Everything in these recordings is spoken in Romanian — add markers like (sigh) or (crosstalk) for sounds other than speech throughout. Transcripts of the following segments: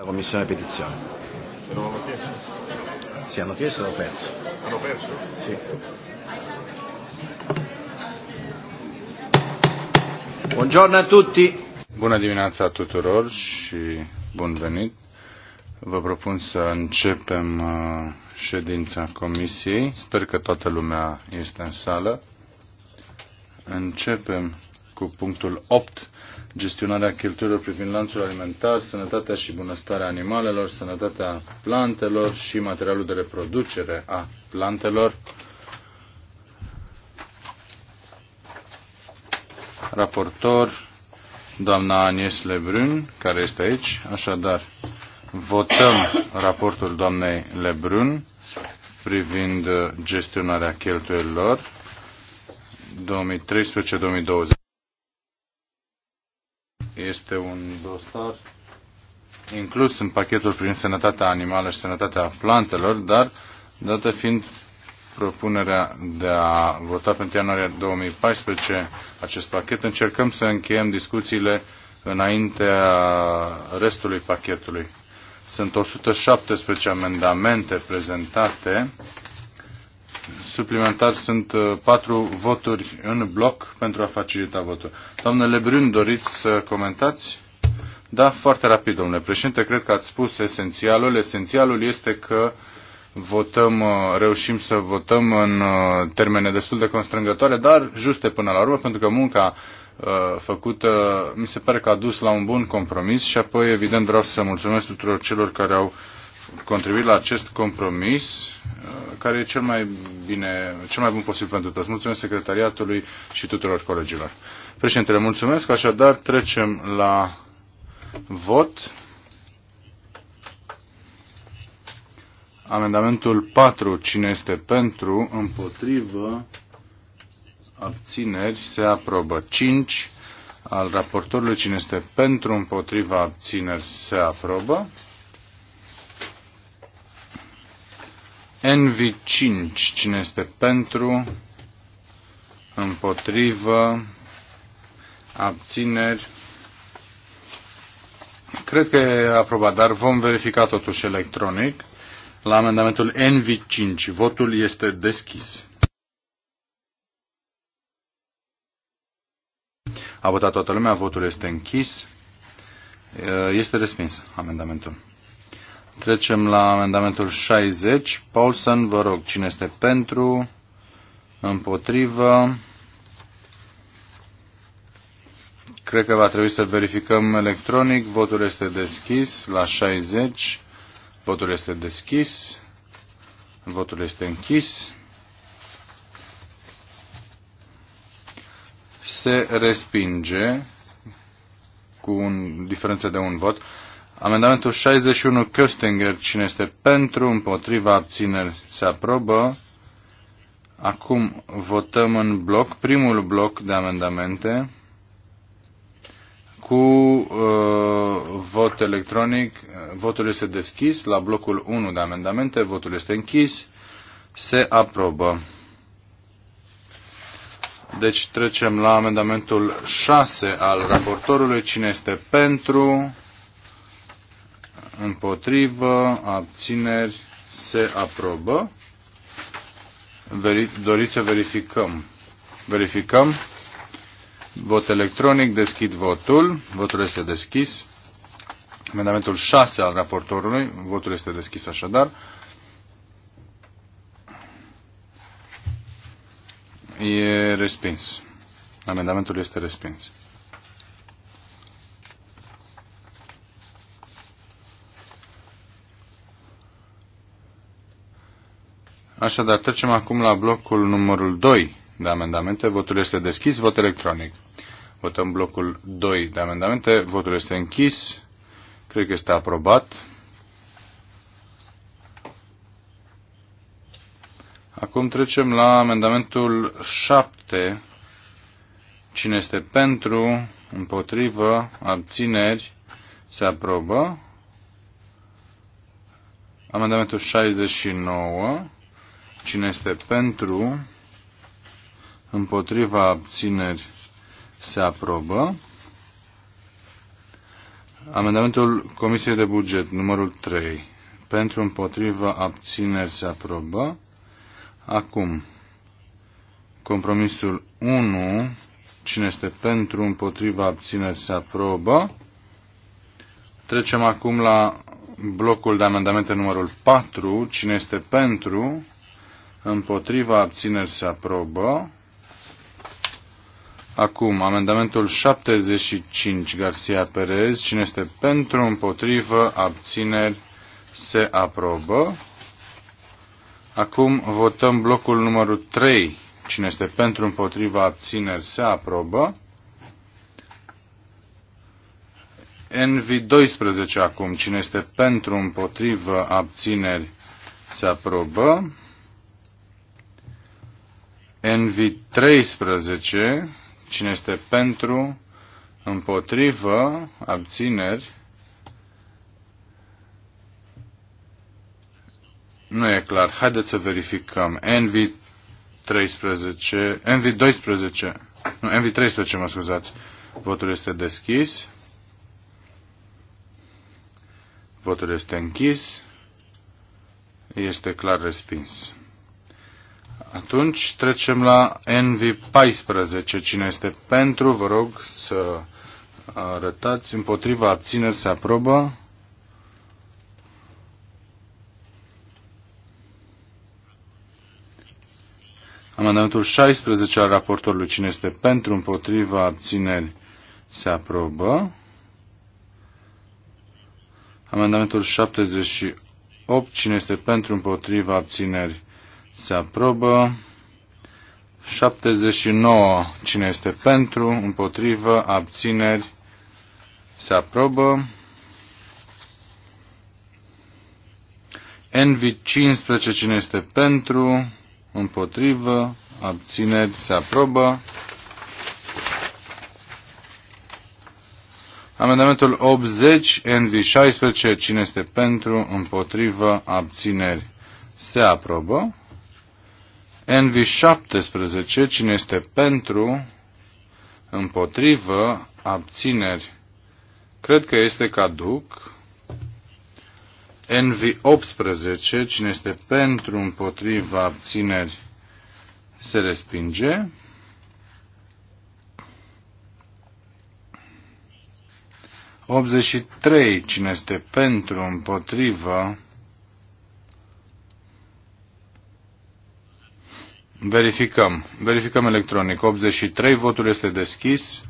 La Commissione Petizione. Se non l'hanno chiesto? Sì, hanno chiesto e l'ho perso. Hanno perso? Sì. Buongiorno a tutti. Buona a tutti tuturor și bun venit. Vă propun să începem uh, ședința comisiei. Sper că toată lumea este în sală. Începem cu punctul 8 gestionarea cheltuielor privind lanțul alimentar, sănătatea și bunăstarea animalelor, sănătatea plantelor și materialul de reproducere a plantelor. Raportor, doamna Agnes Lebrun, care este aici. Așadar, votăm raportul doamnei Lebrun privind gestionarea cheltuielor 2013-2020. Este un dosar inclus în pachetul prin sănătatea animală și sănătatea plantelor, dar, dată fiind propunerea de a vota pentru ianuarie 2014 acest pachet, încercăm să încheiem discuțiile înaintea restului pachetului. Sunt 117 amendamente prezentate suplimentar sunt uh, patru voturi în bloc pentru a facilita votul. Domnule Lebrun, doriți să comentați? Da, foarte rapid, domnule președinte. Cred că ați spus esențialul. Esențialul este că votăm, uh, reușim să votăm în uh, termene destul de constrângătoare, dar juste până la urmă, pentru că munca făcută mi se pare că a dus la un bun compromis și apoi, evident, vreau să mulțumesc tuturor celor care au contribuit la acest compromis uh, care e cel mai, bine, cel mai bun posibil pentru toți. Mulțumesc secretariatului și tuturor colegilor. Președintele, mulțumesc. Așadar, trecem la vot. Amendamentul 4. Cine este pentru? Împotrivă? Abțineri? Se aprobă. 5. Al raportorului. Cine este pentru? Împotriva? Abțineri? Se aprobă. NV5. Cine este pentru? Împotrivă? Abțineri? Cred că e aprobat, dar vom verifica totuși electronic. La amendamentul NV5, votul este deschis. A votat toată lumea, votul este închis. Este respins amendamentul. Trecem la amendamentul 60. Paulson, vă rog, cine este pentru? Împotrivă? Cred că va trebui să verificăm electronic. Votul este deschis la 60. Votul este deschis. Votul este închis. Se respinge cu un, diferență de un vot. Amendamentul 61, Köstinger, cine este pentru, împotriva, abțineri, se aprobă. Acum votăm în bloc, primul bloc de amendamente, cu uh, vot electronic. Votul este deschis la blocul 1 de amendamente, votul este închis, se aprobă. Deci trecem la amendamentul 6 al raportorului. Cine este pentru? împotrivă, abțineri, se aprobă. Veri, doriți să verificăm. Verificăm. Vot electronic, deschid votul. Votul este deschis. Amendamentul 6 al raportorului. Votul este deschis așadar. E respins. Amendamentul este respins. Așadar, trecem acum la blocul numărul 2 de amendamente. Votul este deschis, vot electronic. Votăm blocul 2 de amendamente. Votul este închis. Cred că este aprobat. Acum trecem la amendamentul 7. Cine este pentru, împotrivă, abțineri, se aprobă. Amendamentul 69. Cine este pentru? Împotriva abțineri se aprobă. Amendamentul Comisiei de Buget numărul 3. Pentru împotriva abțineri se aprobă. Acum, compromisul 1. Cine este pentru împotriva abțineri se aprobă. Trecem acum la blocul de amendamente numărul 4. Cine este pentru împotriva, abțineri se aprobă. Acum, amendamentul 75, Garcia Perez. Cine este pentru, împotrivă, abțineri, se aprobă. Acum votăm blocul numărul 3. Cine este pentru, împotriva, abțineri, se aprobă. Nv 12 acum. Cine este pentru, împotrivă, abțineri, se aprobă. Envi 13 cine este pentru, împotrivă, abțineri, nu e clar. Haideți să verificăm. Envi 13 Envi 12 nu, Envi 13 mă scuzați. Votul este deschis. Votul este închis. Este clar respins. Atunci trecem la NV14. Cine este pentru, vă rog să arătați. Împotriva, abțineri, se aprobă. Amendamentul 16 al raportorului. Cine este pentru, împotriva, abțineri, se aprobă. Amendamentul 78. Cine este pentru, împotriva, abțineri, se aprobă. 79. Cine este pentru, împotrivă, abțineri, se aprobă. Envi 15. Cine este pentru, împotrivă, abțineri, se aprobă. Amendamentul 80, NV 16, cine este pentru, împotrivă, abțineri, se aprobă. Envi 17, cine este pentru, împotrivă, abțineri, cred că este caduc. Envi 18, cine este pentru, împotrivă, abțineri, se respinge. Optzeci trei, cine este pentru, împotrivă, Verificăm. Verificăm electronic. 83, votul este deschis.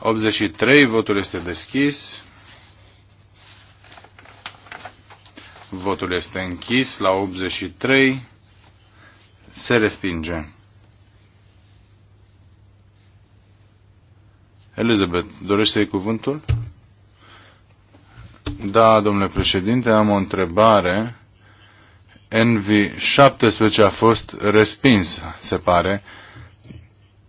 83, votul este deschis. Votul este închis la 83. Se respinge. Elizabeth, dorește să cuvântul? Da, domnule președinte, am o întrebare NV17 a fost respins, se pare.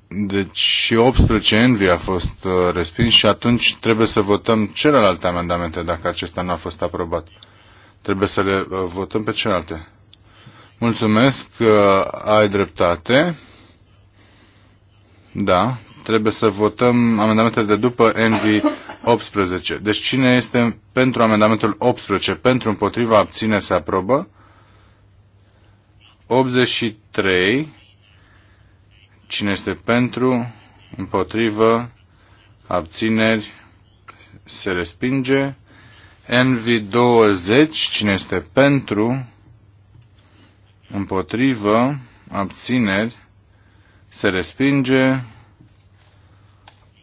Deci și 18 NV a fost uh, respins și atunci trebuie să votăm celelalte amendamente dacă acesta nu a fost aprobat. Trebuie să le uh, votăm pe celelalte. Mulțumesc că uh, ai dreptate. Da, trebuie să votăm amendamentele de după NV 18. Deci cine este pentru amendamentul 18, pentru împotriva abține se aprobă? 83. Cine este pentru? Împotrivă? Abțineri? Se respinge. NV 20. Cine este pentru? Împotrivă? Abțineri? Se respinge.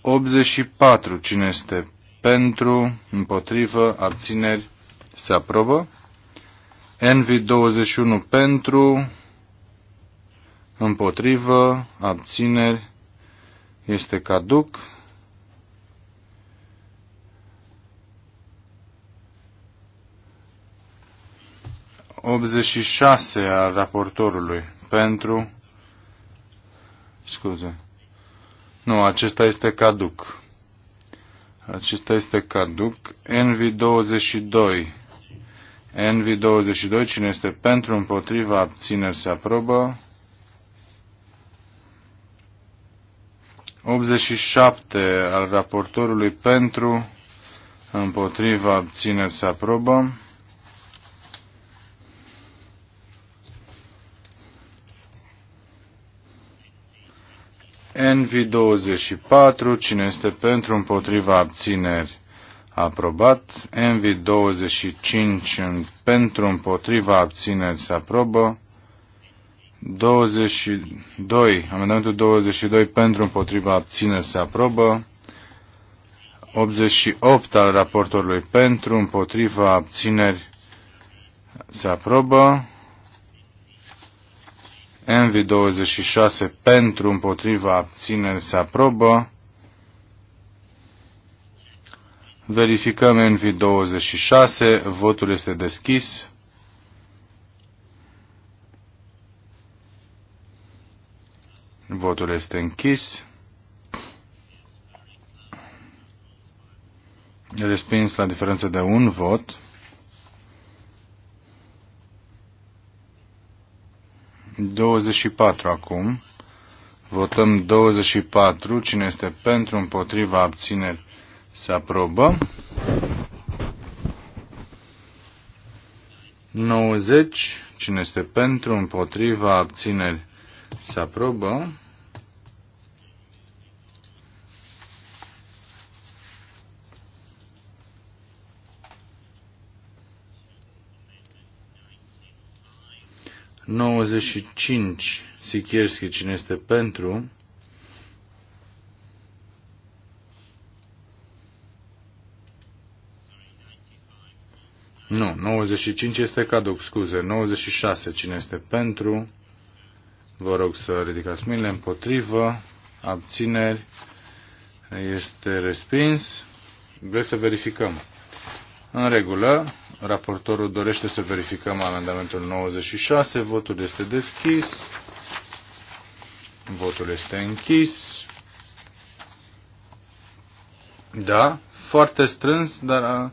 84. Cine este pentru? Împotrivă? Abțineri? Se aprobă. Envy 21 pentru, împotrivă, abțineri, este caduc. ...86 al raportorului pentru... Scuze. Nu, acesta este caduc. Acesta este caduc. Envy 22 Envi 22, cine este pentru, împotriva, abțineri se aprobă. 87 al raportorului pentru, împotriva, abțineri se aprobă. NV24, cine este pentru, împotriva, abțineri aprobat. Envi 25 pentru împotriva abțineri aprobă. 22, amendamentul 22 pentru împotriva abțineri se aprobă. 88 al raportorului pentru împotriva abțineri se aprobă. Envi 26 pentru împotriva abțineri se aprobă. Verificăm NV26, votul este deschis. Votul este închis. Respins la diferență de un vot. Douăzeci și patru acum. Votăm 24. Cine este pentru, împotriva, abțineri, să aprobăm. 90. Cine este pentru, împotriva, abțineri, să aprobăm. Nouăzeci și cinci, Sikierski, cine este pentru, Nu, 95 este caduc, scuze. 96, cine este pentru? Vă rog să ridicați mâinile împotrivă. Abțineri. Este respins. Vreți să verificăm? În regulă, raportorul dorește să verificăm amendamentul 96. Votul este deschis. Votul este închis. Da, foarte strâns, dar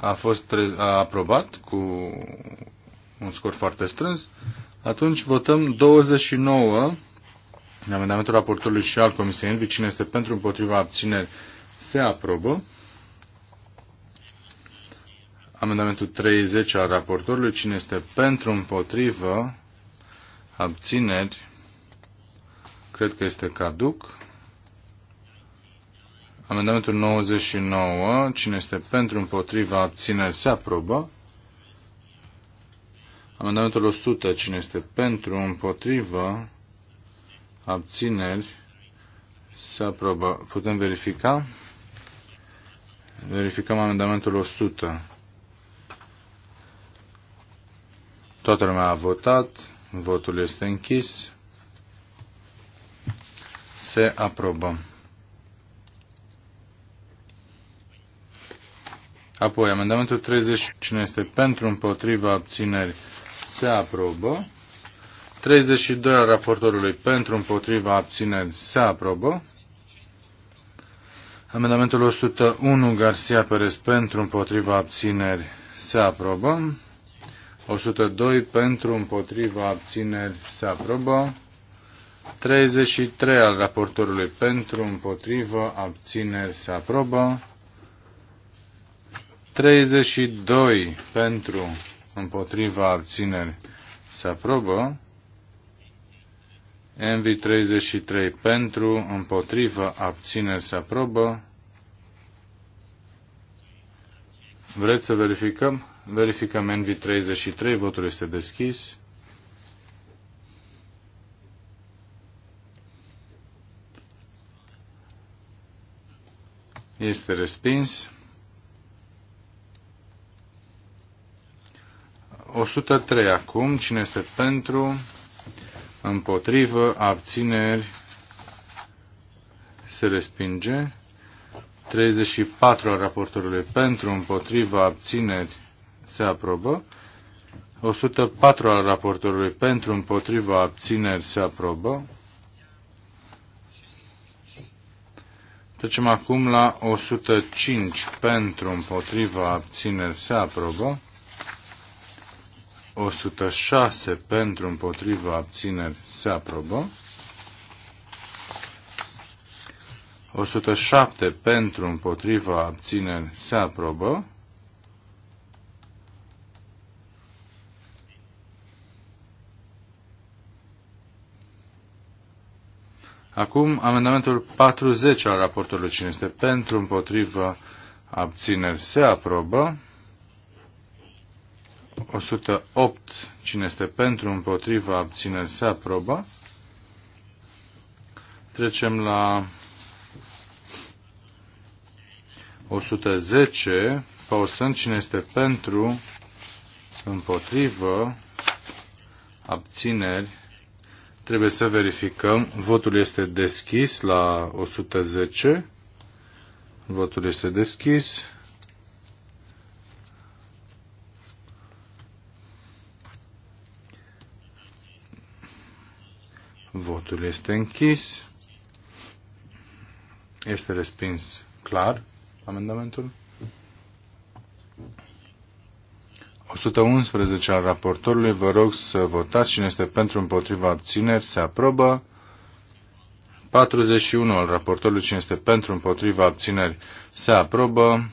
a fost aprobat cu un scor foarte strâns, atunci votăm 29 amendamentul raportorului și al Comisiei Envi. Cine este pentru, împotriva, abțineri, se aprobă. Amendamentul 30 al raportorului. Cine este pentru, împotrivă, abțineri, cred că este caduc. Amendamentul 99, cine este pentru, împotriva, abțineri, se aprobă. Amendamentul 100, cine este pentru, împotriva, abțineri, se aprobă. Putem verifica? Verificăm amendamentul 100. Toată lumea a votat, votul este închis, se aprobă. Apoi, amendamentul 30, cine este pentru, împotriva, abțineri, se aprobă. 32 al raportorului pentru, împotriva, abțineri, se aprobă. Amendamentul 101, Garcia Perez, pentru, împotriva, abțineri, se aprobă. 102, pentru, împotriva, abțineri, se aprobă. 33 al raportorului pentru, împotriva abțineri, se aprobă. 32 pentru împotriva abțineri se aprobă. Envi 33 pentru împotriva abțineri se aprobă. Vreți să verificăm? Verificăm nv 33, votul este deschis. Este respins. 103 acum. Cine este pentru? Împotrivă. Abțineri. Se respinge. 34 al raportorului pentru, împotrivă, abțineri, se aprobă. 104 al raportorului pentru, împotrivă, abțineri, se aprobă. Trecem acum la 105 pentru, împotrivă, abțineri, se aprobă. 106 pentru împotriva abțineri se aprobă. 107 pentru împotriva abțineri se aprobă. 1. Acum, amendamentul 40 al raportului cine este pentru, împotriva abțineri se aprobă. 108. Cine este pentru, împotriva, abține, se aprobă. Trecem la 110. Pausăm cine este pentru, împotrivă, abțineri. Trebuie să verificăm. Votul este deschis la 110. Votul este deschis. Votul este închis. Este respins clar amendamentul. 111 al raportorului, vă rog să votați cine este pentru împotriva abțineri, se aprobă. 41 al raportorului, cine este pentru împotriva abțineri, se aprobă.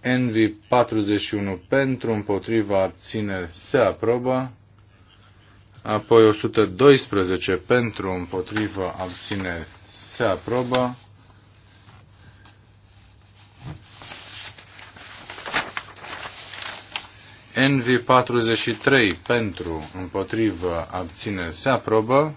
Envi 41 pentru împotriva abțineri, se aprobă apoi 112 pentru, împotrivă, abține se aprobă. NV43 pentru, împotrivă, abține se aprobă.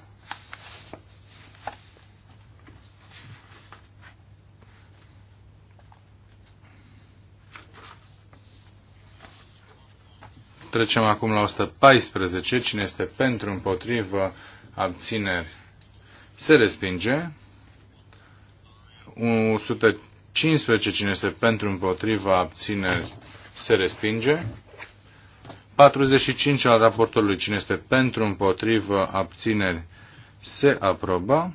Trecem acum la 114. Cine este pentru, împotrivă, abțineri, se respinge. 115. Cine este pentru, împotrivă, abțineri, se respinge. 45 al raportorului. Cine este pentru, împotrivă, abțineri, se aprobă.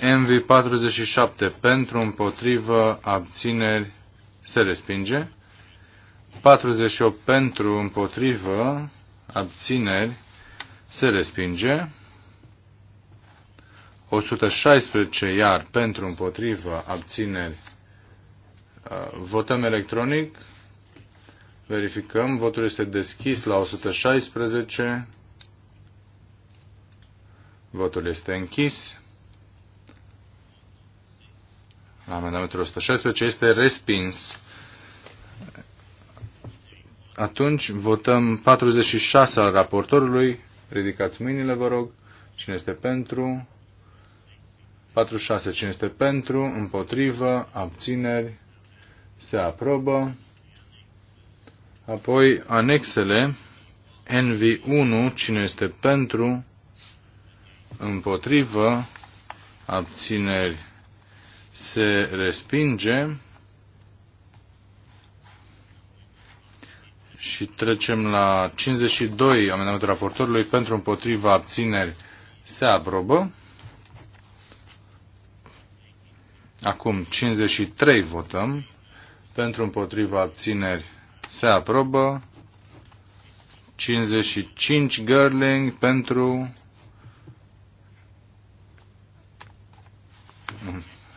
MV47 pentru, împotrivă, abțineri, se respinge. 48 pentru, împotrivă, abțineri, se respinge. 116 iar pentru, împotrivă, abțineri, votăm electronic. Verificăm, votul este deschis la 116. Votul este închis amendamentul 116 este respins. Atunci votăm 46 al raportorului. Ridicați mâinile, vă rog. Cine este pentru? 46. Cine este pentru? Împotrivă? Abțineri? Se aprobă. Apoi anexele. NV1. Cine este pentru? Împotrivă? Abțineri? se respinge și trecem la 52 amendamentul raportorului pentru împotriva abțineri se aprobă. Acum 53 votăm pentru împotriva abțineri se aprobă. 55 Gerling pentru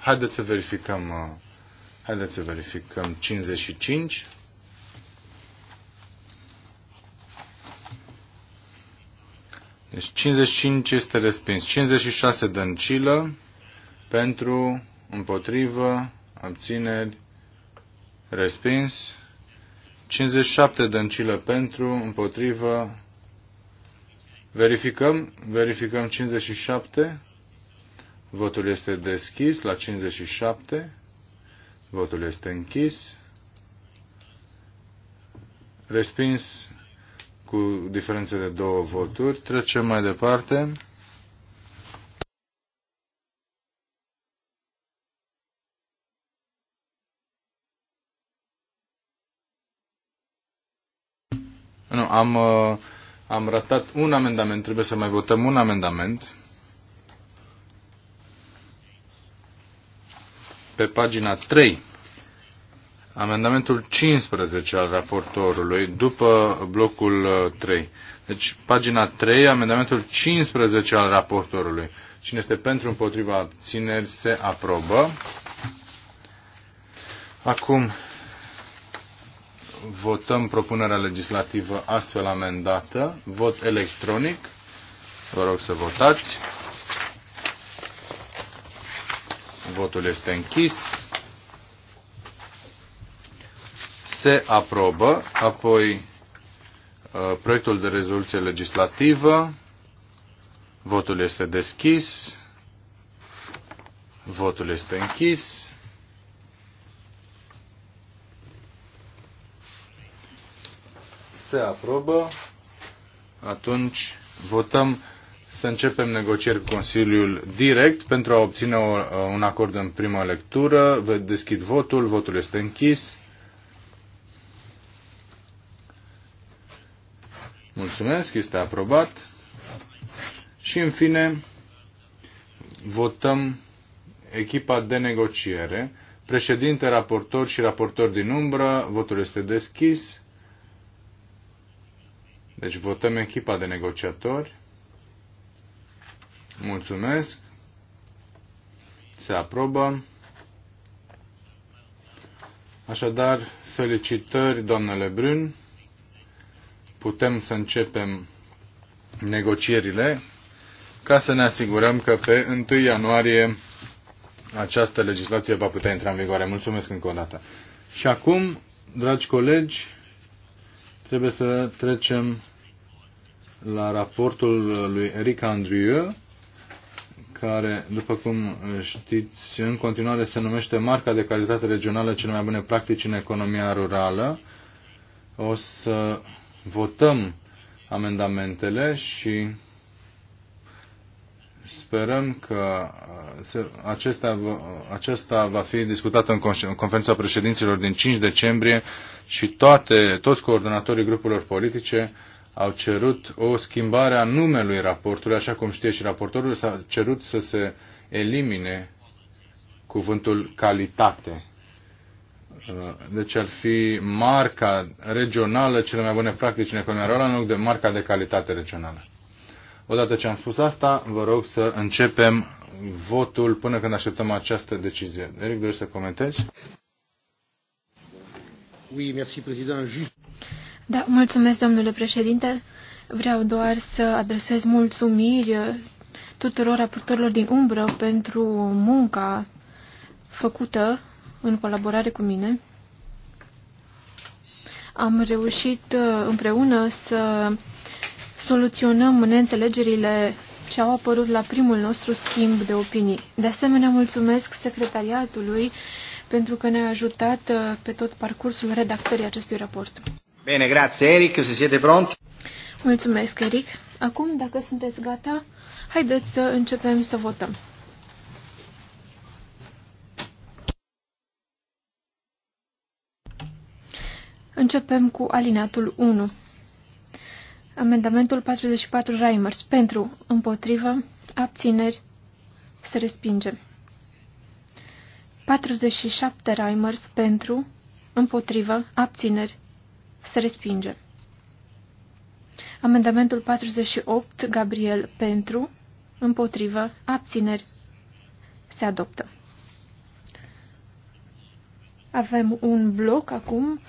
Haideți să verificăm, uh, haideți să verificăm 55. Deci 55 este respins. 56 dăncilă pentru, împotrivă, abțineri, respins. 57 dăncilă pentru, împotrivă, verificăm, verificăm 57. Votul este deschis la 57. Votul este închis. Respins cu diferență de două voturi. Trecem mai departe. Nu, am, uh, am ratat un amendament. Trebuie să mai votăm un amendament. pe pagina 3, amendamentul 15 al raportorului, după blocul 3. Uh, deci, pagina 3, amendamentul 15 al raportorului. Cine este pentru, împotriva, abțineri, se aprobă. Acum votăm propunerea legislativă astfel amendată. Vot electronic. Vă rog să votați. Votul este închis. Se aprobă. Apoi uh, proiectul de rezoluție legislativă. Votul este deschis. Votul este închis. Se aprobă. Atunci votăm să începem negocieri cu Consiliul direct pentru a obține un acord în prima lectură. Vă deschid votul, votul este închis. Mulțumesc, este aprobat. Și în fine, votăm echipa de negociere. Președinte, raportor și raportor din umbră, votul este deschis. Deci votăm echipa de negociatori. Mulțumesc. Se aprobă. Așadar, felicitări, doamnele Brun. Putem să începem negocierile ca să ne asigurăm că pe 1 ianuarie această legislație va putea intra în vigoare. Mulțumesc încă o dată. Și acum, dragi colegi, trebuie să trecem la raportul lui Eric Andrieu care, după cum știți, în continuare se numește Marca de Calitate Regională Cele mai bune practici în economia rurală. O să votăm amendamentele și sperăm că uh, acesta, acesta va fi discutat în conferința președinților din 5 decembrie și toate, toți coordonatorii grupurilor politice au cerut o schimbare a numelui raportului, așa cum știe și raportorul, s-a cerut să se elimine cuvântul calitate. Deci ar fi marca regională, cele mai bune practici în economia rurală, în loc de marca de calitate regională. Odată ce am spus asta, vă rog să începem votul până când așteptăm această decizie. Eric, vrei să comentezi? Oui, merci, président. Just... Da, mulțumesc, domnule președinte. Vreau doar să adresez mulțumiri tuturor raportorilor din umbră pentru munca făcută în colaborare cu mine. Am reușit uh, împreună să soluționăm neînțelegerile ce au apărut la primul nostru schimb de opinii. De asemenea, mulțumesc secretariatului pentru că ne-a ajutat uh, pe tot parcursul redactării acestui raport. Bine, grazie Eric, se siete pronti. Mulțumesc, Eric. Acum, dacă sunteți gata, haideți să începem să votăm. Începem cu alineatul 1. Amendamentul 44 Reimers. Pentru, împotrivă, abțineri, se respinge. 47 Reimers. Pentru, împotrivă, abțineri, se respinge. Amendamentul 48, Gabriel, pentru, împotrivă, abțineri, se adoptă. Avem un bloc acum,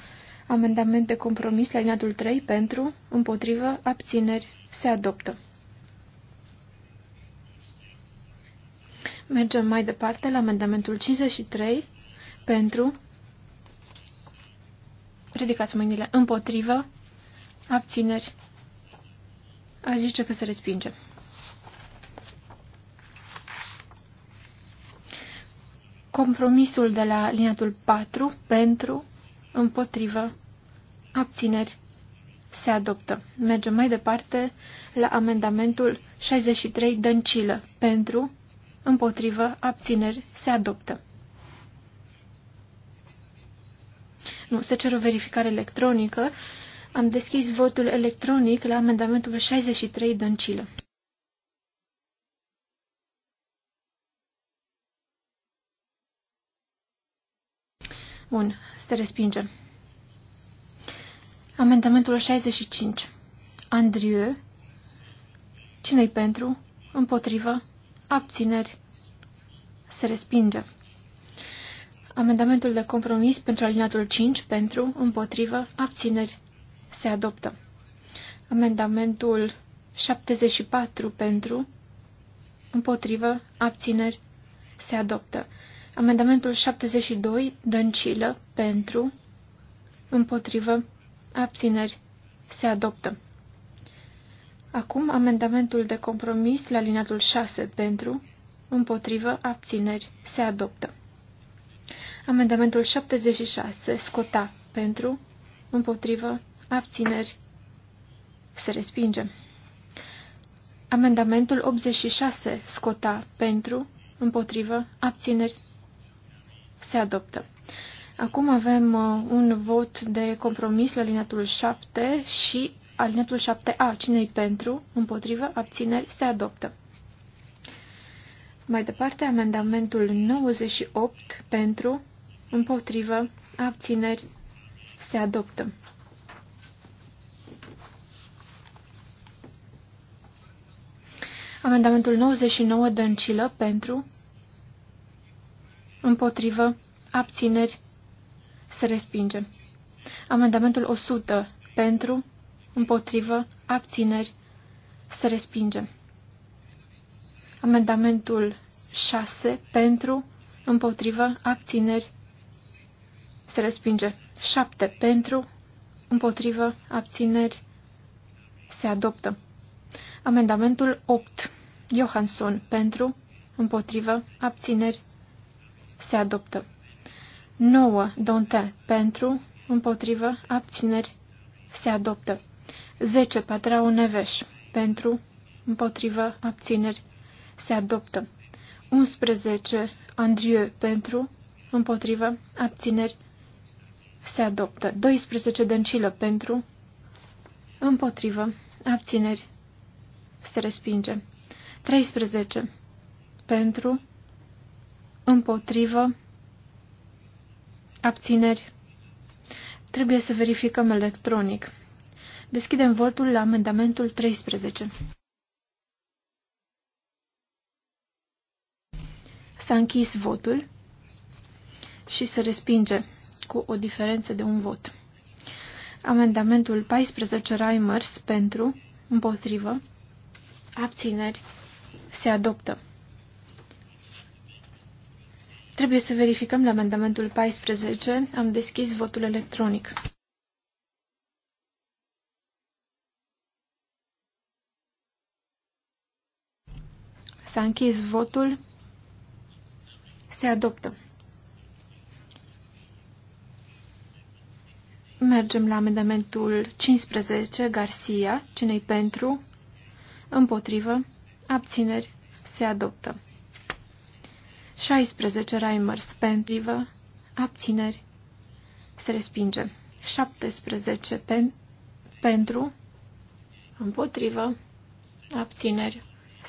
amendament de compromis la liniatul 3, pentru, împotrivă, abțineri, se adoptă. Mergem mai departe la amendamentul 53, pentru, Ridicați mâinile împotrivă. Abțineri. A zice că se respinge. Compromisul de la liniatul 4 pentru, împotrivă, abțineri se adoptă. Mergem mai departe la amendamentul 63 Dăncilă pentru, împotrivă, abțineri se adoptă. Nu, se cer o verificare electronică. Am deschis votul electronic la amendamentul 63 Dăncilă. Bun, se respinge. Amendamentul 65. Andrieu. Cine-i pentru? Împotrivă? Abțineri? Se respinge. Amendamentul de compromis pentru alinatul 5 pentru, împotrivă, abțineri se adoptă. Amendamentul 74 pentru, împotrivă, abțineri se adoptă. Amendamentul 72, Dăncilă, pentru, împotrivă, abțineri, se adoptă. Acum amendamentul de compromis la alinatul 6, pentru, împotrivă, abțineri, se adoptă. Amendamentul 76, scota, pentru, împotrivă, abțineri, se respinge. Amendamentul 86, scota, pentru, împotrivă, abțineri, se adoptă. Acum avem uh, un vot de compromis la alineatul 7 și alineatul 7A. Cine-i pentru, împotrivă, abțineri, se adoptă. Mai departe, amendamentul 98 pentru, împotrivă, abțineri, se adoptă. Amendamentul 99 Dăncilă pentru, împotrivă, abțineri, se respinge. Amendamentul 100 pentru, împotrivă, abțineri, se respinge. Amendamentul 6 pentru, împotrivă, abțineri, se respinge. 7 pentru, împotrivă, abțineri, se adoptă. Amendamentul 8. Johansson pentru, împotrivă, abțineri, se adoptă. 9. Donte pentru, împotrivă, abțineri, se adoptă. 10. Patrau Neveș pentru, împotrivă, abțineri, se adoptă. 11. Andrieu pentru, împotrivă, abțineri, se adoptă. 12 dăncilă pentru, împotrivă, abțineri, se respinge. 13 pentru, împotrivă, abțineri. Trebuie să verificăm electronic. Deschidem votul la amendamentul 13. S-a închis votul și se respinge cu o diferență de un vot. Amendamentul 14 Reimers pentru, împotrivă, abțineri, se adoptă. Trebuie să verificăm la amendamentul 14. Am deschis votul electronic. S-a închis votul. Se adoptă. Mergem la amendamentul 15, Garcia, cinei pentru, împotrivă, abțineri, se adoptă. 16, Reimers, pentru, abțineri, se respinge. 17, pen, pentru, împotrivă, abțineri,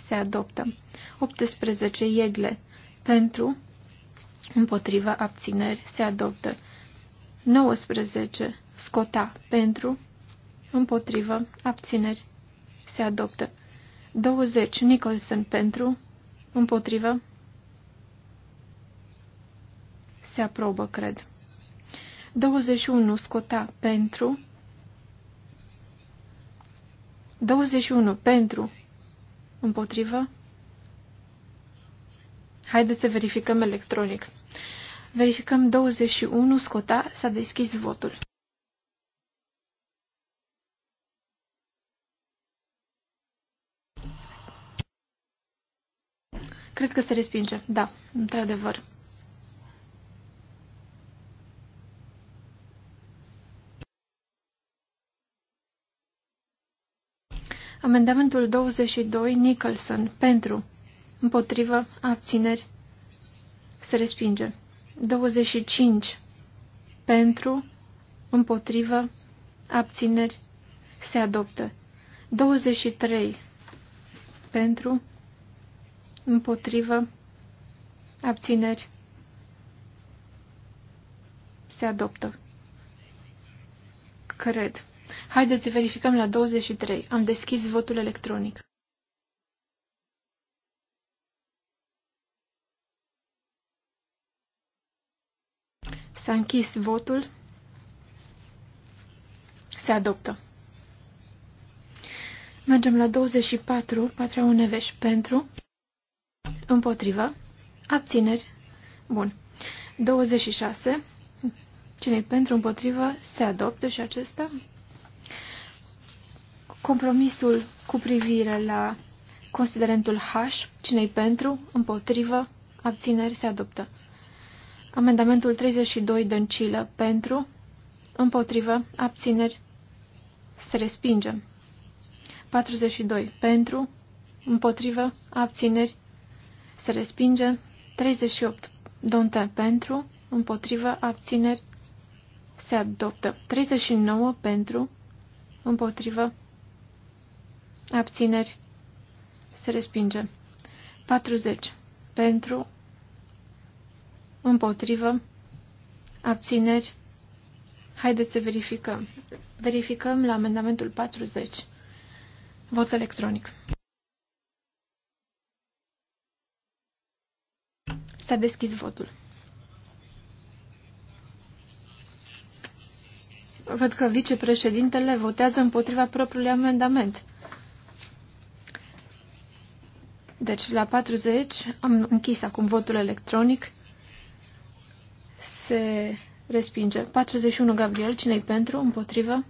se adoptă. 18, Iegle, pentru, împotrivă, abțineri, se adoptă. 19, scota pentru, împotrivă, abțineri, se adoptă. 20. Nicholson pentru, împotrivă, se aprobă, cred. 21. Scota pentru, 21. Pentru, împotrivă, Haideți să verificăm electronic. Verificăm 21, scota, s-a deschis votul. Cred că se respinge. Da, într-adevăr. Amendamentul 22, Nicholson, pentru, împotrivă, abțineri, se respinge. 25, pentru, împotrivă, abțineri, se adoptă. 23, pentru, Împotrivă. Abțineri. Se adoptă. Cred. Haideți, verificăm la 23. Am deschis votul electronic. S-a închis votul. Se adoptă. Mergem la 24, patreau neveș pentru. Împotrivă. Abțineri. Bun. 26. Cine pentru împotrivă se adoptă și acesta. Compromisul cu privire la considerentul H, cine pentru, împotrivă, abțineri se adoptă. Amendamentul 32 Dăncilă pentru, împotrivă, abțineri se respinge. 42 pentru, împotrivă, abțineri se respinge. 38 donte pentru, împotrivă, abțineri, se adoptă. 39 pentru, împotrivă, abțineri, se respinge. 40 pentru, împotrivă, abțineri. Haideți să verificăm. Verificăm la amendamentul 40. Vot electronic. S-a deschis votul. Văd că vicepreședintele votează împotriva propriului amendament. Deci, la 40 am închis acum votul electronic. Se respinge. 41, Gabriel, cine-i pentru? Împotrivă?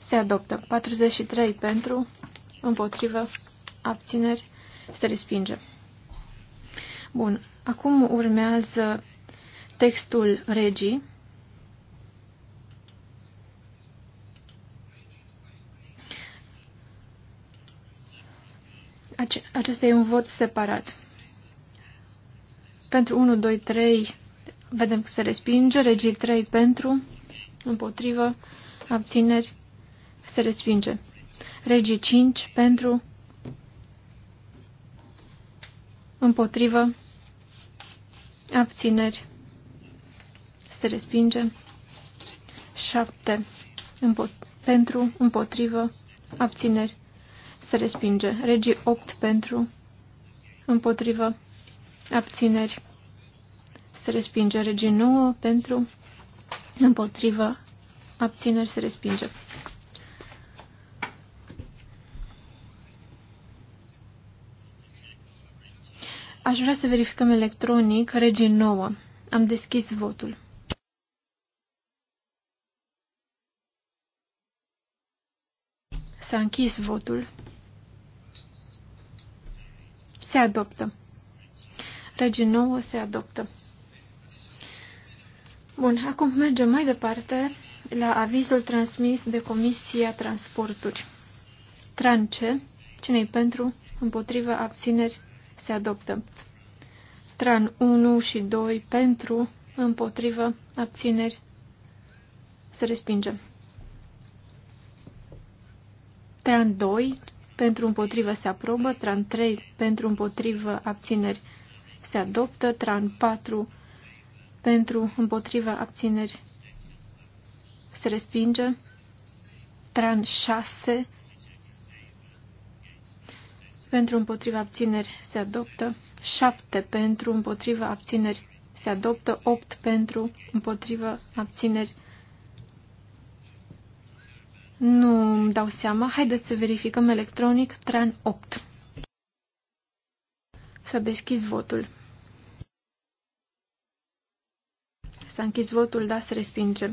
Se adoptă. 43 pentru, împotrivă, abțineri, se respinge. Bun. Acum urmează textul regii. Acesta e un vot separat. Pentru 1, 2, 3, vedem că se respinge. Regii 3 pentru, împotrivă, abțineri, se respinge. Regii 5 pentru, împotrivă, abțineri, se respinge, împot pentru, împotrivă, abțineri, se respinge, regii opt pentru, împotrivă, abțineri, se respinge, regii nouă pentru, împotrivă, abțineri, se respinge. Aș vrea să verificăm electronic regii 9. Am deschis votul. S-a închis votul. Se adoptă. Regii 9 se adoptă. Bun, acum mergem mai departe la avizul transmis de Comisia Transporturi. Trance, cine pentru, împotriva, abțineri, se adoptă. Tran 1 și 2 pentru, împotrivă, abțineri, se respinge. Tran 2 pentru împotrivă se aprobă, Tran 3 pentru împotrivă abțineri se adoptă, Tran 4 pentru împotrivă abțineri se respinge, Tran 6 pentru pentru împotriva abțineri se adoptă, 7 pentru împotriva abțineri se adoptă, 8 pentru împotriva abțineri. Nu îmi dau seama, haideți să verificăm electronic, tran 8. S-a deschis votul. S-a închis votul, da, se respinge.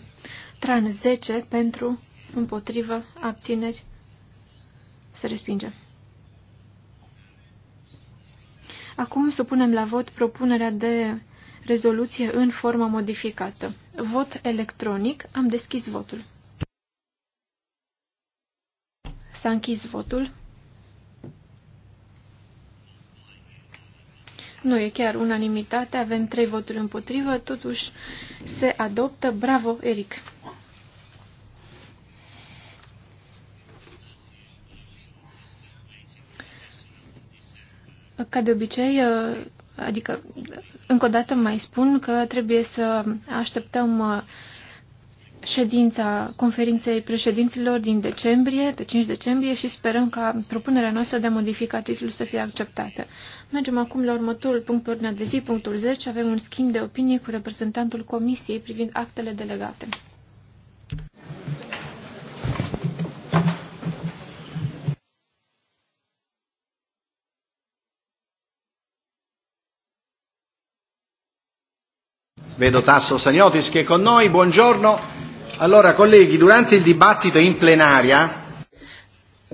Tran 10 pentru împotriva abțineri se respinge. Acum să punem la vot propunerea de rezoluție în formă modificată. Vot electronic. Am deschis votul. S-a închis votul. Nu e chiar unanimitate, avem trei voturi împotrivă, totuși se adoptă. Bravo, Eric! Ca de obicei, uh, adică, încă o dată mai spun că trebuie să așteptăm uh, ședința conferinței președinților din decembrie, pe 5 decembrie, și sperăm ca propunerea noastră de a modifica titlul să fie acceptată. Mergem acum la următorul punct pe ordinea de zi, punctul 10. Avem un schimb de opinie cu reprezentantul Comisiei privind actele delegate. vedo Tasso Saniotis che è con noi, buongiorno. Allora colleghi, durante il dibattito in plenaria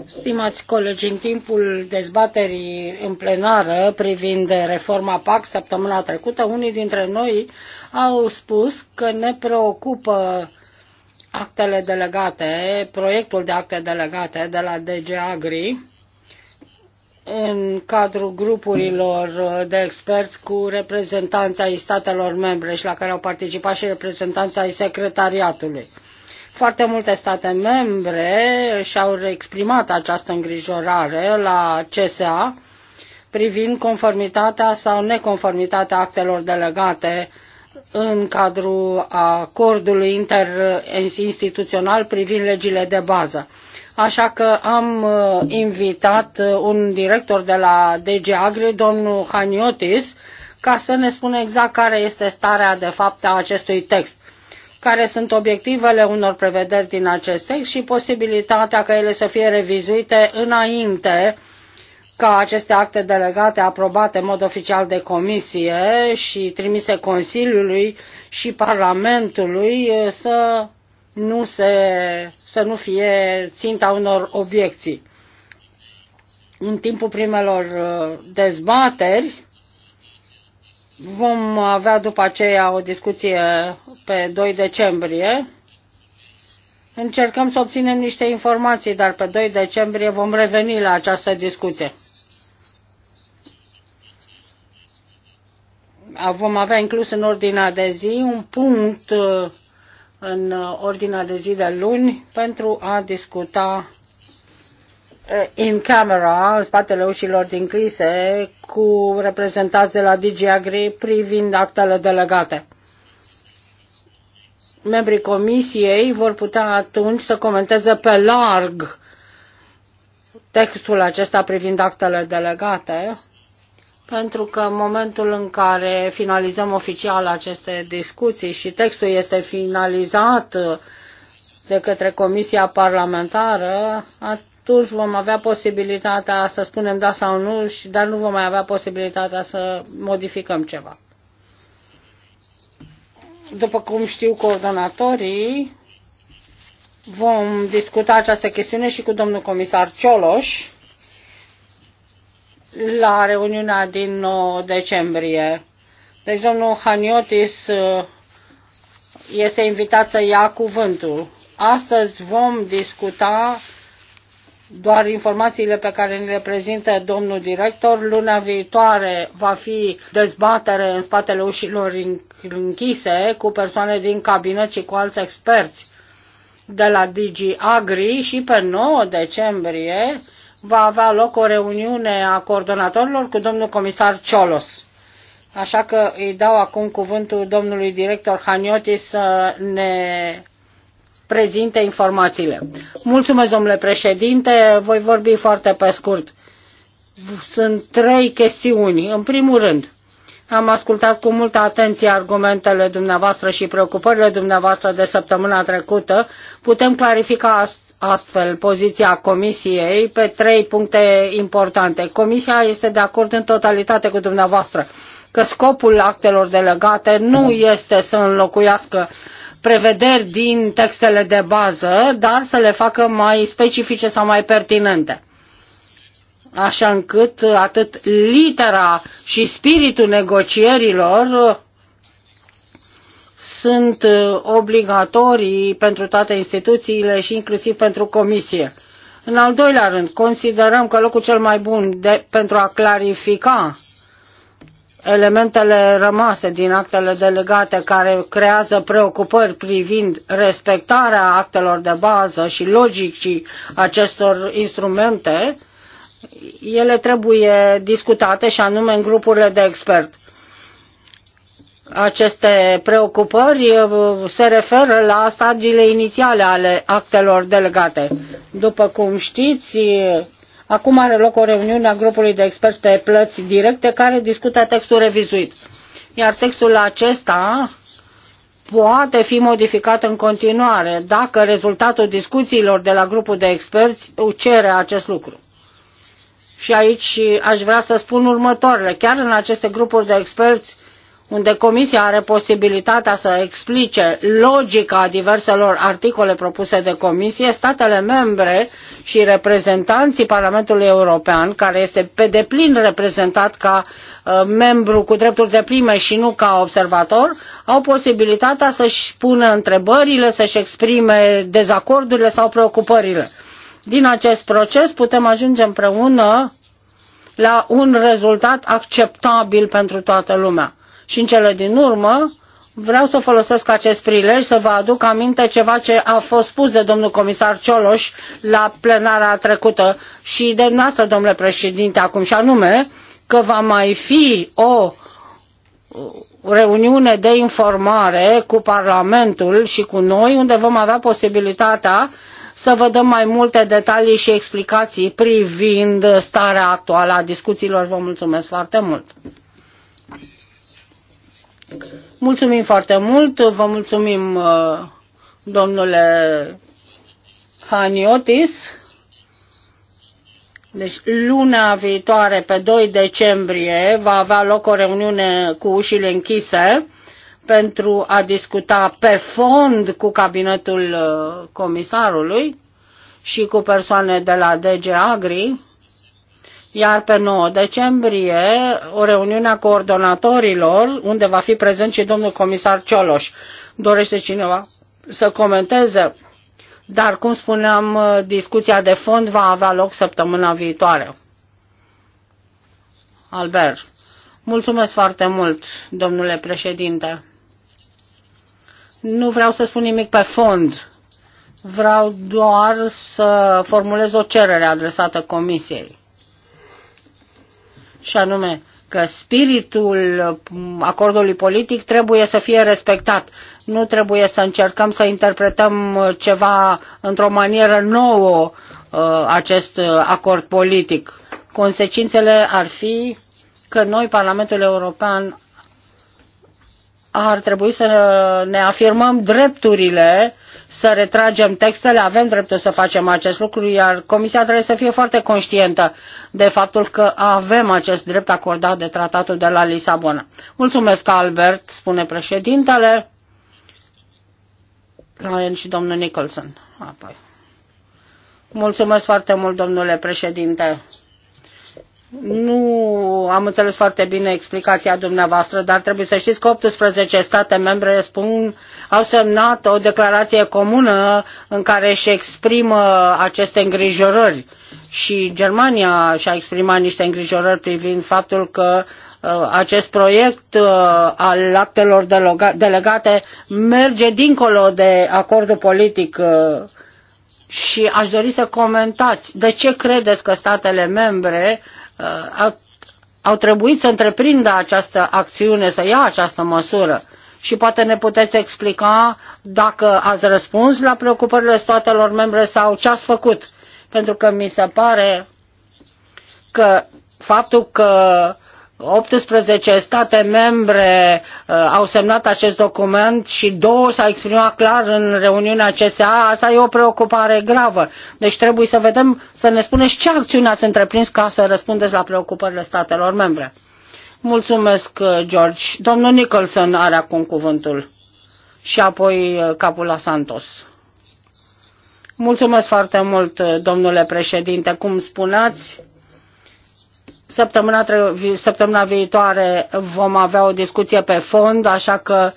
Stimați colegi, în timpul dezbaterii în plenară privind reforma PAC săptămâna trecută, unii dintre noi au spus că ne preocupă actele delegate, proiectul de acte delegate de la DG Agri, în cadrul grupurilor de experți cu reprezentanța ai statelor membre și la care au participat și reprezentanța ai secretariatului. Foarte multe state membre și-au exprimat această îngrijorare la CSA privind conformitatea sau neconformitatea actelor delegate în cadrul acordului interinstituțional privind legile de bază așa că am uh, invitat uh, un director de la DG Agri, domnul Haniotis, ca să ne spună exact care este starea de fapt a acestui text care sunt obiectivele unor prevederi din acest text și posibilitatea ca ele să fie revizuite înainte ca aceste acte delegate aprobate în mod oficial de comisie și trimise Consiliului și Parlamentului uh, să nu se, să nu fie ținta unor obiecții. În timpul primelor uh, dezbateri vom avea după aceea o discuție pe 2 decembrie. Încercăm să obținem niște informații, dar pe 2 decembrie vom reveni la această discuție. Vom avea inclus în ordinea de zi un punct uh, în ordinea de zi de luni pentru a discuta eh, in camera, în spatele ușilor din crise, cu reprezentanți de la DG Agri privind actele delegate. Membrii comisiei vor putea atunci să comenteze pe larg textul acesta privind actele delegate pentru că în momentul în care finalizăm oficial aceste discuții și textul este finalizat de către Comisia Parlamentară, atunci vom avea posibilitatea să spunem da sau nu, dar nu vom mai avea posibilitatea să modificăm ceva. După cum știu coordonatorii, vom discuta această chestiune și cu domnul comisar Cioloș la reuniunea din 9 decembrie. Deci domnul Haniotis uh, este invitat să ia cuvântul. Astăzi vom discuta doar informațiile pe care ni le prezintă domnul director. Luna viitoare va fi dezbatere în spatele ușilor închise cu persoane din cabinet și cu alți experți de la Digi Agri și pe 9 decembrie va avea loc o reuniune a coordonatorilor cu domnul comisar Ciolos. Așa că îi dau acum cuvântul domnului director Haniotti să ne prezinte informațiile. Mulțumesc, domnule președinte, voi vorbi foarte pe scurt. Sunt trei chestiuni. În primul rând, am ascultat cu multă atenție argumentele dumneavoastră și preocupările dumneavoastră de săptămâna trecută. Putem clarifica astfel poziția Comisiei pe trei puncte importante. Comisia este de acord în totalitate cu dumneavoastră că scopul actelor delegate nu este să înlocuiască prevederi din textele de bază, dar să le facă mai specifice sau mai pertinente. Așa încât atât litera și spiritul negocierilor sunt uh, obligatorii pentru toate instituțiile și inclusiv pentru comisie. În al doilea rând, considerăm că locul cel mai bun de, pentru a clarifica elementele rămase din actele delegate care creează preocupări privind respectarea actelor de bază și logicii acestor instrumente, ele trebuie discutate și anume în grupurile de expert aceste preocupări uh, se referă la stadiile inițiale ale actelor delegate. După cum știți, acum are loc o reuniune a grupului de experți pe plăți directe care discută textul revizuit. Iar textul acesta poate fi modificat în continuare dacă rezultatul discuțiilor de la grupul de experți cere acest lucru. Și aici aș vrea să spun următoarele. Chiar în aceste grupuri de experți unde Comisia are posibilitatea să explice logica diverselor articole propuse de Comisie, statele membre și reprezentanții Parlamentului European, care este pe deplin reprezentat ca uh, membru cu drepturi de prime și nu ca observator, au posibilitatea să-și pună întrebările, să-și exprime dezacordurile sau preocupările. Din acest proces putem ajunge împreună la un rezultat acceptabil pentru toată lumea și în cele din urmă, vreau să folosesc acest prilej să vă aduc aminte ceva ce a fost spus de domnul comisar Cioloș la plenara trecută și de noastră, domnule președinte, acum și anume că va mai fi o reuniune de informare cu Parlamentul și cu noi, unde vom avea posibilitatea să vă dăm mai multe detalii și explicații privind starea actuală a discuțiilor. Vă mulțumesc foarte mult! Mulțumim foarte mult, vă mulțumim uh, domnule Haniotis. Deci luna viitoare, pe 2 decembrie, va avea loc o reuniune cu ușile închise pentru a discuta pe fond cu cabinetul uh, comisarului și cu persoane de la DG Agri iar pe 9 decembrie o reuniune a coordonatorilor unde va fi prezent și domnul comisar Cioloș. Dorește cineva să comenteze? Dar, cum spuneam, discuția de fond va avea loc săptămâna viitoare. Albert, mulțumesc foarte mult, domnule președinte. Nu vreau să spun nimic pe fond. Vreau doar să formulez o cerere adresată comisiei și anume că spiritul acordului politic trebuie să fie respectat. Nu trebuie să încercăm să interpretăm ceva într-o manieră nouă uh, acest uh, acord politic. Consecințele ar fi că noi, Parlamentul European, ar trebui să ne afirmăm drepturile să retragem textele, avem dreptul să facem acest lucru, iar Comisia trebuie să fie foarte conștientă de faptul că avem acest drept acordat de tratatul de la Lisabona. Mulțumesc, Albert, spune președintele. Ryan și domnul Nicholson. Apoi. Mulțumesc foarte mult, domnule președinte. Nu am înțeles foarte bine explicația dumneavoastră, dar trebuie să știți că 18 state membre spun, au semnat o declarație comună în care își exprimă aceste îngrijorări. Și Germania și-a exprimat niște îngrijorări privind faptul că uh, acest proiect uh, al actelor delega delegate merge dincolo de acordul politic uh, și aș dori să comentați de ce credeți că statele membre uh, Uh, au, au trebuit să întreprindă această acțiune, să ia această măsură. Și poate ne puteți explica dacă ați răspuns la preocupările statelor membre sau ce ați făcut. Pentru că mi se pare că faptul că uh, 18 state membre uh, au semnat acest document și două s-au exprimat clar în reuniunea CSA. Asta e o preocupare gravă. Deci trebuie să vedem, să ne spuneți ce acțiuni ați întreprins ca să răspundeți la preocupările statelor membre. Mulțumesc, uh, George. Domnul Nicholson are acum cuvântul și apoi uh, Capula Santos. Mulțumesc foarte mult, uh, domnule președinte. Cum spuneați, Săptămâna, săptămâna viitoare vom avea o discuție pe fond, așa că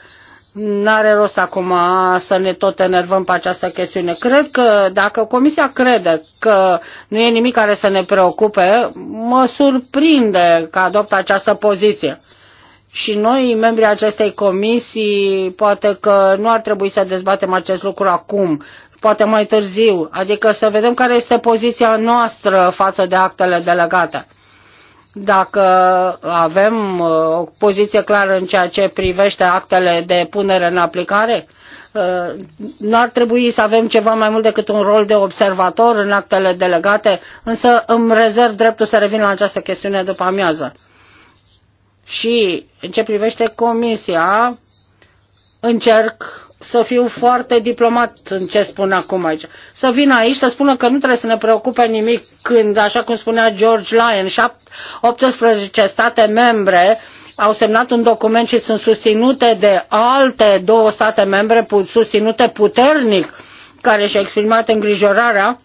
nu are rost acum să ne tot enervăm pe această chestiune. Cred că dacă Comisia crede că nu e nimic care să ne preocupe, mă surprinde că adoptă această poziție. Și noi, membrii acestei comisii, poate că nu ar trebui să dezbatem acest lucru acum, poate mai târziu, adică să vedem care este poziția noastră față de actele delegate dacă avem uh, o poziție clară în ceea ce privește actele de punere în aplicare? Uh, nu ar trebui să avem ceva mai mult decât un rol de observator în actele delegate, însă îmi rezerv dreptul să revin la această chestiune după amiază. Și în ce privește comisia, încerc să fiu foarte diplomat în ce spun acum aici. Să vin aici să spună că nu trebuie să ne preocupe nimic când, așa cum spunea George Lyon, 18 state membre au semnat un document și sunt susținute de alte două state membre, susținute puternic, care și-a exprimat îngrijorarea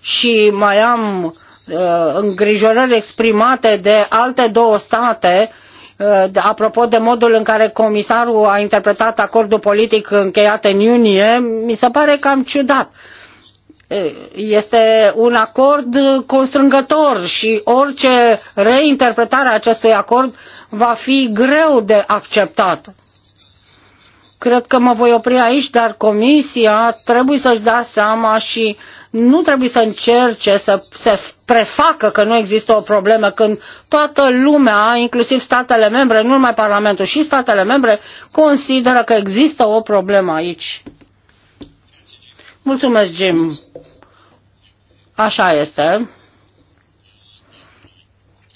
și mai am uh, îngrijorări exprimate de alte două state Uh, apropo de modul în care comisarul a interpretat acordul politic încheiat în iunie, mi se pare cam ciudat. Uh, este un acord constrângător și orice reinterpretare a acestui acord va fi greu de acceptat. Cred că mă voi opri aici, dar comisia trebuie să-și dea seama și uh, nu trebuie să încerce să se prefacă că nu există o problemă când toată lumea, inclusiv statele membre, nu numai Parlamentul și statele membre, consideră că există o problemă aici. Mulțumesc, Jim. Așa este.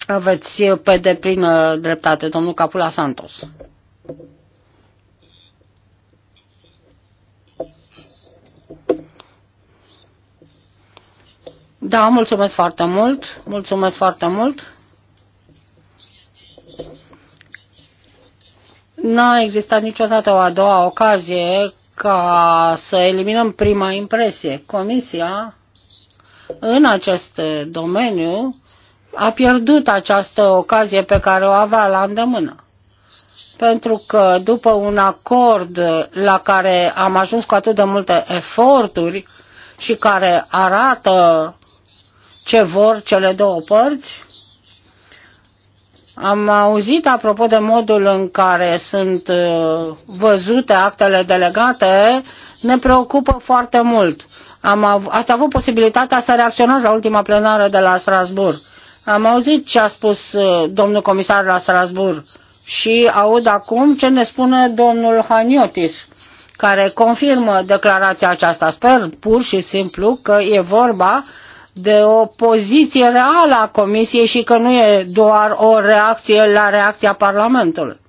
Aveți pe deplină dreptate, domnul Capula Santos. Da, mulțumesc foarte mult. Mulțumesc foarte mult. N-a existat niciodată o a doua ocazie ca să eliminăm prima impresie. Comisia în acest domeniu a pierdut această ocazie pe care o avea la îndemână. Pentru că după un acord la care am ajuns cu atât de multe eforturi și care arată ce vor cele două părți. Am auzit apropo de modul în care sunt uh, văzute actele delegate, ne preocupă foarte mult. Am av- ați avut posibilitatea să reacționați la ultima plenară de la Strasburg. Am auzit ce a spus uh, domnul comisar la Strasburg și aud acum ce ne spune domnul Haniotis, care confirmă declarația aceasta. Sper pur și simplu că e vorba de o poziție reală a Comisiei și că nu e doar o reacție la reacția Parlamentului.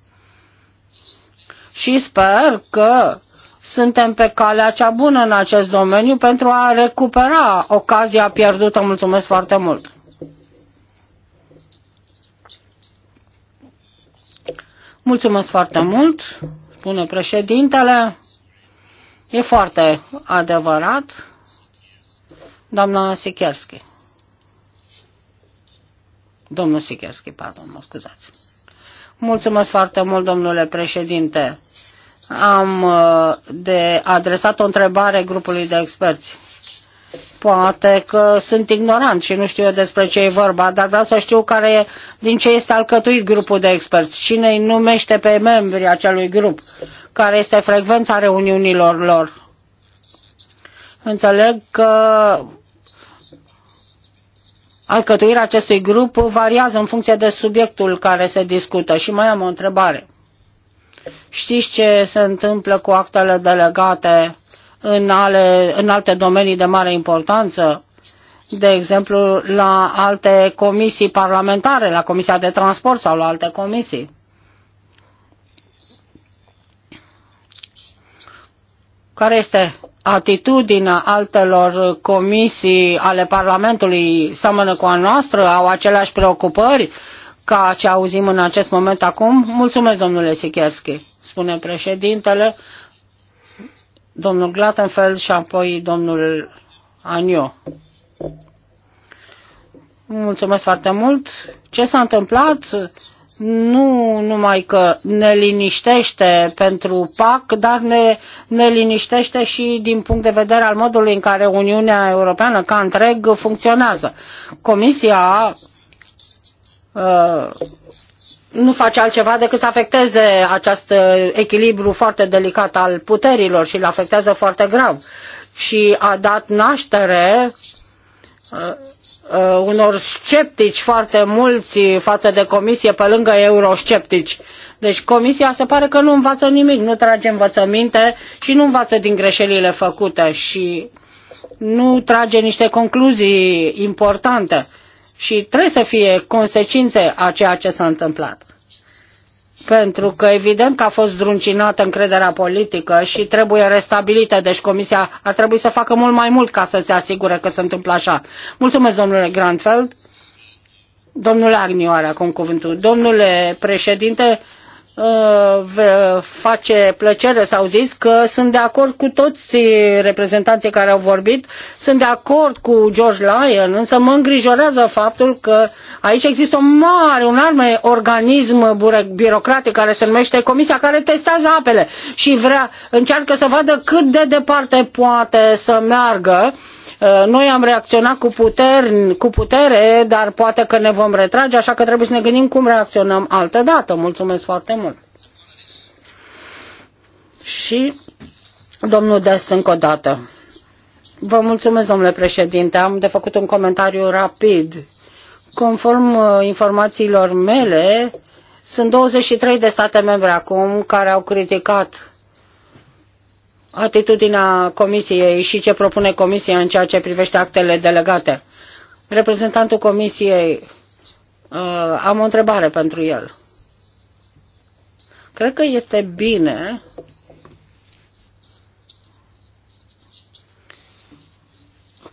Și sper că suntem pe calea cea bună în acest domeniu pentru a recupera ocazia pierdută. Mulțumesc foarte mult! Mulțumesc foarte mult, spune președintele. E foarte adevărat. Doamna Sikierski. Domnul Sikierski, pardon, mă scuzați. Mulțumesc foarte mult, domnule președinte. Am uh, de adresat o întrebare grupului de experți. Poate că sunt ignorant și nu știu eu despre ce e vorba, dar vreau să știu care e, din ce este alcătuit grupul de experți, cine îi numește pe membrii acelui grup, care este frecvența reuniunilor lor. Înțeleg că Alcătuirea acestui grup variază în funcție de subiectul care se discută. Și mai am o întrebare. Știți ce se întâmplă cu actele delegate în, ale, în alte domenii de mare importanță? De exemplu, la alte comisii parlamentare, la Comisia de Transport sau la alte comisii. Care este atitudinea altelor comisii ale Parlamentului seamănă cu a noastră? Au aceleași preocupări ca ce auzim în acest moment acum? Mulțumesc, domnule Sikerski, spune președintele, domnul Glattenfeld și apoi domnul Anio. Mulțumesc foarte mult. Ce s-a întâmplat? nu numai că ne liniștește pentru PAC, dar ne, ne liniștește și din punct de vedere al modului în care Uniunea Europeană ca întreg funcționează. Comisia uh, nu face altceva decât să afecteze acest echilibru foarte delicat al puterilor și îl afectează foarte grav. Și a dat naștere uh, Uh, uh, unor sceptici foarte mulți față de comisie pe lângă eurosceptici. Deci comisia se pare că nu învață nimic, nu trage învățăminte și nu învață din greșelile făcute și nu trage niște concluzii importante și trebuie să fie consecințe a ceea ce s-a întâmplat pentru că evident că a fost zdruncinată încrederea politică și trebuie restabilită, deci Comisia ar trebui să facă mult mai mult ca să se asigure că se întâmplă așa. Mulțumesc, domnule Grandfeld. Domnule Agniu are acum cuvântul. Domnule președinte, uh, face plăcere să auziți că sunt de acord cu toți reprezentanții care au vorbit, sunt de acord cu George Lyon, însă mă îngrijorează faptul că Aici există un mare, un arme organism birocratic care se numește Comisia care testează apele și vrea, încearcă să vadă cât de departe poate să meargă uh, noi am reacționat cu, puteri, cu putere, dar poate că ne vom retrage, așa că trebuie să ne gândim cum reacționăm altă dată. Mulțumesc foarte mult. Și domnul Des încă o dată. Vă mulțumesc, domnule președinte. Am de făcut un comentariu rapid Conform uh, informațiilor mele, sunt 23 de state membre acum care au criticat atitudinea Comisiei și ce propune Comisia în ceea ce privește actele delegate. Reprezentantul Comisiei, uh, am o întrebare pentru el. Cred că este bine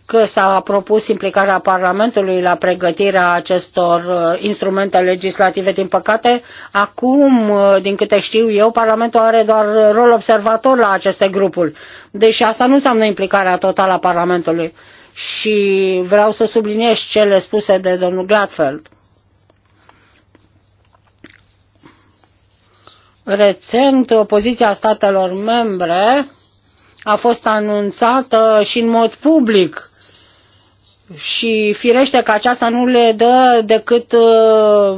că s-a propus implicarea Parlamentului la pregătirea acestor uh, instrumente legislative. Din păcate, acum, uh, din câte știu eu, Parlamentul are doar rol observator la aceste grupuri. Deși asta nu înseamnă implicarea totală a Parlamentului. Și vreau să subliniez cele spuse de domnul Gladfeld. Recent, opoziția statelor membre a fost anunțată și în mod public și firește că aceasta nu le dă decât uh,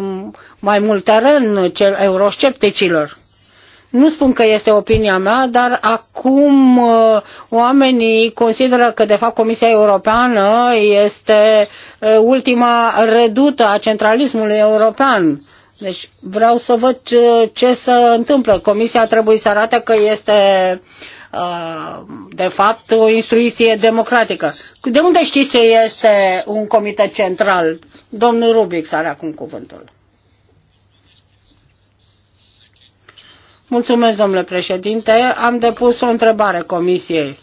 mai mult teren euroscepticilor. Nu spun că este opinia mea, dar acum uh, oamenii consideră că, de fapt, Comisia Europeană este uh, ultima redută a centralismului european. Deci vreau să văd ce, ce se întâmplă. Comisia trebuie să arate că este uh, Uh, de fapt, o instruiție democratică. De unde știți ce este un comitet central? Domnul Rubix are acum cuvântul. Mulțumesc, domnule președinte. Am depus o întrebare comisiei.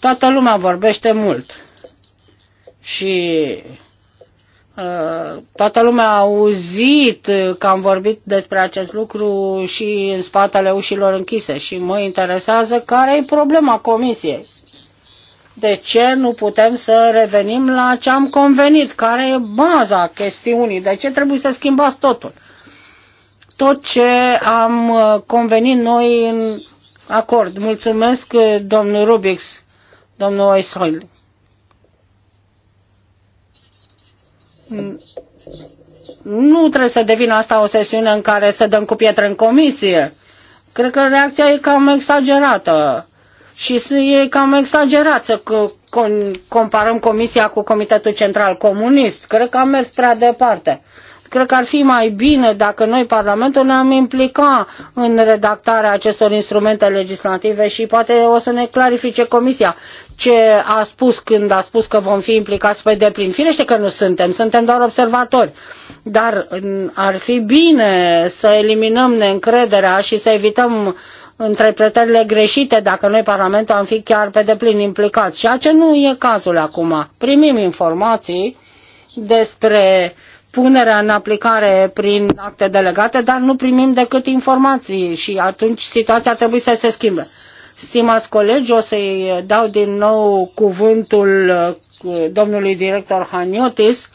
Toată lumea vorbește mult. Și Uh, toată lumea a auzit că am vorbit despre acest lucru și în spatele ușilor închise și mă interesează care e problema comisiei. De ce nu putem să revenim la ce am convenit? Care e baza chestiunii? De ce trebuie să schimbați totul? Tot ce am uh, convenit noi în acord. Mulțumesc, uh, domnul Rubix, domnul Oisoil. Nu trebuie să devină asta o sesiune în care să dăm cu pietre în comisie. Cred că reacția e cam exagerată. Și e cam exagerat să comparăm comisia cu Comitetul Central Comunist. Cred că am mers prea departe. Cred că ar fi mai bine dacă noi, Parlamentul, ne-am implica în redactarea acestor instrumente legislative și poate o să ne clarifice Comisia ce a spus când a spus că vom fi implicați pe deplin. Firește că nu suntem, suntem doar observatori, dar ar fi bine să eliminăm neîncrederea și să evităm interpretările greșite dacă noi, Parlamentul, am fi chiar pe deplin implicați, ceea ce nu e cazul acum. Primim informații despre punerea în aplicare prin acte delegate, dar nu primim decât informații și atunci situația trebuie să se schimbe. Stimați colegi, o să-i dau din nou cuvântul uh, domnului director Haniotis,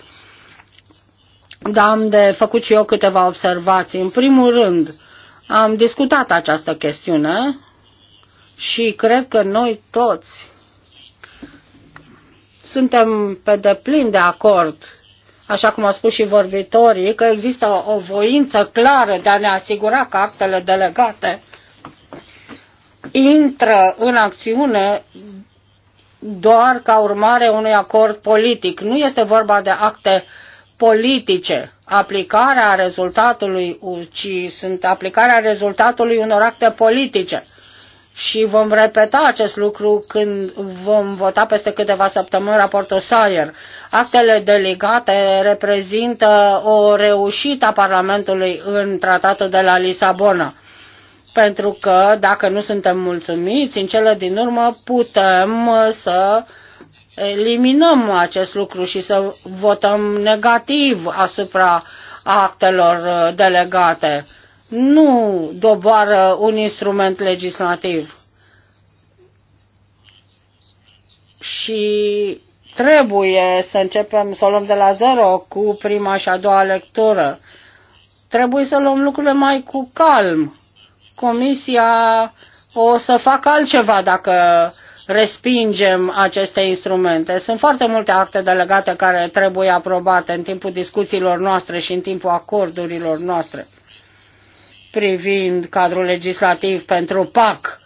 dar am de făcut și eu câteva observații. În primul rând, am discutat această chestiune și cred că noi toți suntem pe deplin de acord așa cum au spus și vorbitorii, că există o voință clară de a ne asigura că actele delegate intră în acțiune doar ca urmare unui acord politic. Nu este vorba de acte politice. Aplicarea rezultatului, ci sunt aplicarea rezultatului unor acte politice. Și vom repeta acest lucru când vom vota peste câteva săptămâni raportul Sayer. Actele delegate reprezintă o reușită a Parlamentului în tratatul de la Lisabona pentru că dacă nu suntem mulțumiți, în cele din urmă putem să eliminăm acest lucru și să votăm negativ asupra actelor delegate. Nu doboară un instrument legislativ. Și trebuie să începem să o luăm de la zero cu prima și a doua lectură. Trebuie să luăm lucrurile mai cu calm. Comisia o să facă altceva dacă respingem aceste instrumente. Sunt foarte multe acte delegate care trebuie aprobate în timpul discuțiilor noastre și în timpul acordurilor noastre privind cadrul legislativ pentru PAC.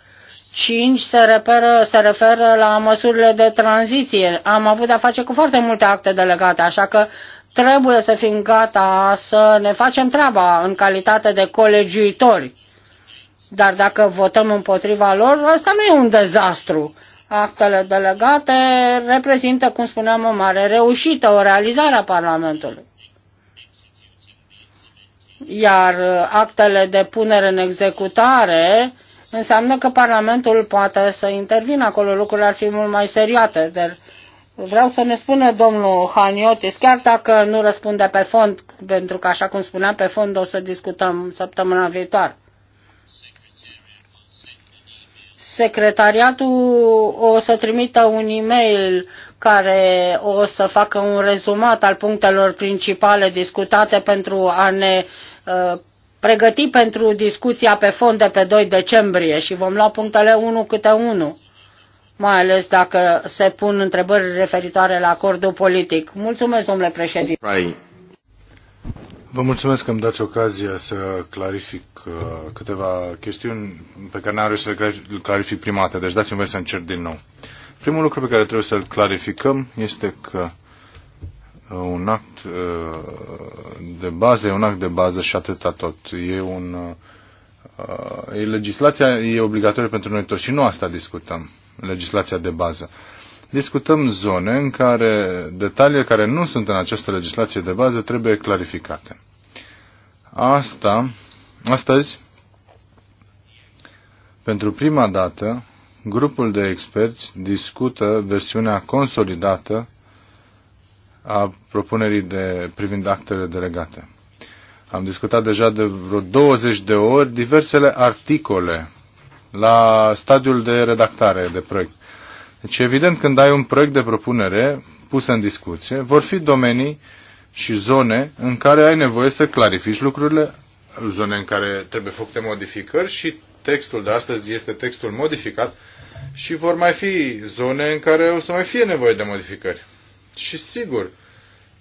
5 se, reperă, se referă la măsurile de tranziție. Am avut de-a face cu foarte multe acte delegate, așa că trebuie să fim gata să ne facem treaba în calitate de colegiuitori. Dar dacă votăm împotriva lor, asta nu e un dezastru. Actele delegate reprezintă, cum spuneam, o mare reușită, o realizare a Parlamentului. Iar actele de punere în executare înseamnă că Parlamentul poate să intervină acolo, lucrurile ar fi mult mai serioase. Dar vreau să ne spună domnul Haniotis, chiar dacă nu răspunde pe fond, pentru că, așa cum spuneam, pe fond o să discutăm săptămâna viitoare. Secretariatul o să trimită un e-mail care o să facă un rezumat al punctelor principale discutate pentru a ne uh, pregăti pentru discuția pe fond de pe 2 decembrie și vom lua punctele 1 câte 1, mai ales dacă se pun întrebări referitoare la acordul politic. Mulțumesc, domnule președinte. Vă mulțumesc că îmi dați ocazia să clarific uh, câteva chestiuni pe care n-am reușit să le clarific prima dată, deci dați-mi voie să încerc din nou. Primul lucru pe care trebuie să-l clarificăm este că un act uh, de bază, e un act de bază și atâta tot. E un... Uh, e legislația e obligatorie pentru noi toți și nu asta discutăm, legislația de bază. Discutăm zone în care detaliile care nu sunt în această legislație de bază trebuie clarificate. Asta, astăzi, pentru prima dată, grupul de experți discută versiunea consolidată a propunerii de, privind actele delegate. Am discutat deja de vreo 20 de ori diversele articole la stadiul de redactare de proiect. Deci, evident, când ai un proiect de propunere pus în discuție, vor fi domenii și zone în care ai nevoie să clarifici lucrurile, zone în care trebuie făcute modificări și textul de astăzi este textul modificat și vor mai fi zone în care o să mai fie nevoie de modificări și sigur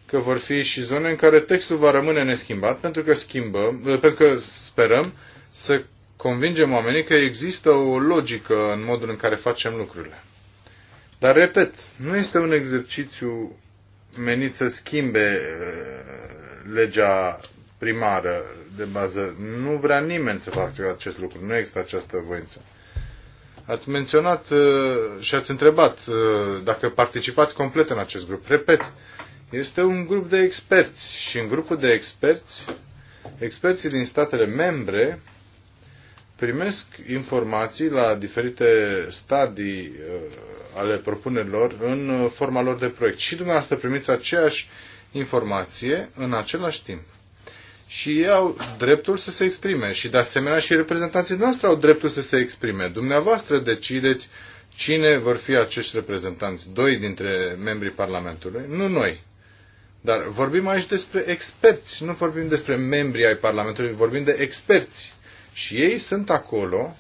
că vor fi și zone în care textul va rămâne neschimbat pentru că, schimbăm, eh, pentru că sperăm să convingem oamenii că există o logică în modul în care facem lucrurile. Dar, repet, nu este un exercițiu menit să schimbe eh, legea primară de bază. Nu vrea nimeni să facă acest lucru. Nu există această voință. Ați menționat uh, și ați întrebat uh, dacă participați complet în acest grup. Repet, este un grup de experți și în grupul de experți, experții din statele membre primesc informații la diferite stadii uh, ale propunerilor în forma lor de proiect. Și dumneavoastră primiți aceeași informație în același timp și ei au dreptul să se exprime. Și de asemenea și reprezentanții noastre au dreptul să se exprime. Dumneavoastră decideți cine vor fi acești reprezentanți, doi dintre membrii Parlamentului, nu noi. Dar vorbim aici despre experți, nu vorbim despre membrii ai Parlamentului, vorbim de experți. Și ei sunt acolo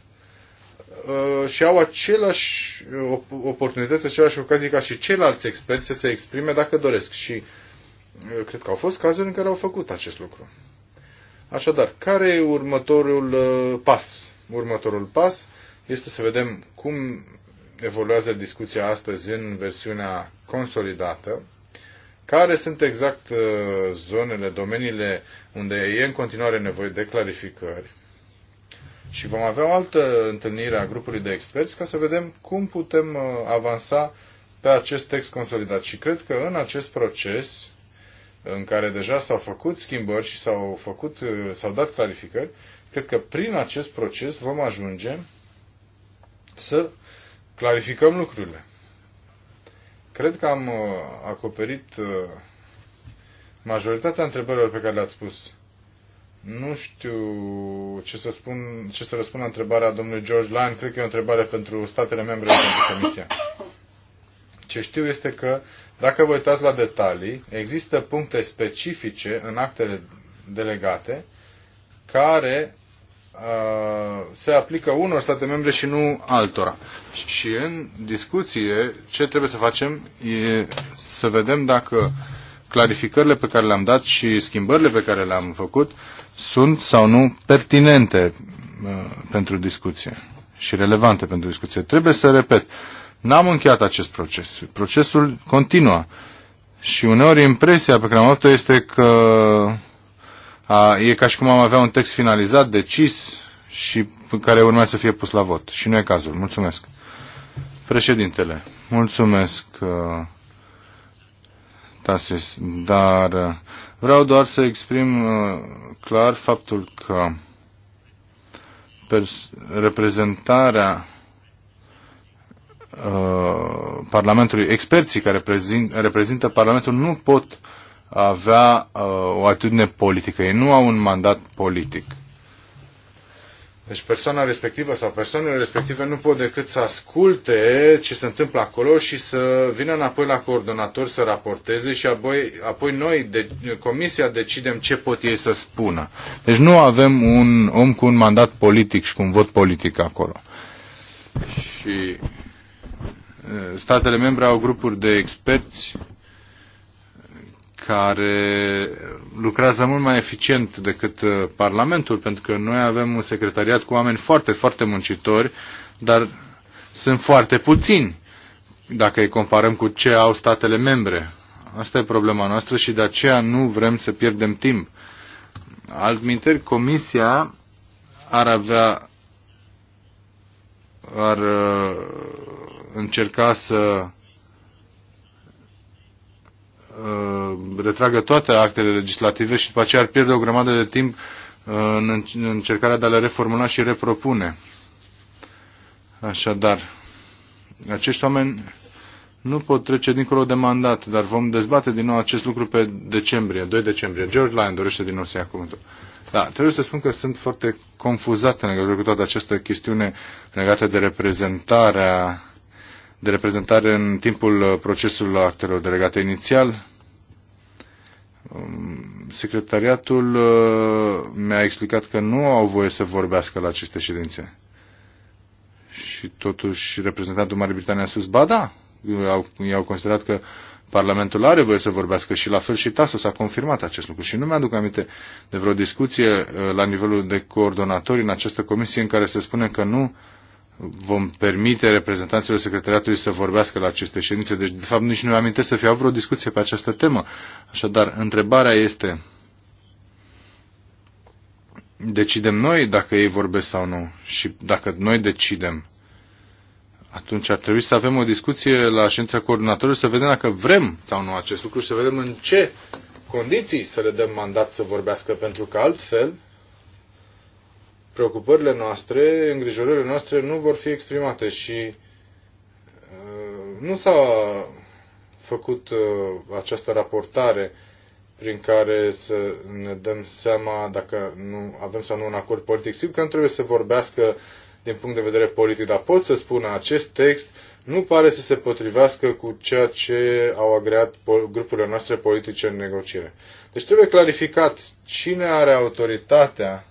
uh, și au aceleași uh, oportunități, aceleași ocazii ca și ceilalți experți să se exprime dacă doresc. Și uh, cred că au fost cazuri în care au făcut acest lucru. Așadar, care e următorul uh, pas? Următorul pas este să vedem cum evoluează discuția astăzi în versiunea consolidată, care sunt exact uh, zonele, domeniile unde e în continuare nevoie de clarificări. Și vom avea o altă întâlnire a grupului de experți ca să vedem cum putem uh, avansa pe acest text consolidat. Și cred că în acest proces în care deja s-au făcut schimbări și s-au, făcut, uh, s-au dat clarificări, cred că prin acest proces vom ajunge să clarificăm lucrurile. Cred că am uh, acoperit uh, majoritatea întrebărilor pe care le-ați spus. Nu știu ce să, spun, ce să răspund la întrebarea domnului George Lyon. Cred că e o întrebare pentru statele membre pentru Comisia. Ce știu este că uh, dacă vă uitați la detalii, există puncte specifice în actele delegate care se aplică unor state membre și nu altora. Și în discuție, ce trebuie să facem e să vedem dacă clarificările pe care le-am dat și schimbările pe care le-am făcut sunt sau nu pertinente pentru discuție și relevante pentru discuție. Trebuie să repet, N-am încheiat acest proces. Procesul continuă. Și uneori impresia pe care am avut-o este că a, e ca și cum am avea un text finalizat, decis și care urmează să fie pus la vot. Și nu e cazul. Mulțumesc. Președintele, mulțumesc, uh, Tasis, dar uh, vreau doar să exprim uh, clar faptul că reprezentarea Uh, Parlamentului, experții care prezint, reprezintă Parlamentul nu pot avea uh, o atitudine politică. Ei nu au un mandat politic. Deci persoana respectivă sau persoanele respective nu pot decât să asculte ce se întâmplă acolo și să vină înapoi la coordonator să raporteze și apoi, apoi noi, de, comisia, decidem ce pot ei să spună. Deci nu avem un om cu un mandat politic și cu un vot politic acolo. Și statele membre au grupuri de experți care lucrează mult mai eficient decât uh, Parlamentul, pentru că noi avem un secretariat cu oameni foarte, foarte muncitori, dar sunt foarte puțini dacă îi comparăm cu ce au statele membre. Asta e problema noastră și de aceea nu vrem să pierdem timp. Altminteri, Comisia ar avea ar uh, încerca să uh, retragă toate actele legislative și după aceea ar pierde o grămadă de timp uh, în încercarea de a le reformula și repropune. Așadar, acești oameni nu pot trece dincolo de mandat, dar vom dezbate din nou acest lucru pe decembrie, 2 decembrie. George Lyon dorește din nou să ia cuvântul. Da, trebuie să spun că sunt foarte confuzat în legătură cu toată această chestiune legată de reprezentarea de reprezentare în timpul uh, procesului actelor delegate inițial. Um, secretariatul uh, mi-a explicat că nu au voie să vorbească la aceste ședințe. Și totuși reprezentantul Marii Britanii a spus, ba da, i-au, i-au considerat că Parlamentul are voie să vorbească și la fel și TASO s-a confirmat acest lucru. Și nu mi-aduc aminte de vreo discuție uh, la nivelul de coordonatori în această comisie în care se spune că nu vom permite reprezentanților secretariatului să vorbească la aceste ședințe. Deci, de fapt, nici nu amintesc să fie avut o discuție pe această temă. Așadar, întrebarea este, decidem noi dacă ei vorbesc sau nu și dacă noi decidem, atunci ar trebui să avem o discuție la ședința coordonatorului să vedem dacă vrem sau nu acest lucru și să vedem în ce condiții să le dăm mandat să vorbească, pentru că altfel preocupările noastre, îngrijorările noastre nu vor fi exprimate și uh, nu s-a făcut uh, această raportare prin care să ne dăm seama dacă nu avem sau nu un acord politic. Sigur că nu trebuie să vorbească din punct de vedere politic, dar pot să spun acest text nu pare să se potrivească cu ceea ce au agreat grupurile noastre politice în negociere. Deci trebuie clarificat cine are autoritatea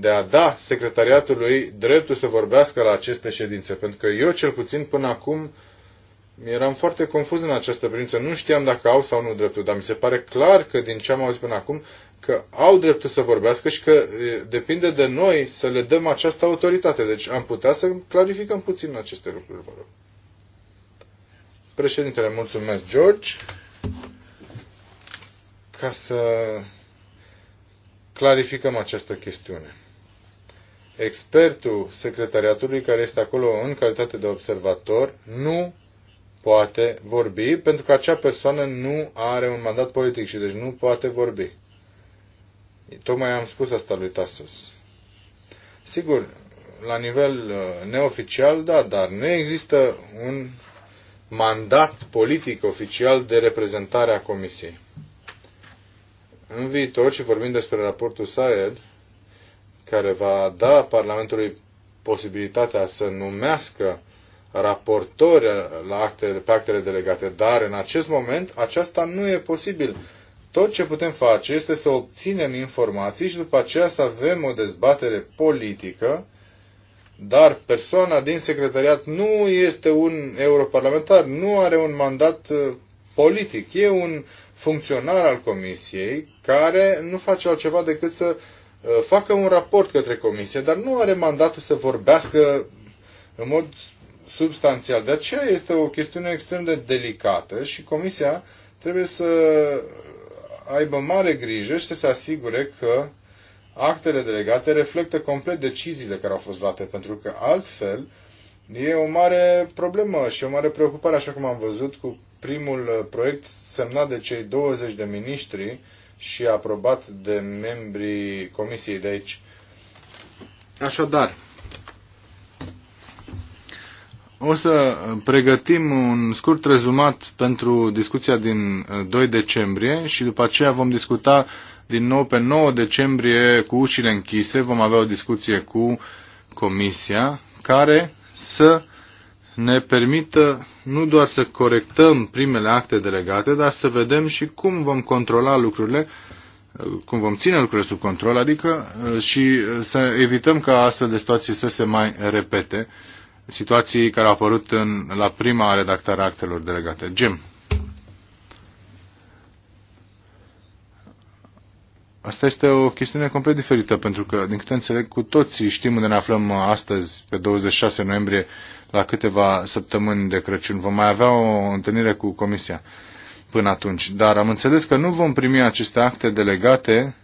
de a da secretariatului dreptul să vorbească la aceste ședințe. Pentru că eu, cel puțin până acum, eram foarte confuz în această privință. Nu știam dacă au sau nu dreptul, dar mi se pare clar că din ce am auzit până acum, că au dreptul să vorbească și că depinde de noi să le dăm această autoritate. Deci am putea să clarificăm puțin aceste lucruri, vă rog. Președintele, mulțumesc, George. Ca să clarificăm această chestiune expertul secretariatului care este acolo în calitate de observator nu poate vorbi pentru că acea persoană nu are un mandat politic și deci nu poate vorbi. Tocmai am spus asta lui Tasos. Sigur, la nivel uh, neoficial, da, dar nu există un mandat politic oficial de reprezentare a Comisiei. În viitor, și vorbim despre raportul Saed, care va da Parlamentului posibilitatea să numească raportori la actele, pe actele delegate, dar în acest moment aceasta nu e posibil. Tot ce putem face este să obținem informații și după aceea să avem o dezbatere politică, dar persoana din secretariat nu este un europarlamentar, nu are un mandat uh, politic, e un funcționar al Comisiei care nu face altceva decât să Uh, facă un raport către comisie, dar nu are mandatul să vorbească în mod substanțial. De aceea este o chestiune extrem de delicată și comisia trebuie să aibă mare grijă și să se asigure că actele delegate reflectă complet deciziile care au fost luate, pentru că altfel e o mare problemă și o mare preocupare, așa cum am văzut cu primul proiect semnat de cei 20 de miniștri și aprobat de membrii comisiei de aici. Așadar, o să pregătim un scurt rezumat pentru discuția din 2 uh, decembrie și după aceea vom discuta din nou pe 9 decembrie cu ușile închise. Vom avea o discuție cu Comisia care să ne permită nu doar să corectăm primele acte delegate, dar să vedem și cum vom controla lucrurile, cum vom ține lucrurile sub control, adică uh, și uh, să evităm ca astfel de situații să se mai repete, situații care au apărut în, la prima redactare a actelor delegate. Jim. Asta este o chestiune complet diferită, pentru că, din câte înțeleg, cu toții știm unde ne aflăm astăzi, pe 26 noiembrie, la câteva săptămâni de Crăciun. Vom mai avea o întâlnire cu Comisia până atunci. Dar am înțeles că nu vom primi aceste acte delegate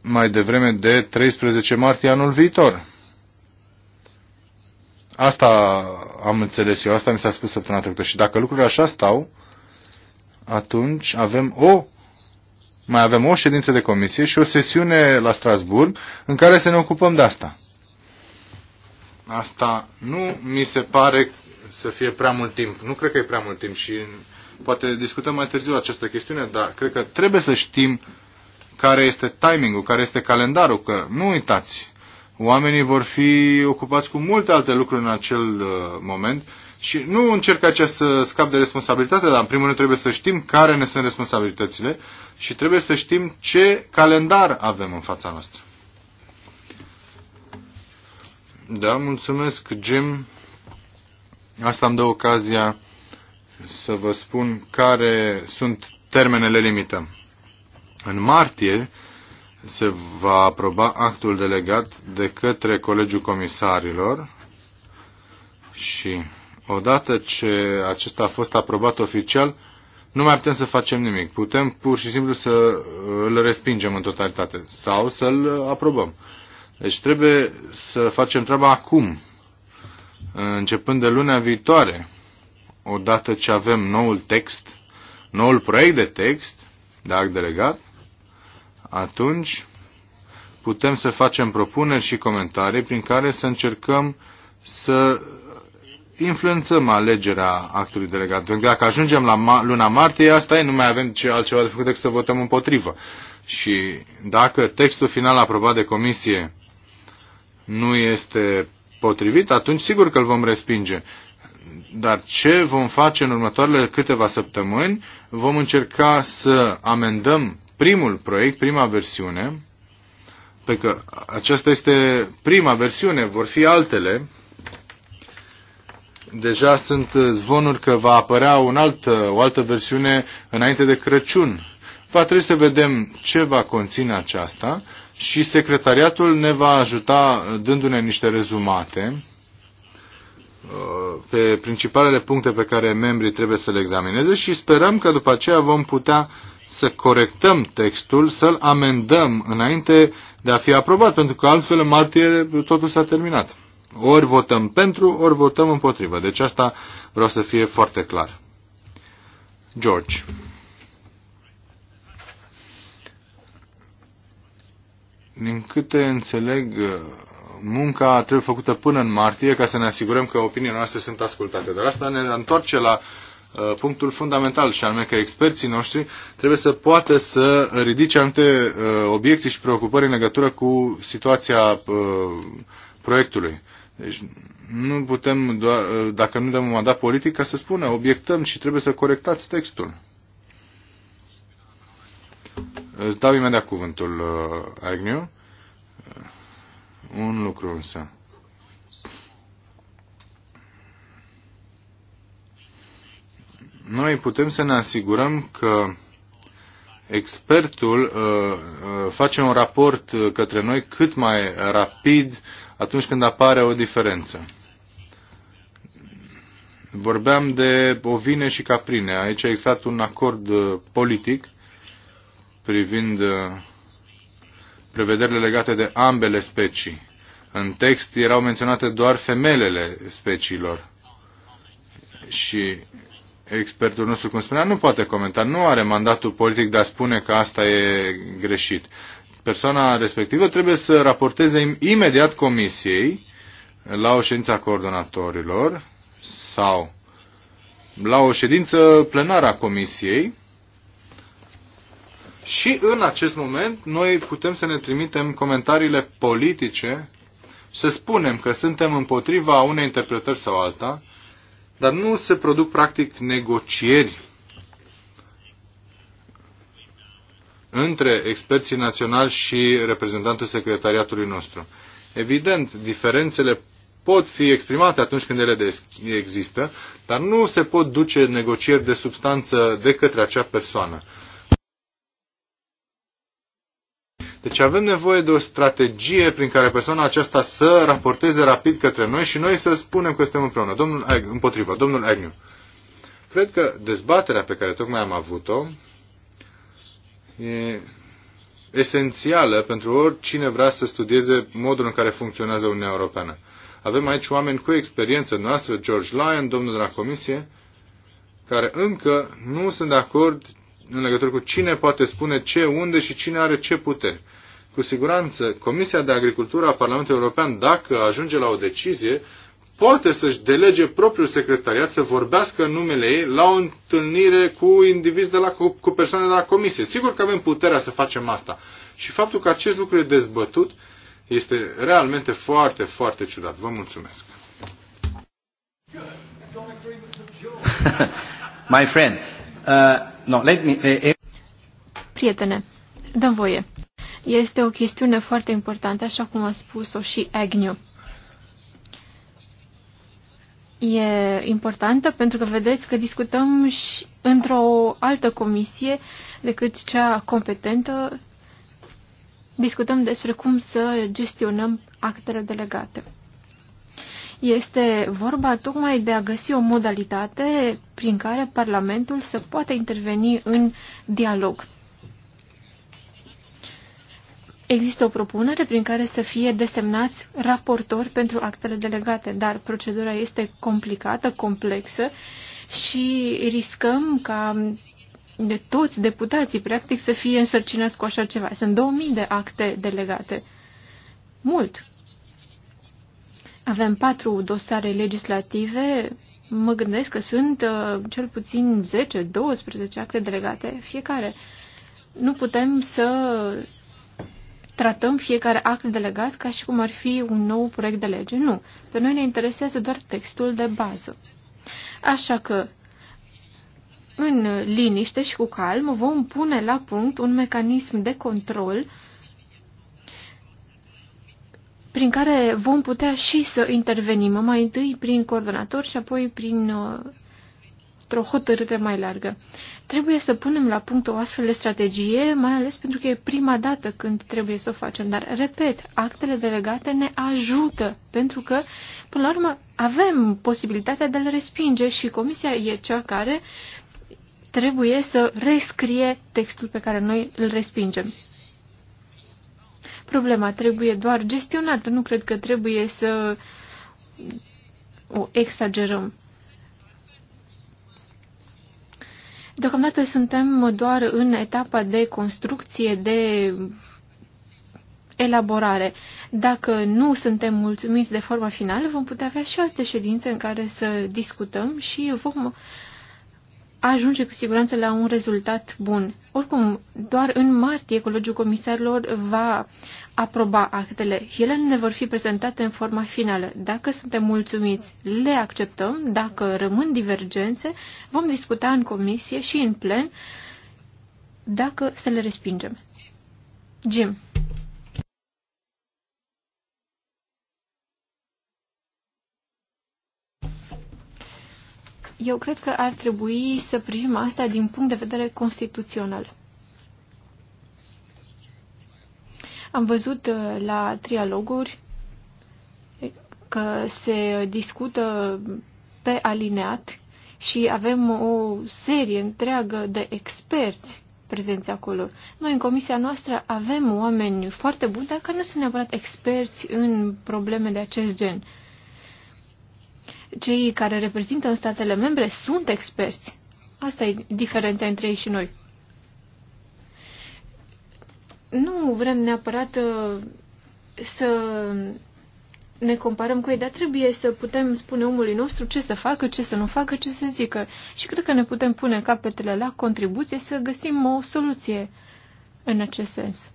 mai devreme de 13 martie anul viitor. Asta am înțeles eu, asta mi s-a spus săptămâna trecută. Și dacă lucrurile așa stau, atunci avem o mai avem o ședință de comisie și o sesiune la Strasburg în care să ne ocupăm de asta. Asta nu mi se pare să fie prea mult timp. Nu cred că e prea mult timp și poate discutăm mai târziu această chestiune, dar cred că trebuie să știm care este timingul, care este calendarul, că nu uitați, oamenii vor fi ocupați cu multe alte lucruri în acel uh, moment și nu încerc aceea să scap de responsabilitate, dar în primul rând trebuie să știm care ne sunt responsabilitățile și trebuie să știm ce calendar avem în fața noastră. Da, mulțumesc, Jim. Asta îmi dă ocazia să vă spun care sunt termenele limită. În martie se va aproba actul delegat de către Colegiul Comisarilor și odată ce acesta a fost aprobat oficial, nu mai putem să facem nimic. Putem pur și simplu să îl respingem în totalitate sau să îl aprobăm. Deci trebuie să facem treaba acum, începând de lunea viitoare, odată ce avem noul text, noul proiect de text de act delegat, atunci putem să facem propuneri și comentarii prin care să încercăm să influențăm alegerea actului delegat. Pentru că dacă ajungem la ma- luna martie, asta e, nu mai avem ce altceva de făcut decât să votăm împotrivă. Și dacă textul final aprobat de comisie nu este potrivit, atunci sigur că îl vom respinge. Dar ce vom face în următoarele câteva săptămâni? Vom încerca să amendăm primul proiect, prima versiune, pentru că aceasta este prima versiune, vor fi altele. Deja sunt zvonuri că va apărea un alt, o altă versiune înainte de Crăciun. Va trebui să vedem ce va conține aceasta și secretariatul ne va ajuta dându-ne niște rezumate uh, pe principalele puncte pe care membrii trebuie să le examineze și sperăm că după aceea vom putea să corectăm textul, să-l amendăm înainte de a fi aprobat, pentru că altfel în martie totul s-a terminat. Ori votăm pentru, ori votăm împotrivă. Deci asta vreau să fie foarte clar. George. Din câte înțeleg, uh, munca trebuie făcută până în martie ca să ne asigurăm că opiniile noastre sunt ascultate. Dar asta ne întoarce la uh, punctul fundamental și anume că experții noștri trebuie să poată să ridice anumite uh, obiecții și preocupări în legătură cu situația proiectului. Deci nu putem, dacă nu dăm un mandat politic, ca să spună, obiectăm și trebuie să corectați textul. Îți dau imediat cuvântul, uh, Agnew. Un lucru însă. Noi putem să ne asigurăm că expertul uh, uh face un raport uh, către noi cât mai rapid atunci când apare o diferență. Vorbeam de ovine și caprine. Aici a existat un acord uh, politic privind uh, prevederile legate de ambele specii. În text erau menționate doar femelele speciilor. Și expertul nostru, cum spunea, nu poate comenta, nu are mandatul politic de a spune că asta e greșit. Persoana respectivă trebuie să raporteze imediat comisiei la o ședință a coordonatorilor sau la o ședință plenară a comisiei și în acest moment noi putem să ne trimitem comentariile politice, să spunem că suntem împotriva unei interpretări sau alta, dar nu se produc practic negocieri între experții naționali și reprezentantul secretariatului nostru. Evident, diferențele pot fi exprimate atunci când ele există, dar nu se pot duce negocieri de substanță de către acea persoană. Deci avem nevoie de o strategie prin care persoana aceasta să raporteze rapid către noi și noi să spunem că suntem împreună. Domnul Agnew, împotriva, domnul Agnew. Cred că dezbaterea pe care tocmai am avut-o e esențială pentru oricine vrea să studieze modul în care funcționează Uniunea Europeană. Avem aici oameni cu experiență noastră, George Lyon, domnul de la Comisie, care încă nu sunt de acord în legătură cu cine poate spune ce, unde și cine are ce putere. Cu siguranță, Comisia de Agricultură a Parlamentului European, dacă ajunge la o decizie, poate să-și delege propriul secretariat să vorbească în numele ei la o întâlnire cu indivizi de la, cu, cu persoane de la comisie. Sigur că avem puterea să facem asta. Și faptul că acest lucru e dezbătut este realmente foarte, foarte ciudat. Vă mulțumesc. (laughs) My friend, uh, No, let me, eh, eh. Prietene, dă voie. Este o chestiune foarte importantă, așa cum a spus-o și Agnew. E importantă pentru că vedeți că discutăm și într-o altă comisie decât cea competentă. Discutăm despre cum să gestionăm actele delegate. Este vorba tocmai de a găsi o modalitate prin care Parlamentul să poată interveni în dialog. Există o propunere prin care să fie desemnați raportori pentru actele delegate, dar procedura este complicată, complexă și riscăm ca de toți deputații, practic, să fie însărcinați cu așa ceva. Sunt 2000 de acte delegate. Mult. Avem patru dosare legislative. Mă gândesc că sunt uh, cel puțin 10-12 acte delegate fiecare. Nu putem să tratăm fiecare act delegat ca și cum ar fi un nou proiect de lege. Nu. Pe noi ne interesează doar textul de bază. Așa că, în liniște și cu calm, vom pune la punct un mecanism de control prin care vom putea și să intervenim, mai întâi prin coordonator și apoi prin uh, o hotărâre mai largă. Trebuie să punem la punct o astfel de strategie, mai ales pentru că e prima dată când trebuie să o facem. Dar, repet, actele delegate ne ajută, pentru că, până la urmă, avem posibilitatea de a le respinge și comisia e cea care trebuie să rescrie textul pe care noi îl respingem. Problema trebuie doar gestionată, nu cred că trebuie să o exagerăm. Deocamdată suntem doar în etapa de construcție, de elaborare. Dacă nu suntem mulțumiți de forma finală, vom putea avea și alte ședințe în care să discutăm și vom ajunge cu siguranță la un rezultat bun. Oricum, doar în martie Colegiul Comisarilor va aproba actele. Ele ne vor fi prezentate în forma finală. Dacă suntem mulțumiți, le acceptăm. Dacă rămân divergențe, vom discuta în comisie și în plen dacă să le respingem. Jim. eu cred că ar trebui să privim asta din punct de vedere constituțional. Am văzut uh, la trialoguri că se discută pe alineat și avem o serie întreagă de experți prezenți acolo. Noi în comisia noastră avem oameni foarte buni, dar care nu sunt neapărat experți în probleme de acest gen. Uh, cei care reprezintă în statele membre sunt experți. Asta e diferența între ei și noi. Nu vrem neapărat uh, să ne comparăm cu ei, dar trebuie să putem spune omului nostru ce să facă, ce să nu facă, ce să zică. Și cred că ne putem pune capetele la contribuție să găsim o soluție în acest sens.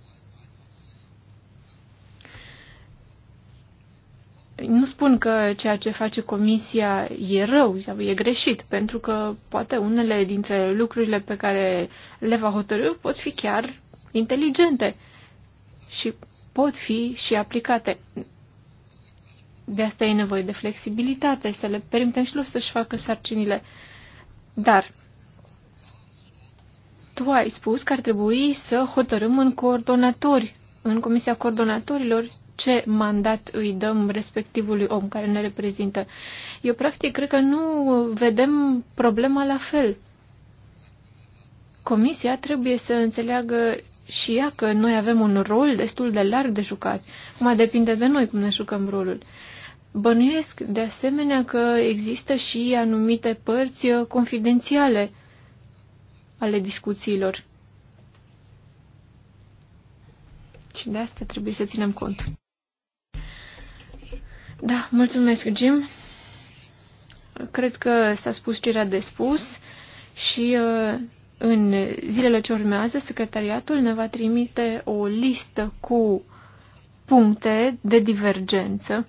Nu spun că ceea ce face comisia e rău sau e greșit, pentru că poate unele dintre lucrurile pe care le va hotărâ pot fi chiar inteligente și pot fi și aplicate. De asta e nevoie de flexibilitate, să le permitem și lor să-și facă sarcinile. Dar tu ai spus că ar trebui să hotărâm în coordonatori, în Comisia Coordonatorilor, ce mandat îi dăm respectivului om care ne reprezintă. Eu practic cred că nu vedem problema la fel. Comisia trebuie să înțeleagă și ea că noi avem un rol destul de larg de jucat. Mai depinde de noi cum ne jucăm rolul. Bănuiesc de asemenea că există și anumite părți confidențiale ale discuțiilor. Și de asta trebuie să ținem cont. Da, mulțumesc, Jim. Cred că s-a spus ce era de spus și uh, în zilele ce urmează, secretariatul ne va trimite o listă cu puncte de divergență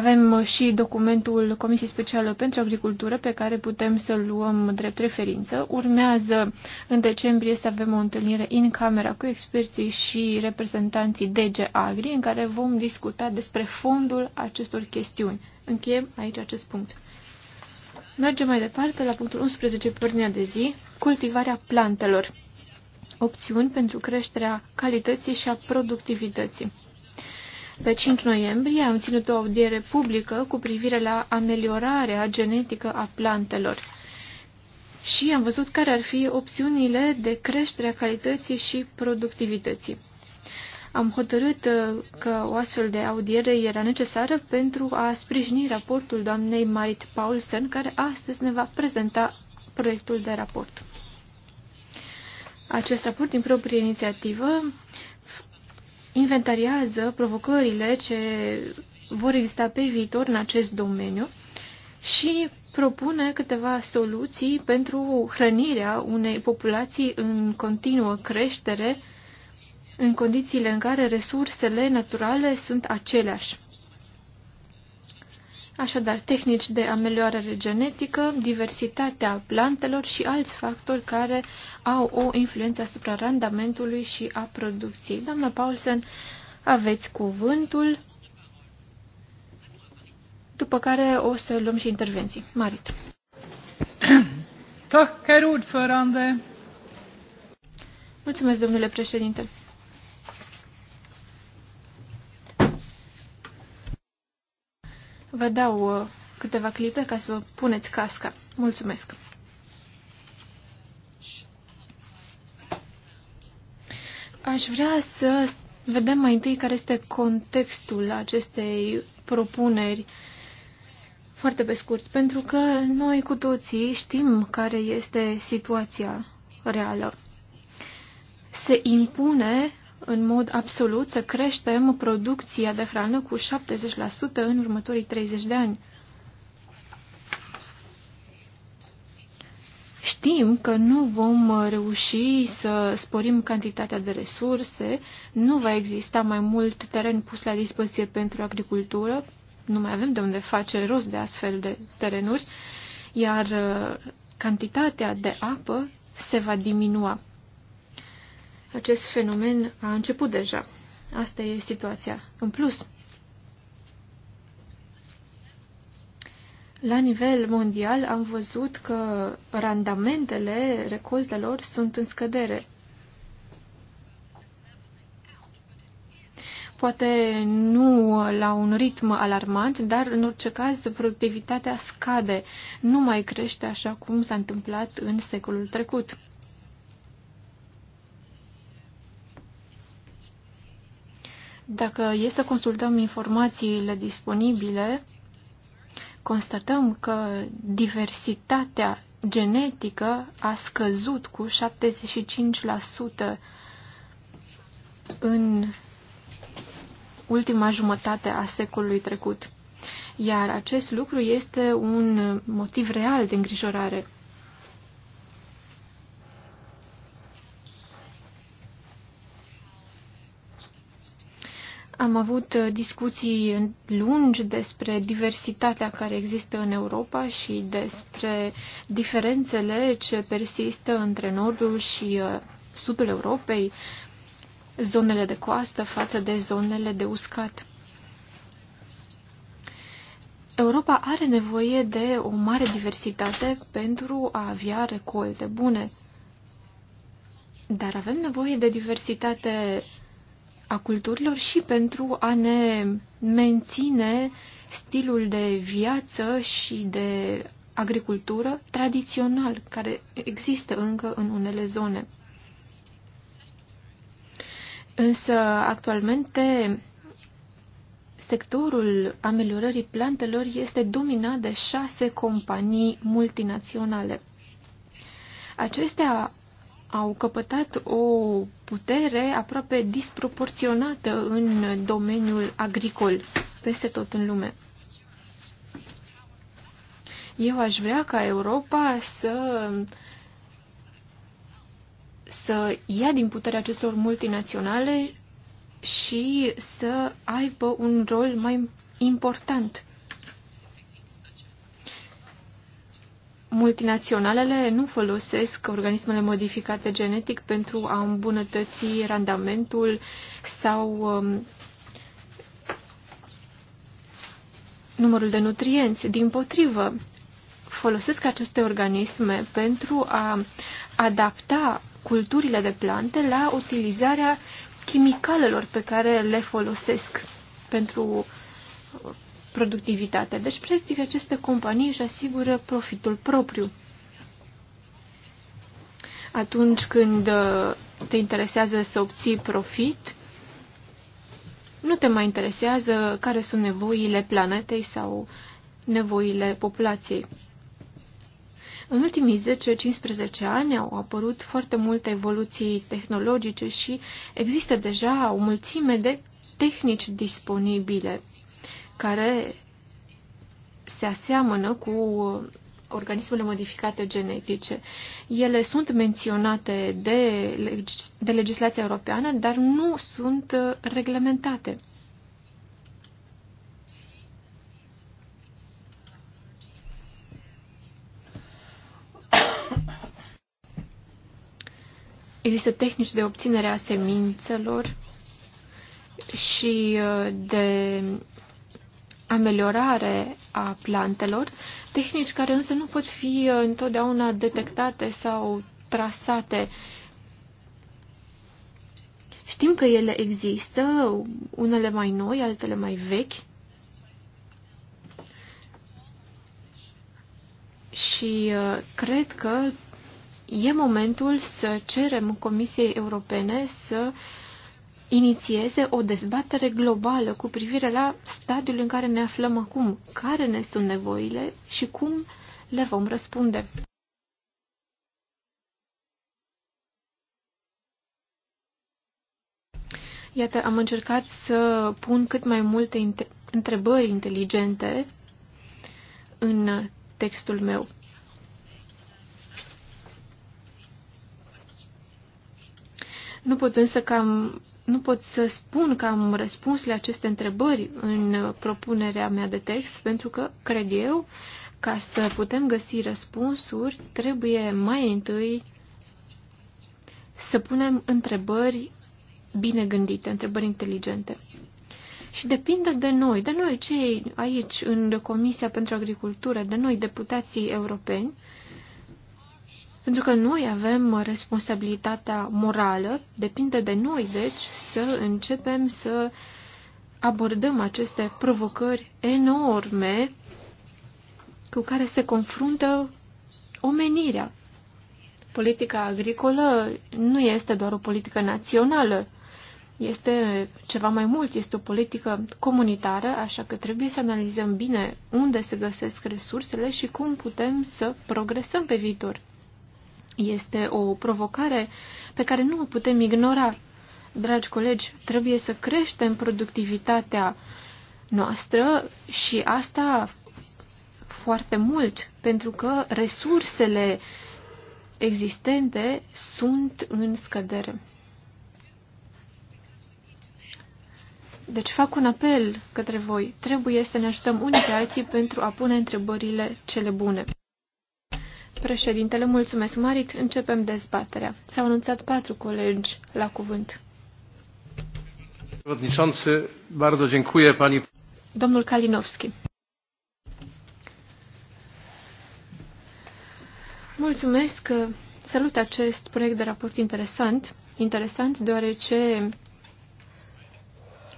avem și documentul Comisiei Speciale pentru Agricultură pe care putem să-l luăm drept referință. Urmează în decembrie să avem o întâlnire în camera cu experții și reprezentanții DG Agri în care vom discuta despre fondul acestor chestiuni. Încheiem aici acest punct. Mergem mai departe la punctul 11 Pornea de zi, cultivarea plantelor. Opțiuni pentru creșterea calității și a productivității. Pe 5 noiembrie am ținut o audiere publică cu privire la ameliorarea genetică a plantelor și am văzut care ar fi opțiunile de creștere a calității și productivității. Am hotărât uh, că o astfel de audiere era necesară pentru a sprijini raportul doamnei Marit Paulsen, care astăzi ne va prezenta proiectul de raport. Acest raport din proprie inițiativă inventariază provocările ce vor exista pe viitor în acest domeniu și propune câteva soluții pentru hrănirea unei populații în continuă creștere, în condițiile în care resursele naturale sunt aceleași. Așadar, tehnici de ameliorare genetică, diversitatea plantelor și alți factori care au o influență asupra randamentului și a producției. Doamna Paulsen, aveți cuvântul, după care o să luăm și intervenții. Marit. Mulțumesc, domnule președinte. Vă dau uh, câteva clipe ca să vă puneți casca. Mulțumesc! Aș vrea să vedem mai întâi care este contextul acestei propuneri foarte pe scurt, pentru că noi cu toții știm care este situația reală. Se impune în mod absolut să creștem producția de hrană cu 70% în următorii 30 de ani. Știm că nu vom reuși să sporim cantitatea de resurse, nu va exista mai mult teren pus la dispoziție pentru agricultură, nu mai avem de unde face rost de astfel de terenuri, iar uh, cantitatea de apă se va diminua. Acest fenomen a început deja. Asta e situația. În plus, la nivel mondial am văzut că randamentele recoltelor sunt în scădere. Poate nu la un ritm alarmant, dar în orice caz productivitatea scade, nu mai crește așa cum s-a întâmplat în secolul trecut. Dacă e să consultăm informațiile disponibile, constatăm că diversitatea genetică a scăzut cu 75% în ultima jumătate a secolului trecut. Iar acest lucru este un motiv real de îngrijorare. Am avut uh, discuții lungi despre diversitatea care există în Europa și despre diferențele ce persistă între nordul și uh, sudul Europei, zonele de coastă față de zonele de uscat. Europa are nevoie de o mare diversitate pentru a avea recolte bune. Dar avem nevoie de diversitate a culturilor și pentru a ne menține stilul de viață și de agricultură tradițional care există încă în unele zone. Însă, actualmente, sectorul ameliorării plantelor este dominat de șase companii multinaționale. Acestea au căpătat o putere aproape disproporționată în domeniul agricol, peste tot în lume. Eu aș vrea ca Europa să să ia din puterea acestor multinaționale și să aibă un rol mai important. multinaționalele nu folosesc organismele modificate genetic pentru a îmbunătăți randamentul sau um, numărul de nutrienți. Din potrivă, folosesc aceste organisme pentru a adapta culturile de plante la utilizarea chimicalelor pe care le folosesc pentru productivitate. Deci, practic, aceste companii își asigură profitul propriu. Atunci când uh, te interesează să obții profit, nu te mai interesează care sunt nevoile planetei sau nevoile populației. În ultimii 10-15 ani au apărut foarte multe evoluții tehnologice și există deja o mulțime de tehnici disponibile care se aseamănă cu organismele modificate genetice. Ele sunt menționate de, de legislația europeană, dar nu sunt uh, reglementate. Există tehnici de obținere a semințelor și uh, de ameliorare a plantelor, tehnici care însă nu pot fi uh, întotdeauna detectate sau trasate. Știm că ele există, unele mai noi, altele mai vechi. Și uh, cred că e momentul să cerem Comisiei Europene să uh, inițieze o dezbatere globală cu privire la stadiul în care ne aflăm acum, care ne sunt nevoile și cum le vom răspunde. Iată, am încercat să pun cât mai multe întrebări inteligente în textul meu. Nu pot însă că am, nu pot să spun că am răspuns la aceste întrebări în propunerea mea de text, pentru că, cred eu, ca să putem găsi răspunsuri, trebuie mai întâi să punem întrebări bine gândite, întrebări inteligente. Și depinde de noi, de noi cei aici în Comisia pentru Agricultură, de noi deputații europeni, pentru că noi avem responsabilitatea morală, depinde de noi, deci, să începem să abordăm aceste provocări enorme cu care se confruntă omenirea. Politica agricolă nu este doar o politică națională, este ceva mai mult, este o politică comunitară, așa că trebuie să analizăm bine unde se găsesc resursele și cum putem să progresăm pe viitor. Este o provocare pe care nu o putem ignora. Dragi colegi, trebuie să creștem productivitatea noastră și asta foarte mult, pentru că resursele existente sunt în scădere. Deci fac un apel către voi. Trebuie să ne ajutăm unii pe alții pentru a pune întrebările cele bune. Președintele, mulțumesc, Marit. Începem dezbaterea. S-au anunțat patru colegi la cuvânt. Domnul Kalinowski. Mulțumesc. Salut acest proiect de raport interesant. Interesant deoarece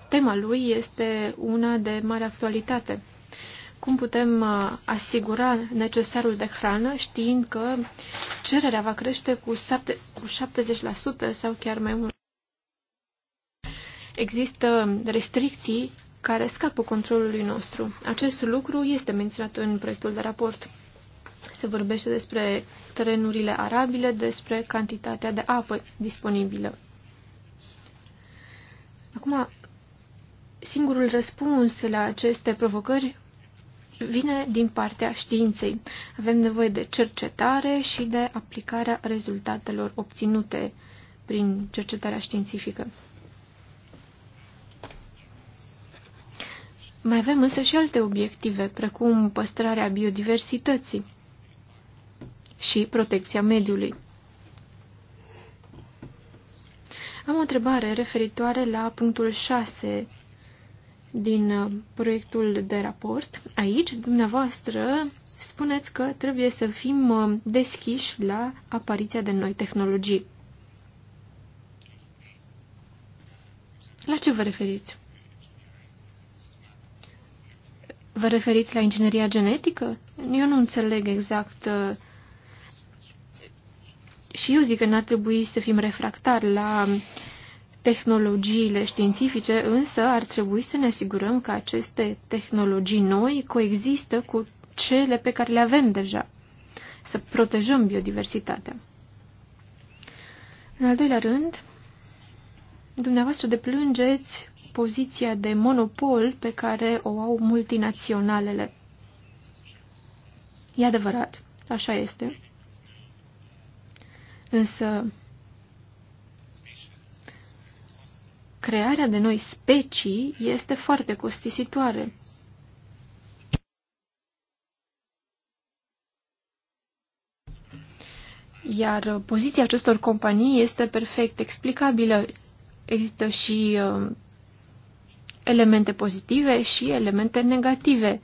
tema lui este una de mare actualitate cum putem uh, asigura necesarul de hrană știind că cererea va crește cu 70% sau chiar mai mult. Există restricții care scapă controlului nostru. Acest lucru este menționat în proiectul de raport. Se vorbește despre terenurile arabile, despre cantitatea de apă disponibilă. Acum, singurul răspuns la aceste provocări vine din partea științei. Avem nevoie de cercetare și de aplicarea rezultatelor obținute prin cercetarea științifică. Mai avem însă și alte obiective, precum păstrarea biodiversității și protecția mediului. Am o întrebare referitoare la punctul 6 din uh, proiectul de raport aici, dumneavoastră spuneți că trebuie să fim uh, deschiși la apariția de noi tehnologii. La ce vă referiți? Vă referiți la ingineria genetică? Eu nu înțeleg exact. Uh, și eu zic că n-ar trebui să fim refractari la tehnologiile științifice, însă ar trebui să ne asigurăm că aceste tehnologii noi coexistă cu cele pe care le avem deja, să protejăm biodiversitatea. În al doilea rând, dumneavoastră deplângeți poziția de monopol pe care o au multinaționalele. E adevărat, așa este. Însă, crearea de noi specii este foarte costisitoare. Iar uh, poziția acestor companii este perfect explicabilă. Există și uh, elemente pozitive și elemente negative.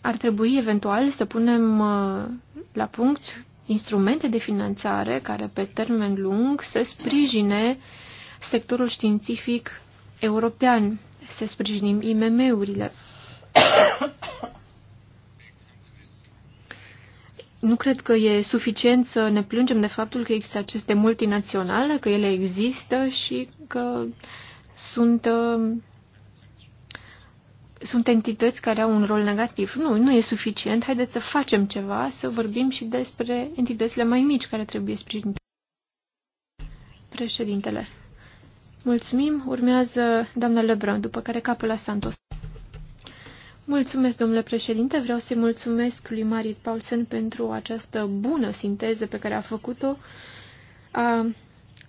Ar trebui eventual să punem uh, la punct instrumente de finanțare care pe termen lung să sprijine sectorul științific european, să sprijinim IMM-urile. Nu cred că e suficient să ne plângem de faptul că există aceste multinaționale, că ele există și că sunt uh, sunt entități care au un rol negativ. Nu, nu e suficient. Haideți să facem ceva, să vorbim și despre entitățile mai mici care trebuie sprijinite. Președintele. Mulțumim. Urmează doamna Lebrun, după care capul la Santos. Mulțumesc, domnule președinte. Vreau să-i mulțumesc lui Marit Paulsen pentru această bună sinteză pe care a făcut-o a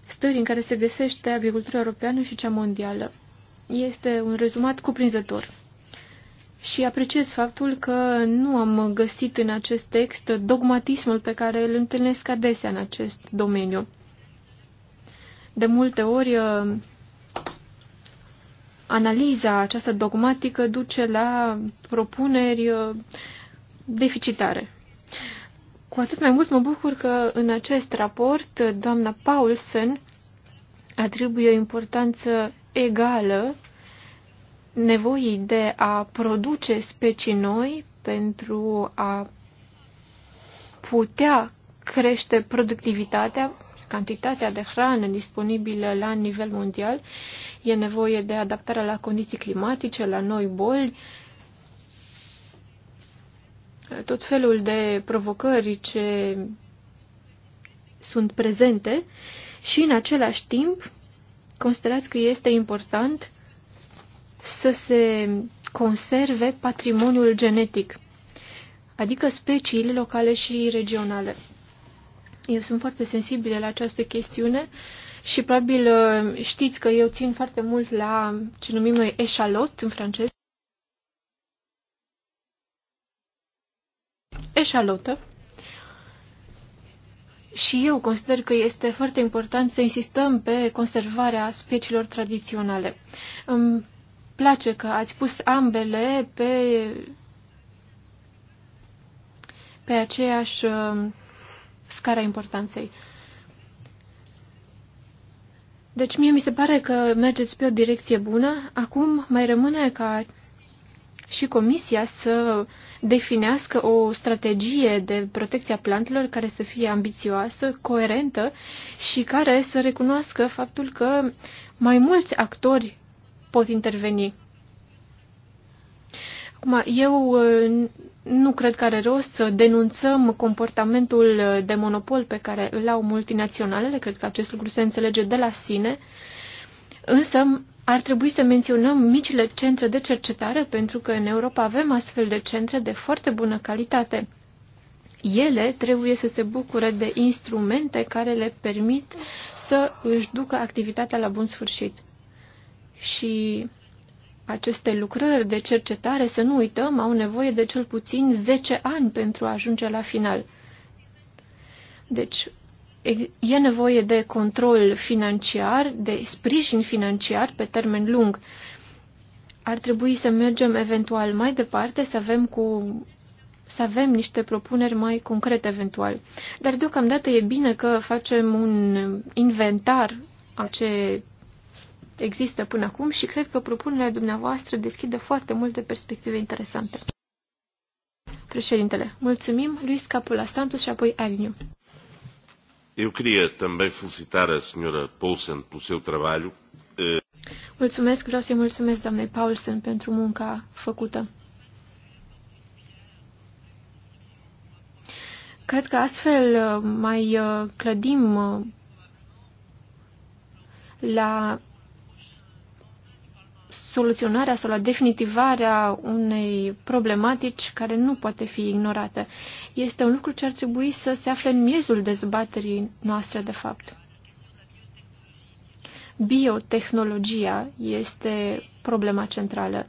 stării în care se găsește agricultura europeană și cea mondială. Este un rezumat cuprinzător și apreciez faptul că nu am găsit în acest text dogmatismul pe care îl întâlnesc adesea în acest domeniu. De multe ori, uh, analiza această dogmatică duce la propuneri uh, deficitare. Cu atât mai mult mă bucur că în acest raport uh, doamna Paulsen atribuie o importanță egală nevoii de a produce specii noi pentru a putea crește productivitatea, cantitatea de hrană disponibilă la nivel mondial, e nevoie de adaptarea la condiții climatice, la noi boli, tot felul de provocări ce sunt prezente și în același timp considerați că este important să se conserve patrimoniul genetic, adică speciile locale și regionale. Eu sunt foarte sensibilă la această chestiune și probabil uh, știți că eu țin foarte mult la ce numim noi eșalot în francez. Eșalotă. Și eu consider că este foarte important să insistăm pe conservarea speciilor tradiționale place că ați pus ambele pe, pe aceeași uh, scara importanței. Deci mie mi se pare că mergeți pe o direcție bună. Acum mai rămâne ca și Comisia să definească o strategie de protecție a plantelor care să fie ambițioasă, coerentă și care să recunoască faptul că mai mulți actori pot interveni. Acum, eu uh, nu cred că are rost să denunțăm comportamentul uh, de monopol pe care îl au multinaționalele, cred că acest lucru se înțelege de la sine, însă ar trebui să menționăm micile centre de cercetare, pentru că în Europa avem astfel de centre de foarte bună calitate. Ele trebuie să se bucure de instrumente care le permit să își ducă activitatea la bun sfârșit și aceste lucrări de cercetare, să nu uităm, au nevoie de cel puțin 10 ani pentru a ajunge la final. Deci, e nevoie de control financiar, de sprijin financiar pe termen lung. Ar trebui să mergem eventual mai departe, să avem cu să avem niște propuneri mai concrete eventual. Dar deocamdată e bine că facem un inventar a ce există până acum și cred că propunerea dumneavoastră deschide foarte multe perspective interesante. Președintele, mulțumim Luis Capula Santos și apoi Agnew. Eu queria também felicitar a senhora Paulsen pelo seu trabalho. Eh, mulțumesc, vreau să-i mulțumesc doamnei Paulsen pentru munca făcută. Cred că astfel eh, mai eh, clădim la soluționarea sau la definitivarea unei problematici care nu poate fi ignorată. Este un lucru ce ar trebui să se afle în miezul dezbaterii noastre, de fapt. Biotehnologia este problema centrală.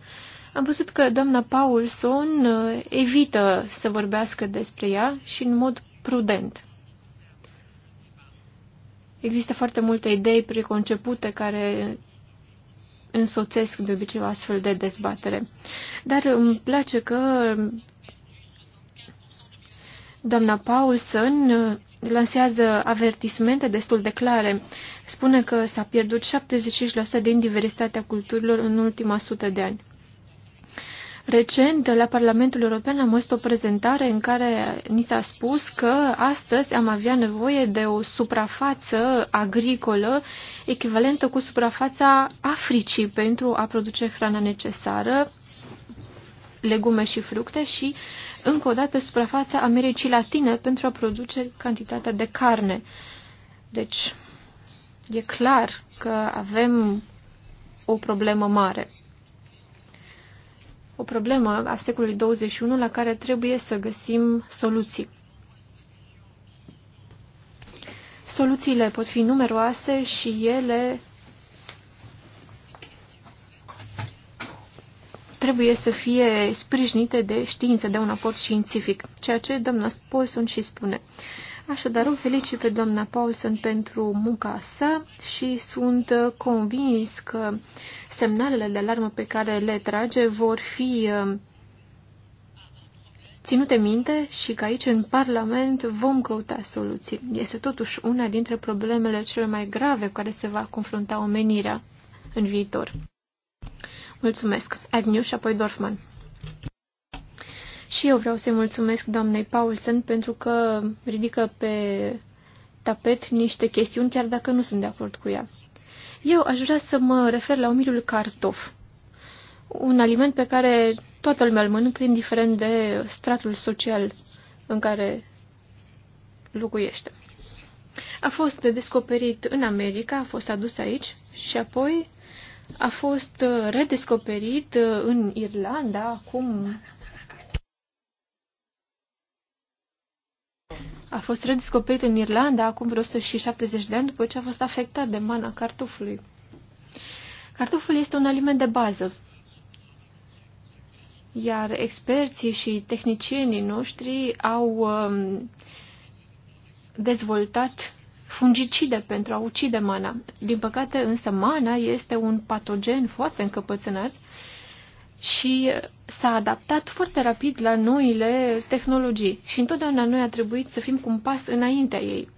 Am văzut că doamna Paulson uh, evită să vorbească despre ea și în mod prudent. Există foarte multe idei preconcepute care însoțesc de obicei o astfel de dezbatere. Dar îmi place că doamna Paulson lansează avertismente destul de clare. Spune că s-a pierdut 75% din diversitatea culturilor în ultima sută de ani. Recent, la Parlamentul European am fost o prezentare în care ni s-a spus că astăzi am avea nevoie de o suprafață agricolă echivalentă cu suprafața Africii pentru a produce hrana necesară, legume și fructe și, încă o dată, suprafața Americii Latine pentru a produce cantitatea de carne. Deci, e clar că avem o problemă mare o problemă a secolului 21 la care trebuie să găsim soluții. Soluțiile pot fi numeroase și ele trebuie să fie sprijinite de știință, de un aport științific, ceea ce domnul Paulson și spune. Uh, Așadar, o felicit pe doamna Paulsen pentru munca sa și sunt convins că semnalele de alarmă pe care le trage vor fi uh, ținute minte și că aici, în Parlament, vom căuta soluții. Este totuși una dintre problemele cele mai grave cu care se va confrunta omenirea în viitor. Mulțumesc. Agnew și apoi Dorfman. Și eu vreau să-i mulțumesc doamnei Paulsen pentru că ridică pe tapet niște chestiuni, chiar dacă nu sunt de acord cu ea. Eu aș vrea să mă refer la umilul cartof, un aliment pe care toată lumea îl mănâncă, indiferent de stratul social în care locuiește. A fost descoperit în America, a fost adus aici și apoi a fost redescoperit în Irlanda acum a fost redescoperit în Irlanda acum vreo 170 de ani după ce a fost afectat de mana cartofului. Cartoful este un aliment de bază, iar experții și tehnicienii noștri au um, dezvoltat fungicide pentru a ucide mana. Din păcate, însă, mana este un patogen foarte încăpățânat și s-a adaptat foarte rapid la noile tehnologii și întotdeauna noi a trebuit să fim cu un pas înaintea ei.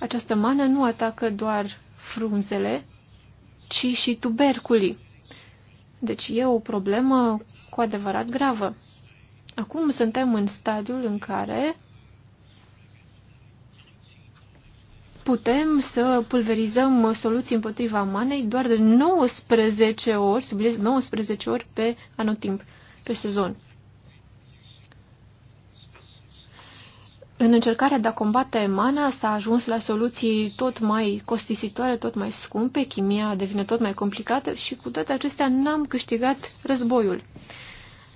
Această mană nu atacă doar frunzele, ci și tuberculii. Deci e o problemă cu adevărat gravă. Acum suntem în stadiul în care putem să pulverizăm soluții împotriva manei doar de 19 ori, subliniez 19 ori pe anotimp, pe sezon. În încercarea de a combate mana s-a ajuns la soluții tot mai costisitoare, tot mai scumpe, chimia devine tot mai complicată și cu toate acestea n-am câștigat războiul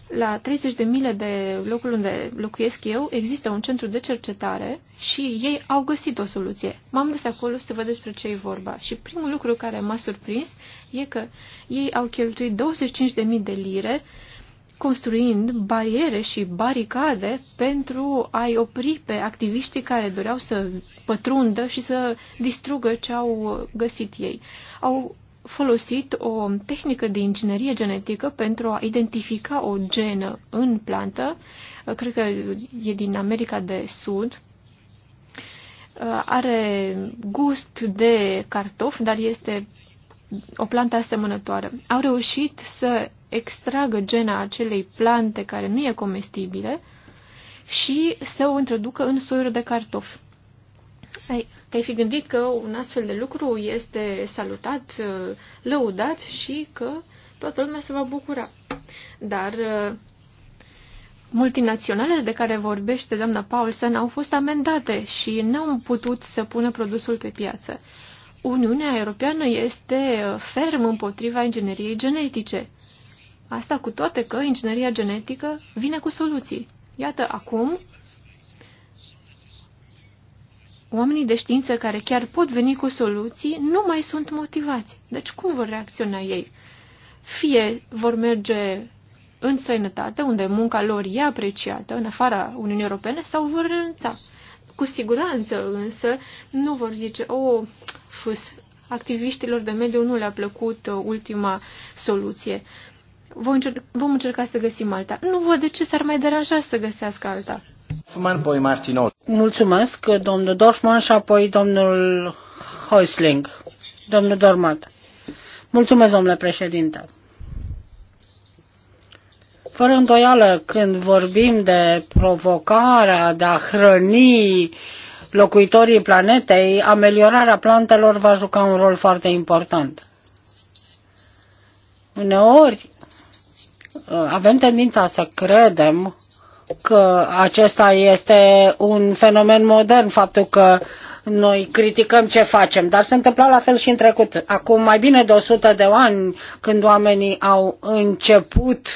la 30 de mile de locul unde locuiesc eu, există un centru de cercetare și ei au găsit o soluție. M-am dus acolo să văd despre ce e vorba și primul lucru care m-a surprins e că ei au cheltuit 25.000 de lire construind bariere și baricade pentru a-i opri pe activiștii care doreau să pătrundă și să distrugă ce au găsit ei. Au folosit o tehnică de inginerie genetică pentru a identifica o genă în plantă, cred că e din America de Sud, are gust de cartof, dar este o plantă asemănătoare. Au reușit să extragă gena acelei plante care nu e comestibile și să o introducă în soiul de cartof. Ai, te-ai fi gândit că un astfel de lucru este salutat, uh, lăudat și că toată lumea se va bucura. Dar uh, multinaționalele de care vorbește doamna Paulsen au fost amendate și n-au putut să pună produsul pe piață. Uniunea Europeană este uh, ferm împotriva ingineriei genetice. Asta cu toate că ingineria genetică vine cu soluții. Iată, acum Oamenii de știință care chiar pot veni cu soluții nu mai sunt motivați. Deci cum vor reacționa ei? Fie vor merge în străinătate, unde munca lor e apreciată, în afara Uniunii Europene, sau vor renunța. Cu siguranță însă nu vor zice, o, oh, fus, activiștilor de mediu nu le-a plăcut uh, ultima soluție. Vom încerca, vom încerca să găsim alta. Nu văd de ce s-ar mai deranja să găsească alta. Mulțumesc, domnul Dorfman și apoi domnul Heusling. Domnul Dormat. Mulțumesc, domnule președinte. Fără îndoială, când vorbim de provocarea de a hrăni locuitorii planetei, ameliorarea plantelor va juca un rol foarte important. Uneori avem tendința să credem că acesta este un fenomen modern, faptul că noi criticăm ce facem, dar se întâmpla la fel și în trecut. Acum mai bine de 100 de ani, când oamenii au început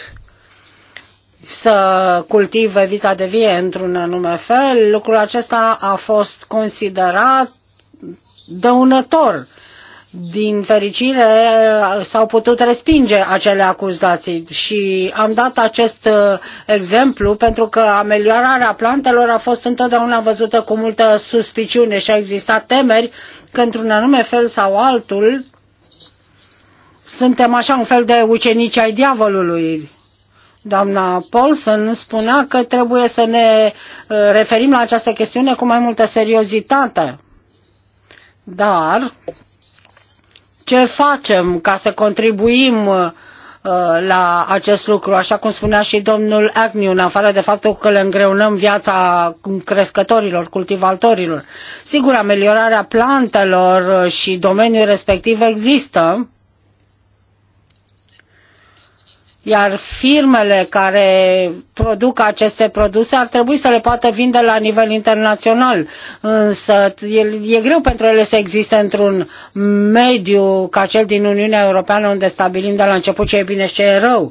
să cultive vița de vie într-un anume fel, lucrul acesta a fost considerat dăunător din fericire s-au putut respinge acele acuzații și am dat acest uh, exemplu pentru că ameliorarea plantelor a fost întotdeauna văzută cu multă suspiciune și au existat temeri că într-un anume fel sau altul suntem așa un fel de ucenici ai diavolului. Doamna Paulson spunea că trebuie să ne uh, referim la această chestiune cu mai multă seriozitate. Dar ce facem ca să contribuim uh, la acest lucru, așa cum spunea și domnul Agnew, în afară de faptul că le îngreunăm viața crescătorilor, cultivatorilor. Sigur, ameliorarea plantelor uh, și domeniul respectiv există, iar firmele care produc aceste produse ar trebui să le poată vinde la nivel internațional, însă e, e greu pentru ele să existe într-un mediu ca cel din Uniunea Europeană unde stabilim de la început ce e bine și ce e rău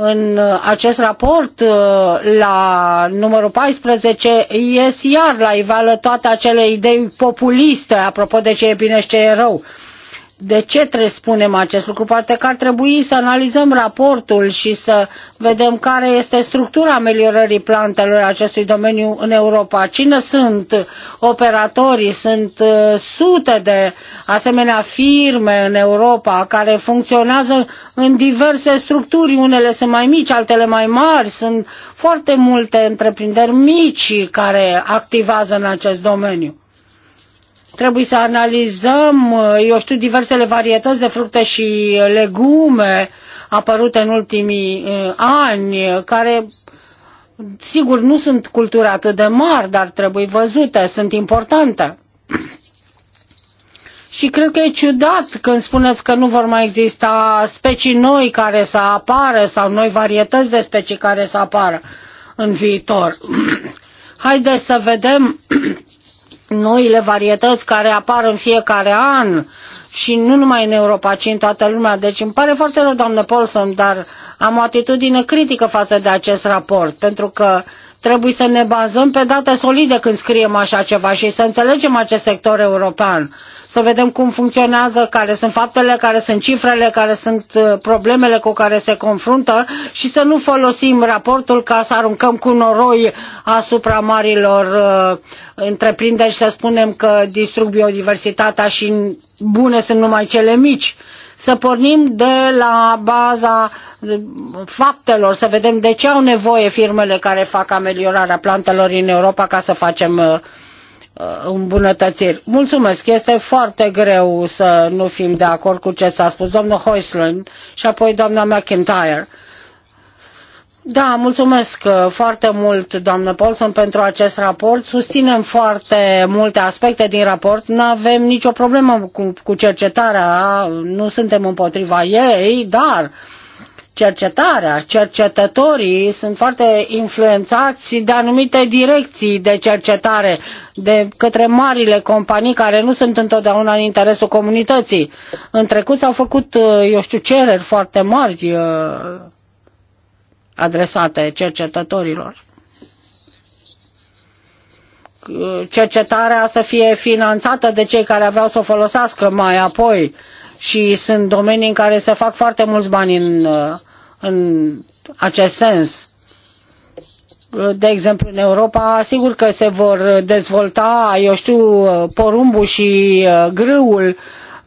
în acest raport uh, la numărul 14 ies iar la iveală toate acele idei populiste apropo de ce e bine și ce e rău de ce trebuie să spunem acest lucru? Poate că ar trebui să analizăm raportul și să vedem care este structura ameliorării plantelor acestui domeniu în Europa. Cine sunt operatorii? Sunt uh, sute de asemenea firme în Europa care funcționează în diverse structuri. Unele sunt mai mici, altele mai mari. Sunt foarte multe întreprinderi mici care activează în acest domeniu. Trebuie să analizăm, eu știu, diversele varietăți de fructe și legume apărute în ultimii eh, ani, care sigur nu sunt culturi atât de mari, dar trebuie văzute, sunt importante. (clears throat) Și cred că e ciudat când spuneți că nu vor mai exista specii noi care să apară sau noi varietăți de specii care să apară în viitor. (clears throat) Haideți să vedem (clears throat) noile varietăți care apar în fiecare an și nu numai în Europa, ci în toată lumea. Deci îmi pare foarte rău, doamnă Paulson, dar am o atitudine critică față de acest raport, pentru că uh, Trebuie să ne bazăm pe date solide când scriem așa ceva și să înțelegem acest sector european, să vedem cum funcționează, care sunt faptele, care sunt cifrele, care sunt uh, problemele cu care se confruntă și să nu folosim raportul ca să aruncăm cu noroi asupra marilor uh, întreprinderi și să spunem că distrug biodiversitatea și bune sunt numai cele mici. Uh, să pornim de la baza faptelor, să vedem de ce au nevoie firmele care fac ameliorarea plantelor în Europa ca să facem uh, uh, îmbunătățiri. Mulțumesc, este foarte greu să nu fim de acord cu ce s-a spus domnul Hoisland și apoi doamna McIntyre. Da, mulțumesc uh, foarte mult, doamnă Paulson, pentru acest raport. Susținem foarte multe aspecte din raport. Nu avem nicio problemă cu, cu cercetarea, nu suntem împotriva ei, dar cercetarea, cercetătorii sunt foarte influențați de anumite direcții de cercetare de către marile companii care nu sunt întotdeauna în interesul comunității. În trecut s-au făcut, uh, eu știu, cereri foarte mari uh, adresate cercetătorilor. Cercetarea să fie finanțată de cei care aveau să o folosească mai apoi și sunt domenii în care se fac foarte mulți bani în, în acest sens. De exemplu, în Europa, sigur că se vor dezvolta, eu știu, porumbul și uh, grâul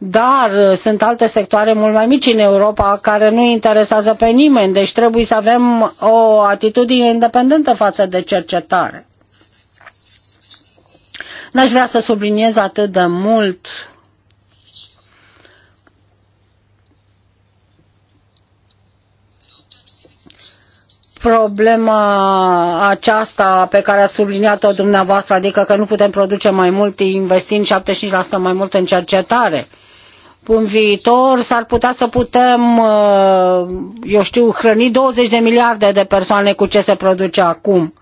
dar uh, sunt alte sectoare mult mai mici în Europa care nu interesează pe nimeni, deci trebuie să avem o atitudine independentă față de cercetare. N-aș vrea să subliniez atât de mult problema aceasta pe care a subliniat-o dumneavoastră, adică că nu putem produce mai mult investind 75% mai mult în cercetare în viitor s-ar putea să putem, uh, eu știu, hrăni 20 de miliarde de persoane cu ce se produce acum.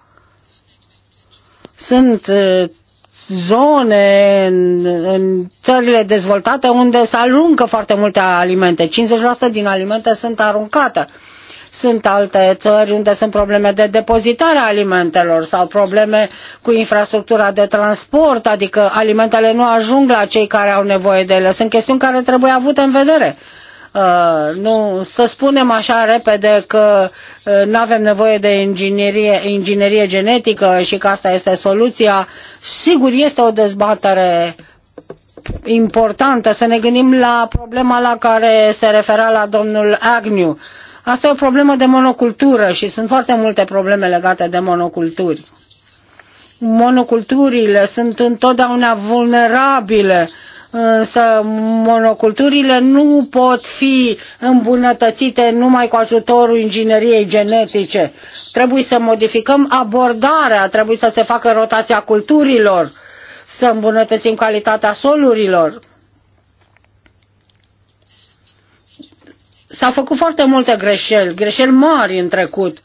Sunt uh, zone în, în țările dezvoltate unde se aruncă foarte multe alimente. 50% din alimente sunt aruncate. Sunt alte țări unde sunt probleme de depozitare a alimentelor sau probleme cu infrastructura de transport, adică alimentele nu ajung la cei care au nevoie de ele. Sunt chestiuni care trebuie avute în vedere. Uh, nu, să spunem așa repede că uh, nu avem nevoie de inginerie, inginerie genetică și că asta este soluția, sigur este o dezbatere importantă să ne gândim la problema la care se refera la domnul Agnew. Asta e o problemă de monocultură și sunt foarte multe probleme legate de monoculturi. Monoculturile sunt întotdeauna vulnerabile, însă monoculturile nu pot fi îmbunătățite numai cu ajutorul ingineriei genetice. Trebuie să modificăm abordarea, trebuie să se facă rotația culturilor, să îmbunătățim calitatea solurilor S-au făcut foarte multe greșeli, greșeli mari în trecut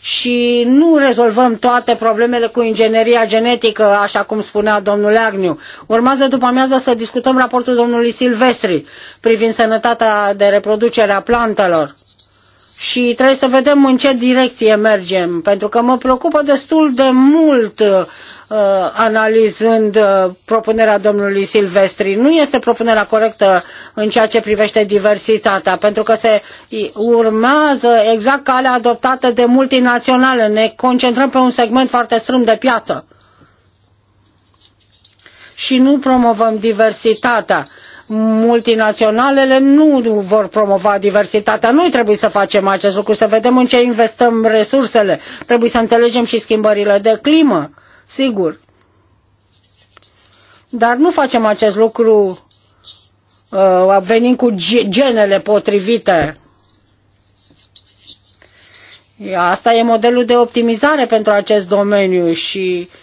și nu rezolvăm toate problemele cu ingineria genetică, așa cum spunea domnul Agniu. Urmează după amiază să discutăm raportul domnului Silvestri privind sănătatea de reproducere a plantelor și trebuie să vedem în ce direcție mergem, pentru că mă preocupă destul de mult uh, analizând uh, propunerea domnului Silvestri. Nu este propunerea corectă în ceea ce privește diversitatea, pentru că se urmează exact calea adoptată de multinaționale. Ne concentrăm pe un segment foarte strâm de piață și nu promovăm diversitatea multinaționalele nu vor promova diversitatea. Noi trebuie să facem acest lucru, să vedem în ce investăm resursele. Trebuie să înțelegem și schimbările de climă, sigur. Dar nu facem acest lucru uh, venind cu genele potrivite. Asta e modelul de optimizare pentru acest domeniu și uh,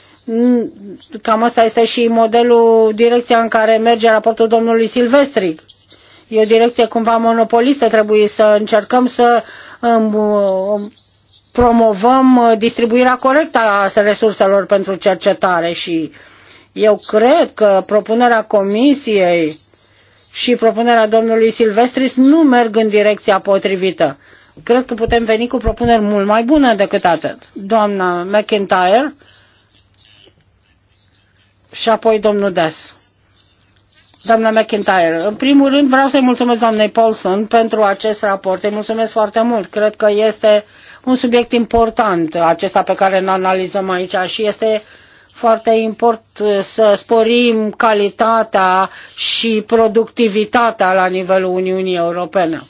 Cam asta este și modelul, direcția în care merge raportul domnului Silvestri. E o direcție cumva monopolistă, trebuie să încercăm să um, um, promovăm uh, distribuirea corectă a resurselor pentru cercetare și eu cred că propunerea comisiei și propunerea domnului Silvestris nu merg în direcția potrivită. Cred că putem veni cu propuneri mult mai bune decât atât. Doamna McIntyre, și apoi domnul Des, Doamna McIntyre, în primul rând vreau să-i mulțumesc doamnei Paulson pentru acest raport. Îi mulțumesc foarte mult. Cred că este un subiect important acesta pe care îl analizăm aici și este foarte important să sporim calitatea și productivitatea la nivelul Uniunii Europene.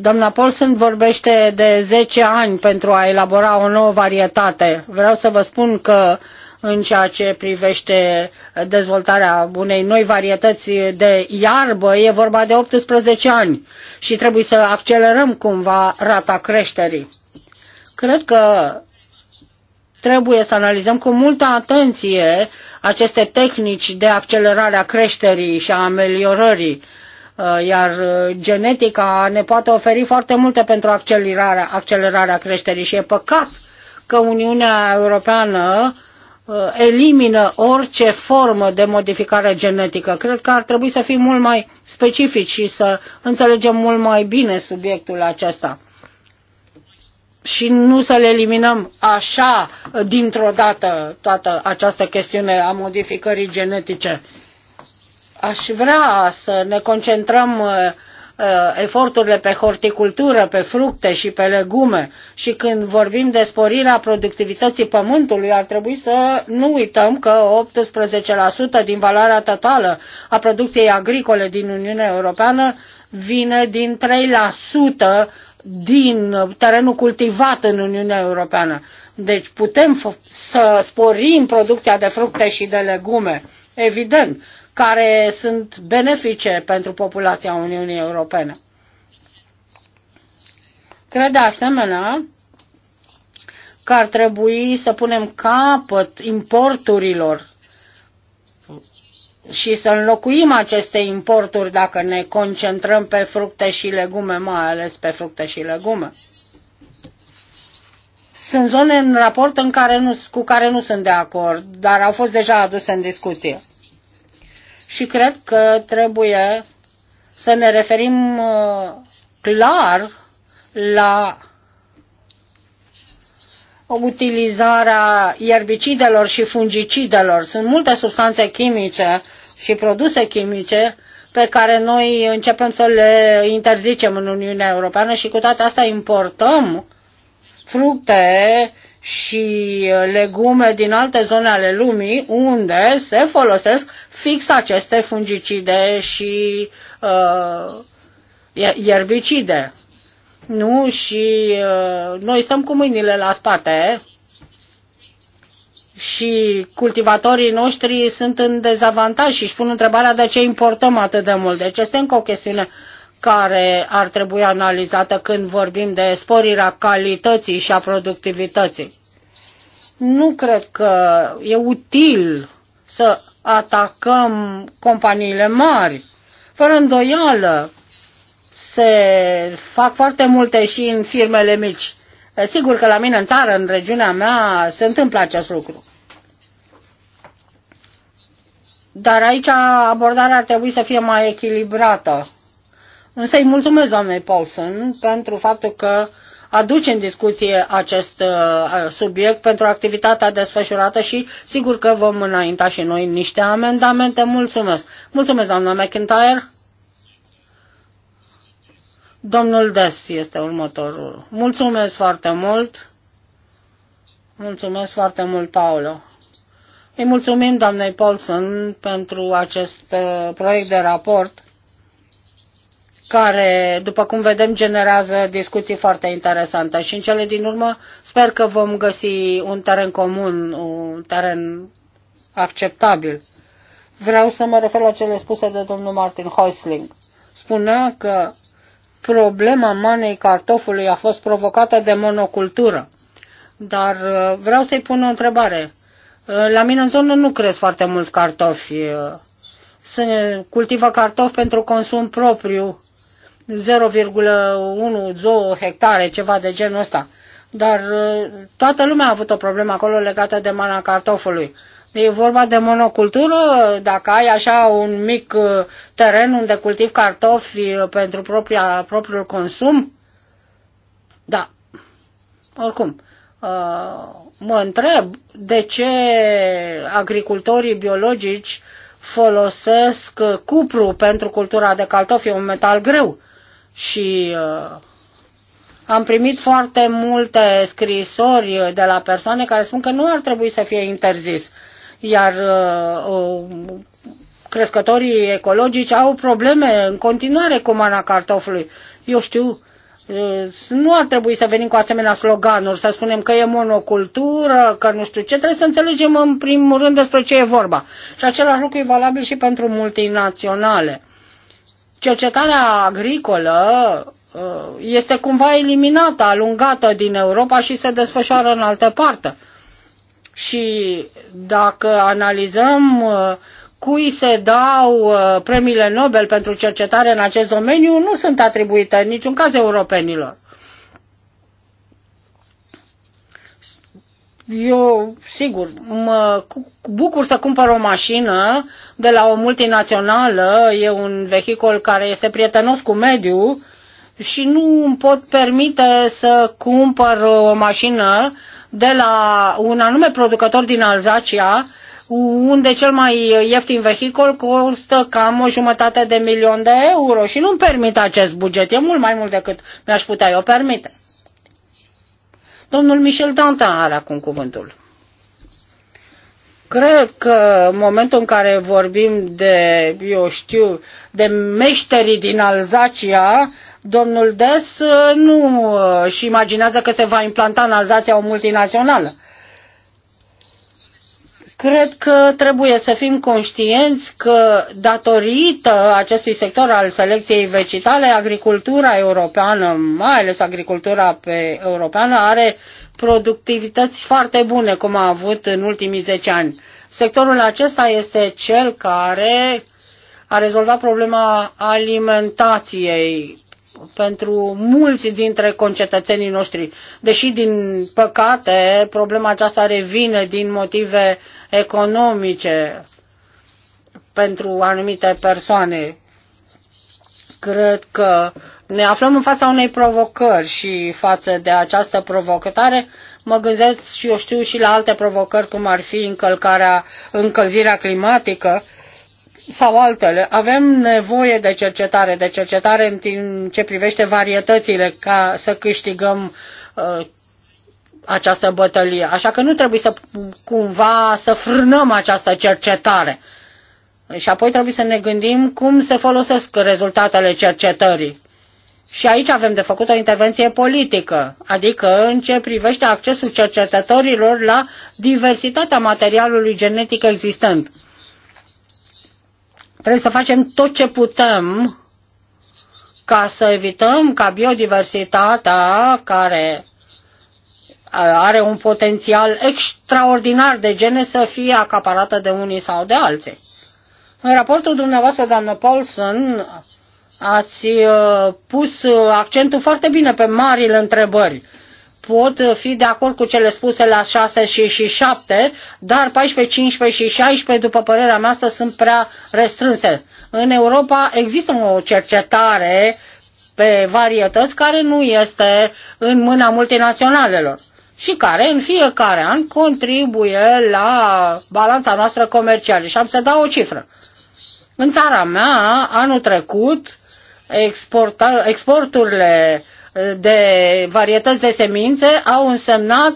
Doamna Paulson vorbește de 10 ani pentru a elabora o nouă varietate. Vreau să vă spun că uh, în ceea ce privește dezvoltarea unei noi varietăți de iarbă, e vorba de 18 ani și trebuie să accelerăm cumva rata creșterii. Cred că trebuie să analizăm cu multă atenție aceste tehnici de accelerare a creșterii și a ameliorării, uh, iar uh, genetica ne poate oferi foarte multe pentru accelerarea, accelerarea creșterii și e păcat că Uniunea Europeană Uh, elimină orice formă de modificare genetică. Cred că ar trebui să fim mult mai specifici și să înțelegem mult mai bine subiectul acesta și nu să le eliminăm așa dintr-o dată toată această chestiune a modificării genetice. Aș vrea să ne concentrăm uh, Uh, eforturile pe horticultură, pe fructe și pe legume și când vorbim de sporirea productivității pământului, ar trebui să nu uităm că 18% din valoarea totală a producției agricole din Uniunea Europeană vine din 3% din terenul cultivat în Uniunea Europeană. Deci putem să sporim producția de fructe și de legume. Evident, care sunt benefice pentru populația Uniunii Europene. Cred de asemenea că ar trebui să punem capăt importurilor și să înlocuim aceste importuri dacă ne concentrăm pe fructe și legume, mai ales pe fructe și legume. Sunt zone în raport în care nu, cu care nu sunt de acord, dar au fost deja aduse în discuție și cred că trebuie să ne referim uh, clar la utilizarea erbicidelor și fungicidelor. Sunt multe substanțe chimice și produse chimice pe care noi începem să le interzicem în Uniunea Europeană și cu toate astea importăm fructe și uh, legume din alte zone ale lumii unde se folosesc fix aceste fungicide și uh, ierbicide. Nu? Și uh, noi stăm cu mâinile la spate și cultivatorii noștri sunt în dezavantaj și își pun întrebarea de ce importăm atât de mult. Deci este încă o chestiune care ar trebui analizată când vorbim de sporirea calității și a productivității. Nu cred că e util să atacăm companiile mari. Fără îndoială, se fac foarte multe și în firmele mici. Sigur că la mine în țară, în regiunea mea, se întâmplă acest lucru. Dar aici abordarea ar trebui să fie mai echilibrată. Însă îi mulțumesc doamnei Paulson pentru faptul că aduce în discuție acest uh, subiect pentru activitatea desfășurată și sigur că vom înainta și noi niște amendamente. Mulțumesc. Mulțumesc, doamna McIntyre. Domnul Des este următorul. Mulțumesc foarte mult. Mulțumesc foarte mult, Paolo. Îi mulțumim doamnei Paulson pentru acest uh, proiect de raport care, după cum vedem, generează discuții foarte interesante. Și în cele din urmă sper că vom găsi un teren comun, un teren acceptabil. Vreau să mă refer la cele spuse de domnul Martin Häusling. Spunea că problema manei cartofului a fost provocată de monocultură. Dar uh, vreau să-i pun o întrebare. Uh, la mine în zonă nu cresc foarte mulți cartofi. Uh, se cultivă cartofi pentru consum propriu 0,1-2 hectare, ceva de genul ăsta. Dar uh, toată lumea a avut o problemă acolo legată de mana cartofului. E vorba de monocultură, dacă ai așa un mic uh, teren unde cultivi cartofi uh, pentru propria, propriul consum, da. Oricum, mă întreb de ce agricultorii biologici folosesc cupru pentru cultura de cartofi, un metal greu și uh, am primit foarte multe scrisori de la persoane care spun că nu ar trebui să fie interzis. Iar uh, uh crescătorii ecologici au probleme în continuare cu mana cartofului. Eu știu, uh, nu ar trebui să venim cu asemenea sloganuri, să spunem că e monocultură, că nu știu ce, trebuie să înțelegem în primul rând despre ce e vorba. Și același lucru e valabil și pentru multinaționale cercetarea agricolă uh, este cumva eliminată, alungată din Europa și se desfășoară în altă parte. Și dacă analizăm uh, cui se dau uh, premiile Nobel pentru cercetare în acest domeniu, nu sunt atribuite în niciun caz europenilor. Eu, sigur, mă bucur să cumpăr o mașină de la o multinațională, e un vehicul care este prietenos cu mediul și nu îmi pot permite să cumpăr o mașină de la un anume producător din Alzacia, unde cel mai ieftin vehicul costă cam o jumătate de milion de euro și nu-mi permit acest buget, e mult mai mult decât mi-aș putea eu permite. Domnul Michel Dantan are acum cuvântul. Cred că în momentul în care vorbim de, eu știu, de meșterii din Alzacia, domnul Des uh, nu își uh, imaginează că se va implanta în Alzația o multinațională. Cred că trebuie să fim conștienți că datorită acestui sector al selecției vegetale, agricultura europeană, mai ales agricultura pe europeană, are productivități foarte bune, cum a avut în ultimii 10 ani. Sectorul acesta este cel care a rezolvat problema alimentației pentru mulți dintre concetățenii noștri. Deși, din păcate, problema aceasta revine din motive economice pentru anumite persoane. Cred că ne aflăm în fața unei provocări și față de această provocare mă gândesc și eu știu și la alte provocări, cum ar fi încălcarea, încălzirea climatică, sau altele. Avem nevoie de cercetare, de cercetare în timp ce privește varietățile ca să câștigăm uh, această bătălie. Așa că nu trebuie să cumva să frânăm această cercetare. Și apoi trebuie să ne gândim cum se folosesc rezultatele cercetării. Și aici avem de făcut o intervenție politică, adică în ce privește accesul cercetătorilor la diversitatea materialului genetic existent. Trebuie să facem tot ce putem ca să evităm ca biodiversitatea care are un potențial extraordinar de gene să fie acaparată de unii sau de alții. În raportul dumneavoastră, doamnă Paulson, ați uh, pus uh, accentul foarte bine pe marile întrebări pot fi de acord cu cele spuse la 6 și, și 7, dar 14, 15 și 16, după părerea mea, sunt prea restrânse. În Europa există o cercetare pe varietăți care nu este în mâna multinaționalelor și care în fiecare an contribuie la balanța noastră comercială. Și am să dau o cifră. În țara mea, anul trecut, exporta, exporturile uh, de varietăți de semințe au însemnat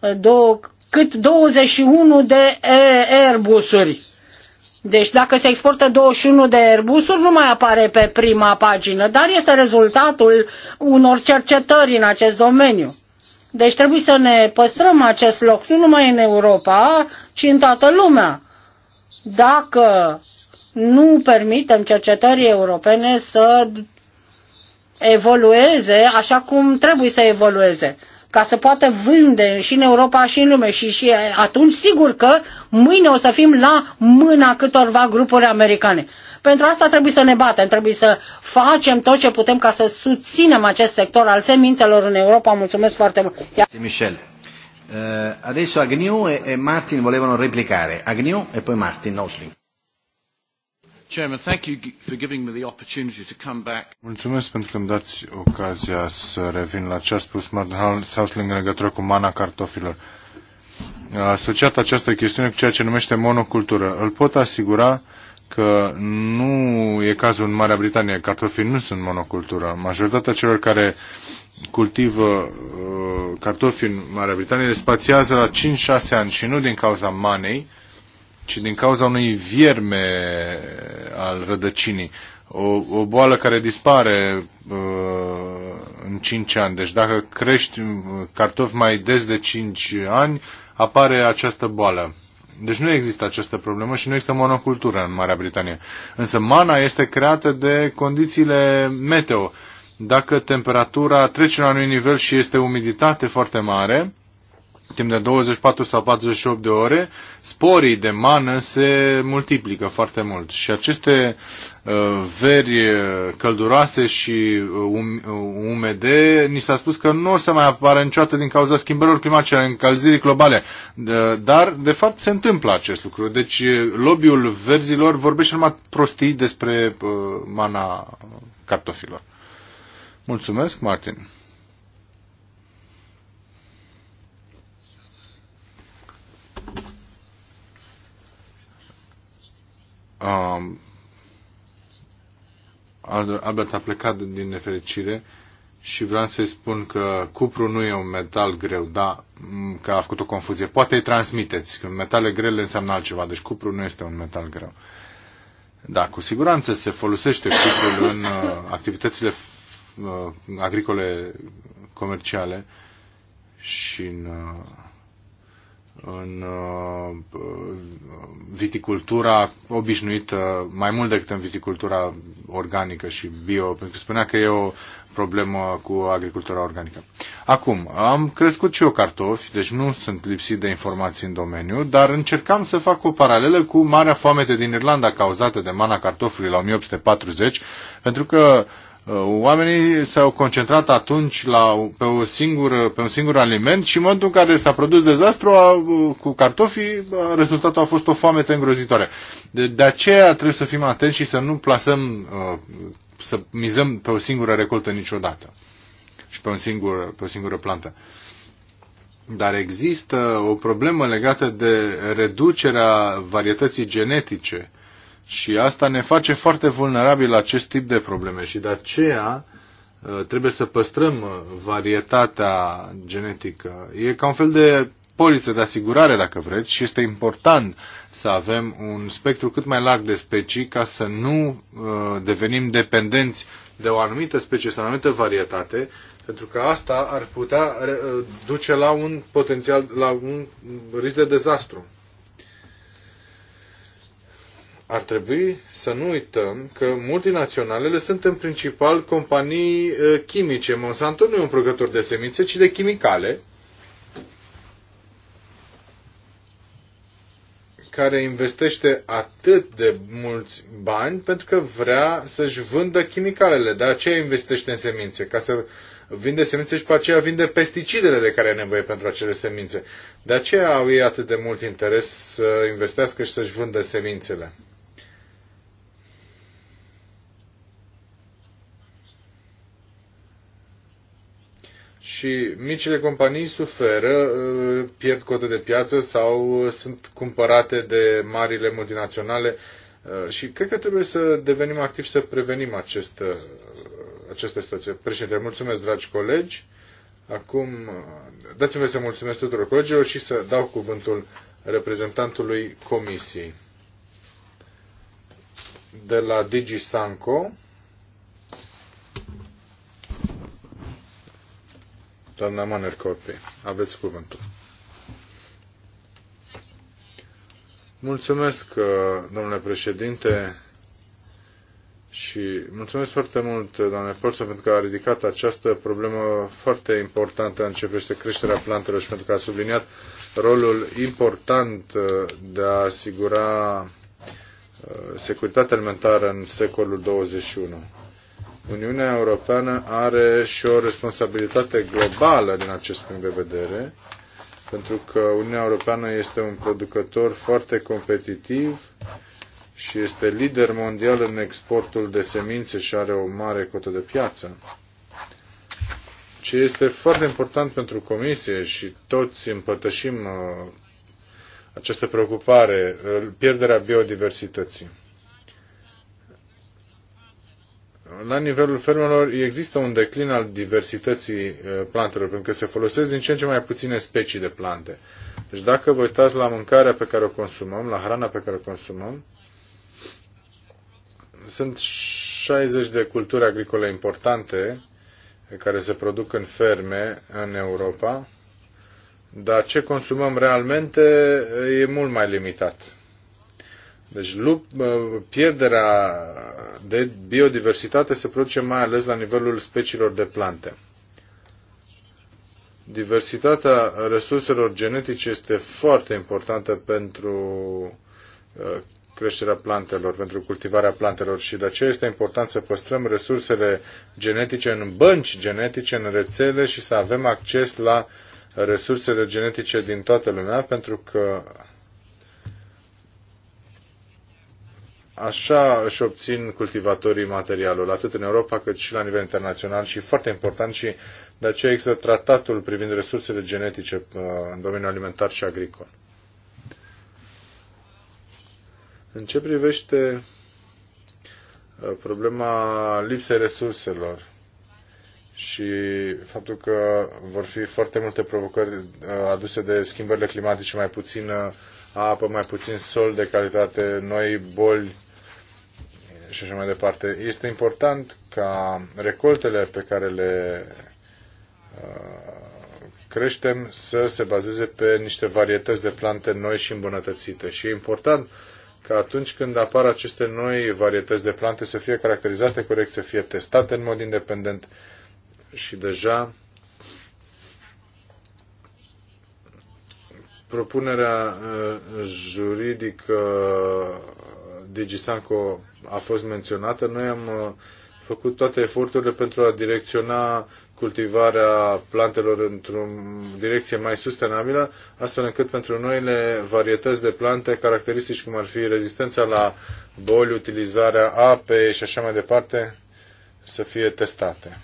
uh, două, cât 21 de eh, Airbusuri. Deci dacă se exportă 21 de Airbusuri, nu mai apare pe prima pagină, dar este rezultatul unor cercetări în acest domeniu. Deci trebuie să ne păstrăm acest loc, nu numai în Europa, ci în toată lumea. Dacă nu permitem cercetării europene să evolueze așa cum trebuie să evolueze ca să poată vânde și în Europa și în lume și, și atunci sigur că mâine o să fim la mâna câtorva grupuri americane. Pentru asta trebuie să ne batem, trebuie să facem tot ce putem ca să susținem acest sector al semințelor în Europa. Mulțumesc foarte mult. Michel. Uh, adesso Agnew e, e Martin volevano replicare. Agnew e poi Martin Osling. Chairman, thank you for giving me the opportunity to come back. Mulțumesc pentru că îmi dați ocazia să revin la ce a spus Martin în legătură cu mana cartofilor. A asociat această chestiune cu ceea ce numește monocultură. Îl pot asigura că nu e cazul în Marea Britanie. Cartofii nu sunt monocultură. Majoritatea celor care cultivă uh, cartofi în Marea Britanie le spațiază la 5-6 ani și nu din cauza manei, ci din cauza unui vierme al rădăcinii. O, o boală care dispare uh, în 5 ani. Deci dacă crești uh, cartofi mai des de 5 ani, apare această boală. Deci nu există această problemă și nu există monocultură în Marea Britanie. Însă mana este creată de condițiile meteo. Dacă temperatura trece la un nivel și este umiditate foarte mare, timp de 24 sau 48 de ore, sporii de mană se multiplică foarte mult. Și aceste uh, veri uh, călduroase și uh, um, umede, ni s-a spus că nu o să mai apară niciodată din cauza schimbărilor climatice, a încălzirii globale. Dar, de fapt, se întâmplă acest lucru. Deci, lobby-ul verzilor vorbește numai prostii despre mana cartofilor. Mulțumesc, Martin. um, Albert a plecat din nefericire și vreau să-i spun că cupru nu e un metal greu, dar mm, că a făcut o confuzie. Poate îi transmiteți, că metale grele înseamnă altceva, deci cupru nu este un metal greu. Da, cu siguranță se folosește cuprul în uh, activitățile uh, agricole comerciale și în uh, în uh, viticultura obișnuită, mai mult decât în viticultura organică și bio, pentru că spunea că e o problemă cu agricultura organică. Acum, am crescut și eu cartofi, deci nu sunt lipsit de informații în domeniu, dar încercam să fac o paralelă cu marea foamete din Irlanda cauzată de mana cartofului la 1840, pentru că uh, Uh, oamenii s-au concentrat atunci la, pe, o singură, pe un singur aliment și în momentul în care s-a produs dezastru a, uh, cu cartofii, uh, rezultatul a fost o foame îngrozitoare. De, de aceea trebuie să fim atenți și să nu plasăm, să mizăm pe o singură recoltă niciodată și pe, un singur, pe o singură plantă. Dar există o problemă legată de reducerea varietății genetice și asta ne face foarte vulnerabil la acest tip de probleme și de aceea uh, trebuie să păstrăm uh, varietatea genetică. E ca un fel de poliță de asigurare, dacă vreți, și este important să avem un spectru cât mai larg de specii ca să nu uh, devenim dependenți de o anumită specie sau o anumită varietate, pentru că asta ar putea duce la un potențial, la un risc de dezastru ar trebui să nu uităm că multinaționalele sunt în principal companii uh, chimice. Monsanto nu e un producător de semințe, ci de chimicale, care investește atât de mulți bani pentru că vrea să-și vândă chimicalele. De aceea investește în semințe, ca să vinde semințe și pe aceea vinde pesticidele de care are nevoie pentru acele semințe. De aceea au ei atât de mult interes să investească și să-și vândă semințele. și micile companii suferă, uh, pierd cote de piață sau sunt cumpărate de marile multinaționale uh, și cred că trebuie să devenim activi să prevenim acest, uh, aceste situații. Președinte, mulțumesc, dragi colegi. Acum, dați-mi să mulțumesc tuturor colegilor și să dau cuvântul reprezentantului Comisiei de la DigiSanco. Doamna Corpe, aveți cuvântul. Mulțumesc, uh, domnule președinte, și mulțumesc foarte mult, doamne Polson, pentru că a ridicat această problemă foarte importantă în ce privește creșterea plantelor și pentru că a subliniat rolul important uh, de a asigura uh, securitatea alimentară în secolul 21. Uniunea Europeană are și o responsabilitate globală din acest punct de vedere, pentru că Uniunea Europeană este un producător foarte competitiv și este lider mondial în exportul de semințe și are o mare cotă de piață. Ce este foarte important pentru Comisie și toți împărtășim uh, această preocupare, uh, pierderea biodiversității la nivelul fermelor există un declin al diversității uh, plantelor, pentru că se folosesc din ce în ce mai puține specii de plante. Deci dacă vă uitați la mâncarea pe care o consumăm, la hrana pe care o consumăm, sunt 60 de culturi agricole importante care se produc în ferme în Europa, dar ce consumăm realmente uh, e mult mai limitat. Deci uh, pierderea de biodiversitate se produce mai ales la nivelul speciilor de plante. Diversitatea resurselor genetice este foarte importantă pentru uh, creșterea plantelor, pentru cultivarea plantelor și de aceea este important să păstrăm resursele genetice în bănci genetice, în rețele și să avem acces la resursele genetice din toată lumea, pentru că Așa își obțin cultivatorii materialul, atât în Europa cât și la nivel internațional și foarte important și de aceea există tratatul privind resursele genetice uh, în domeniul alimentar și agricol. În ce privește uh, problema lipsei resurselor și faptul că vor fi foarte multe provocări uh, aduse de schimbările climatice, mai puțină apă, mai puțin sol de calitate, noi boli și așa mai departe. Este important ca recoltele pe care le uh, creștem să se bazeze pe niște varietăți de plante noi și îmbunătățite. Și e important că atunci când apar aceste noi varietăți de plante să fie caracterizate corect, să fie testate în mod independent și deja propunerea uh, juridică DigiSanco a fost menționată, noi am uh, făcut toate eforturile pentru a direcționa cultivarea plantelor într-o direcție mai sustenabilă, astfel încât pentru noile varietăți de plante, caracteristici cum ar fi rezistența la boli, utilizarea apei și așa mai departe, să fie testate.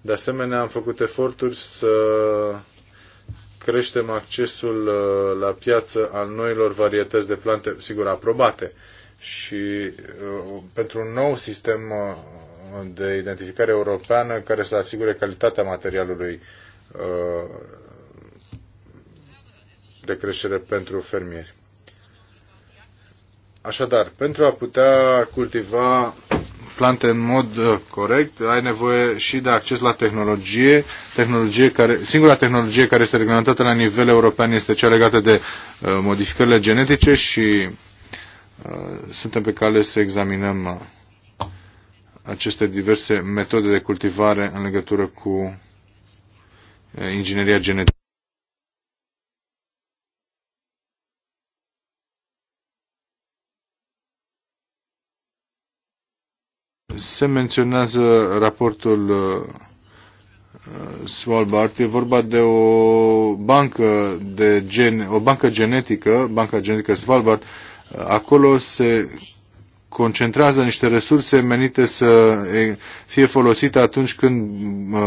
De asemenea, am făcut eforturi să creștem accesul uh, la piață al noilor varietăți de plante, sigur, aprobate. Și uh, pentru un nou sistem uh, de identificare europeană care să asigure calitatea materialului de creștere pentru fermieri. Așadar, pentru a putea cultiva plante în mod uh, corect, ai nevoie și de acces la tehnologie. tehnologie care, singura tehnologie care este reglementată la nivel european este cea legată de uh, modificările genetice și uh, suntem pe cale să examinăm aceste diverse metode de cultivare în legătură cu ingineria genetică. Se menționează raportul uh, Svalbard, e vorba de o bancă, de gen, o bancă genetică, banca genetică Svalbard, uh, acolo se concentrează niște resurse menite să fie folosite atunci când uh,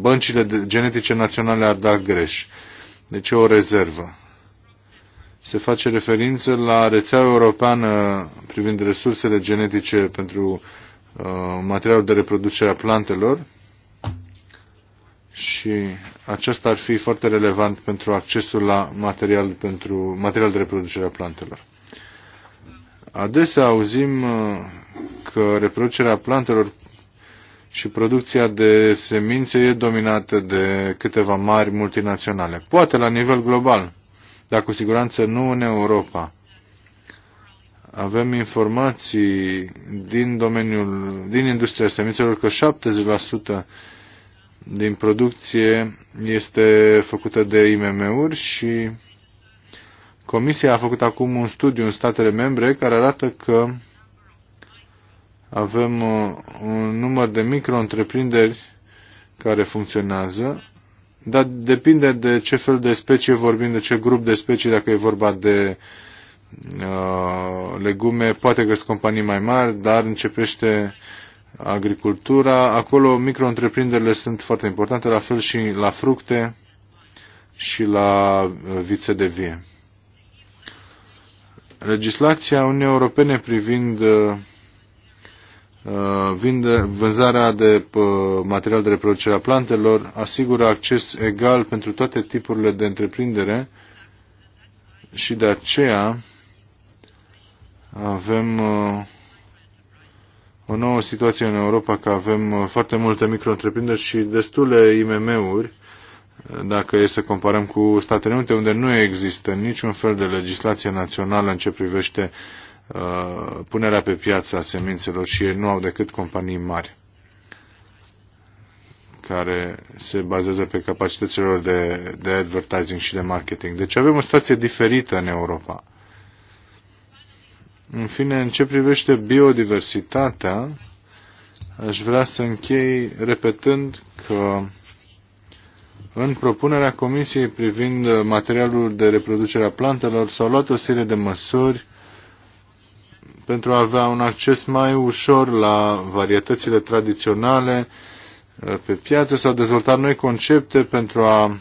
băncile genetice naționale ar da greș. Deci e o rezervă. Se face referință la rețeaua europeană privind resursele genetice pentru uh, Uh, materialul de reproducere a plantelor și acesta ar fi foarte relevant pentru accesul la material, pentru material de reproducere a plantelor. Adesea auzim uh, că reproducerea plantelor și producția de semințe e dominată de câteva mari multinaționale. Poate la nivel global, dar cu siguranță nu în Europa avem informații din domeniul, din industria semințelor că 70% din producție este făcută de IMM-uri și Comisia a făcut acum un studiu în statele membre care arată că avem uh, un număr de micro-întreprinderi care funcționează, dar depinde de ce fel de specie vorbim, de ce grup de specii, dacă e vorba de uh, Uh, legume, poate că sunt companii mai mari, dar începește agricultura. Acolo micro-întreprinderile sunt foarte importante, la fel și la fructe și la uh, vițe de vie. Legislația Uniunii Europene privind uh, vânzarea de material de reproducere a plantelor asigură acces egal pentru toate tipurile de întreprindere și de aceea avem uh, o nouă situație în Europa, că avem uh, foarte multe micro și destule IMM-uri, dacă e să comparăm cu Statele Unite, unde nu există niciun fel de legislație națională în ce privește uh, punerea pe piață a semințelor și ei nu au decât companii mari care se bazează pe capacitățile de, de advertising și de marketing. Deci avem o situație diferită în Europa. În fine, în ce privește biodiversitatea, aș vrea să închei repetând că în propunerea Comisiei privind materialul de reproducere a plantelor s-au luat o serie de măsuri pentru a avea un acces mai ușor la varietățile tradiționale pe piață. S-au dezvoltat noi concepte pentru a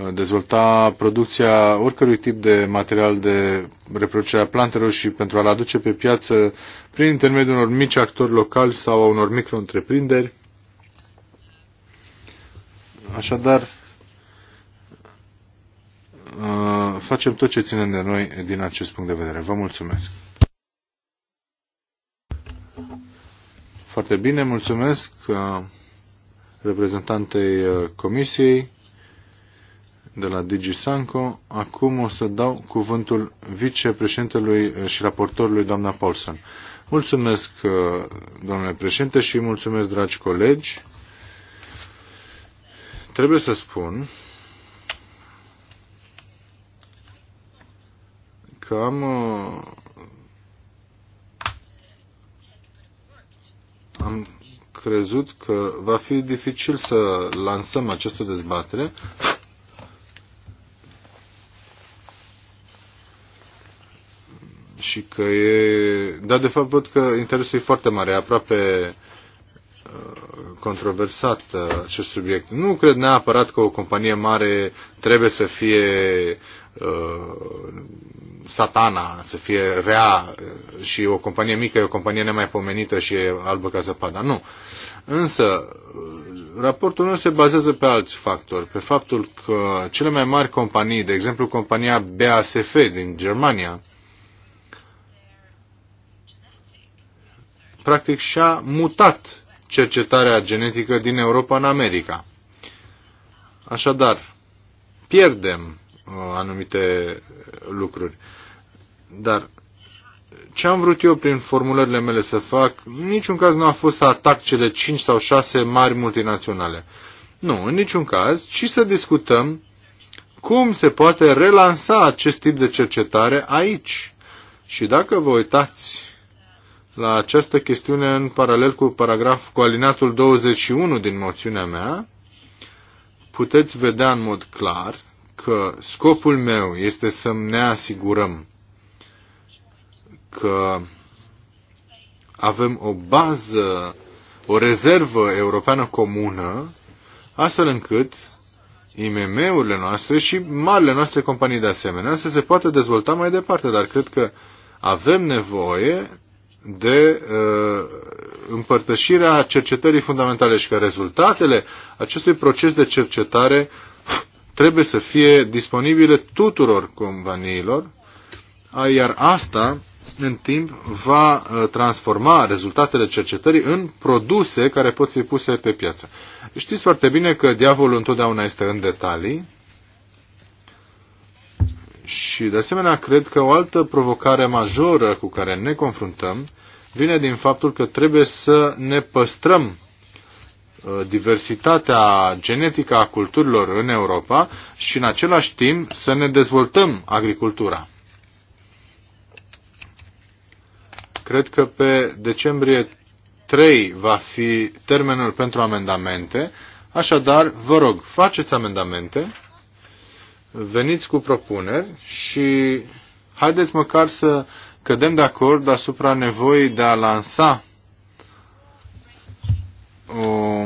Uh, dezvolta producția oricărui tip de material de reproducere a plantelor și pentru a-l aduce pe piață prin intermediul unor mici actori locali sau a unor micro-întreprinderi. Așadar, uh, facem tot ce ținem de noi din acest punct de vedere. Vă mulțumesc! Foarte bine, mulțumesc uh, reprezentantei Comisiei de la DigiSanco. Acum o să dau cuvântul vicepreședintelui și raportorului doamna Paulson. Mulțumesc, uh, domnule președinte, și mulțumesc, dragi colegi. Trebuie să spun că am uh, am crezut că va fi dificil să lansăm această dezbatere, și că e... Dar de fapt văd că interesul e foarte mare, e aproape uh, controversat uh, acest subiect. Nu cred neapărat că o companie mare trebuie să fie uh, satana, să fie rea uh, și o companie mică e o companie nemaipomenită și e albă ca zăpada. Nu. Însă, raportul nu se bazează pe alți factori, pe faptul că cele mai mari companii, de exemplu compania BASF din Germania, practic și-a mutat cercetarea genetică din Europa în America. Așadar, pierdem uh, anumite lucruri. Dar ce am vrut eu prin formulările mele să fac, în niciun caz nu a fost să atac cele 5 sau 6 mari multinaționale. Nu, în niciun caz, ci să discutăm cum se poate relansa acest tip de cercetare aici. Și dacă vă uitați la această chestiune în paralel cu paragraf cu alinatul 21 din moțiunea mea, puteți vedea în mod clar că scopul meu este să ne asigurăm că avem o bază, o rezervă europeană comună, astfel încât IMM-urile noastre și marile noastre companii de asemenea să se poată dezvolta mai departe, dar cred că avem nevoie de uh, împărtășirea cercetării fundamentale și că rezultatele acestui proces de cercetare trebuie să fie disponibile tuturor companiilor, iar asta în timp va uh, transforma rezultatele cercetării în produse care pot fi puse pe piață. Știți foarte bine că diavolul întotdeauna este în detalii și, de asemenea, cred că o altă provocare majoră cu care ne confruntăm vine din faptul că trebuie să ne păstrăm uh, diversitatea genetică a culturilor în Europa și în același timp să ne dezvoltăm agricultura. Cred că pe decembrie 3 va fi termenul pentru amendamente, așadar vă rog, faceți amendamente veniți cu propuneri și haideți măcar să cădem de acord asupra nevoii de a lansa o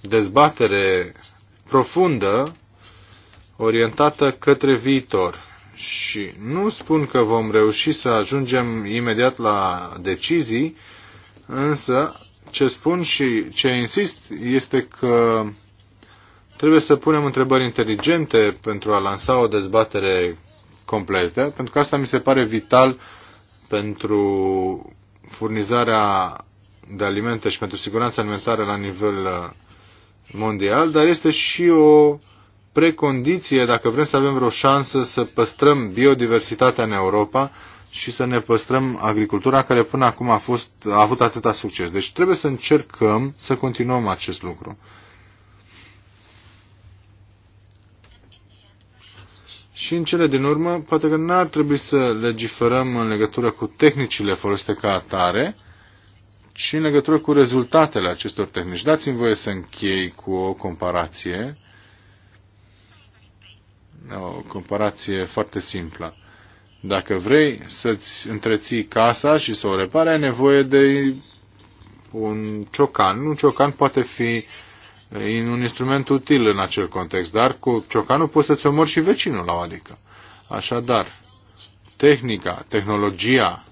dezbatere profundă orientată către viitor. Și nu spun că vom reuși să ajungem imediat la decizii, însă ce spun și ce insist este că Trebuie să punem întrebări inteligente pentru a lansa o dezbatere completă, pentru că asta mi se pare vital pentru furnizarea de alimente și pentru siguranța alimentară la nivel uh, mondial, dar este și o precondiție dacă vrem să avem vreo șansă să păstrăm biodiversitatea în Europa și să ne păstrăm agricultura care până acum a, fost, a avut atâta succes. Deci trebuie să încercăm să continuăm acest lucru. Și în cele din urmă, poate că n-ar trebui să legiferăm în legătură cu tehnicile folosite ca atare, ci în legătură cu rezultatele acestor tehnici. Dați-mi voie să închei cu o comparație, o comparație foarte simplă. Dacă vrei să-ți întreții casa și să o repare, ai nevoie de un ciocan. Un ciocan poate fi uh, E un instrument util în acel context, dar cu ciocanul poți să-ți omori și vecinul la o adică. Așadar, tehnica, tehnologia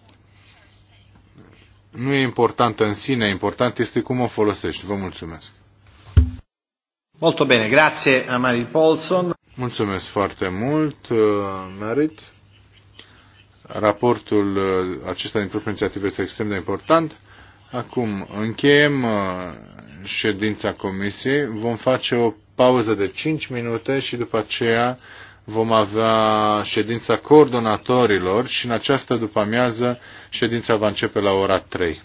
nu e importantă în sine, important este cum o folosești. Vă mulțumesc. Molto bene, grazie a Marit Paulson. Mulțumesc foarte mult, uh, Marit. Raportul uh, acesta din propria inițiativă este extrem de important. Acum încheiem uh, ședința comisiei. Vom face o pauză de 5 minute și după aceea vom avea ședința coordonatorilor și în această după amiază ședința va începe la ora 3.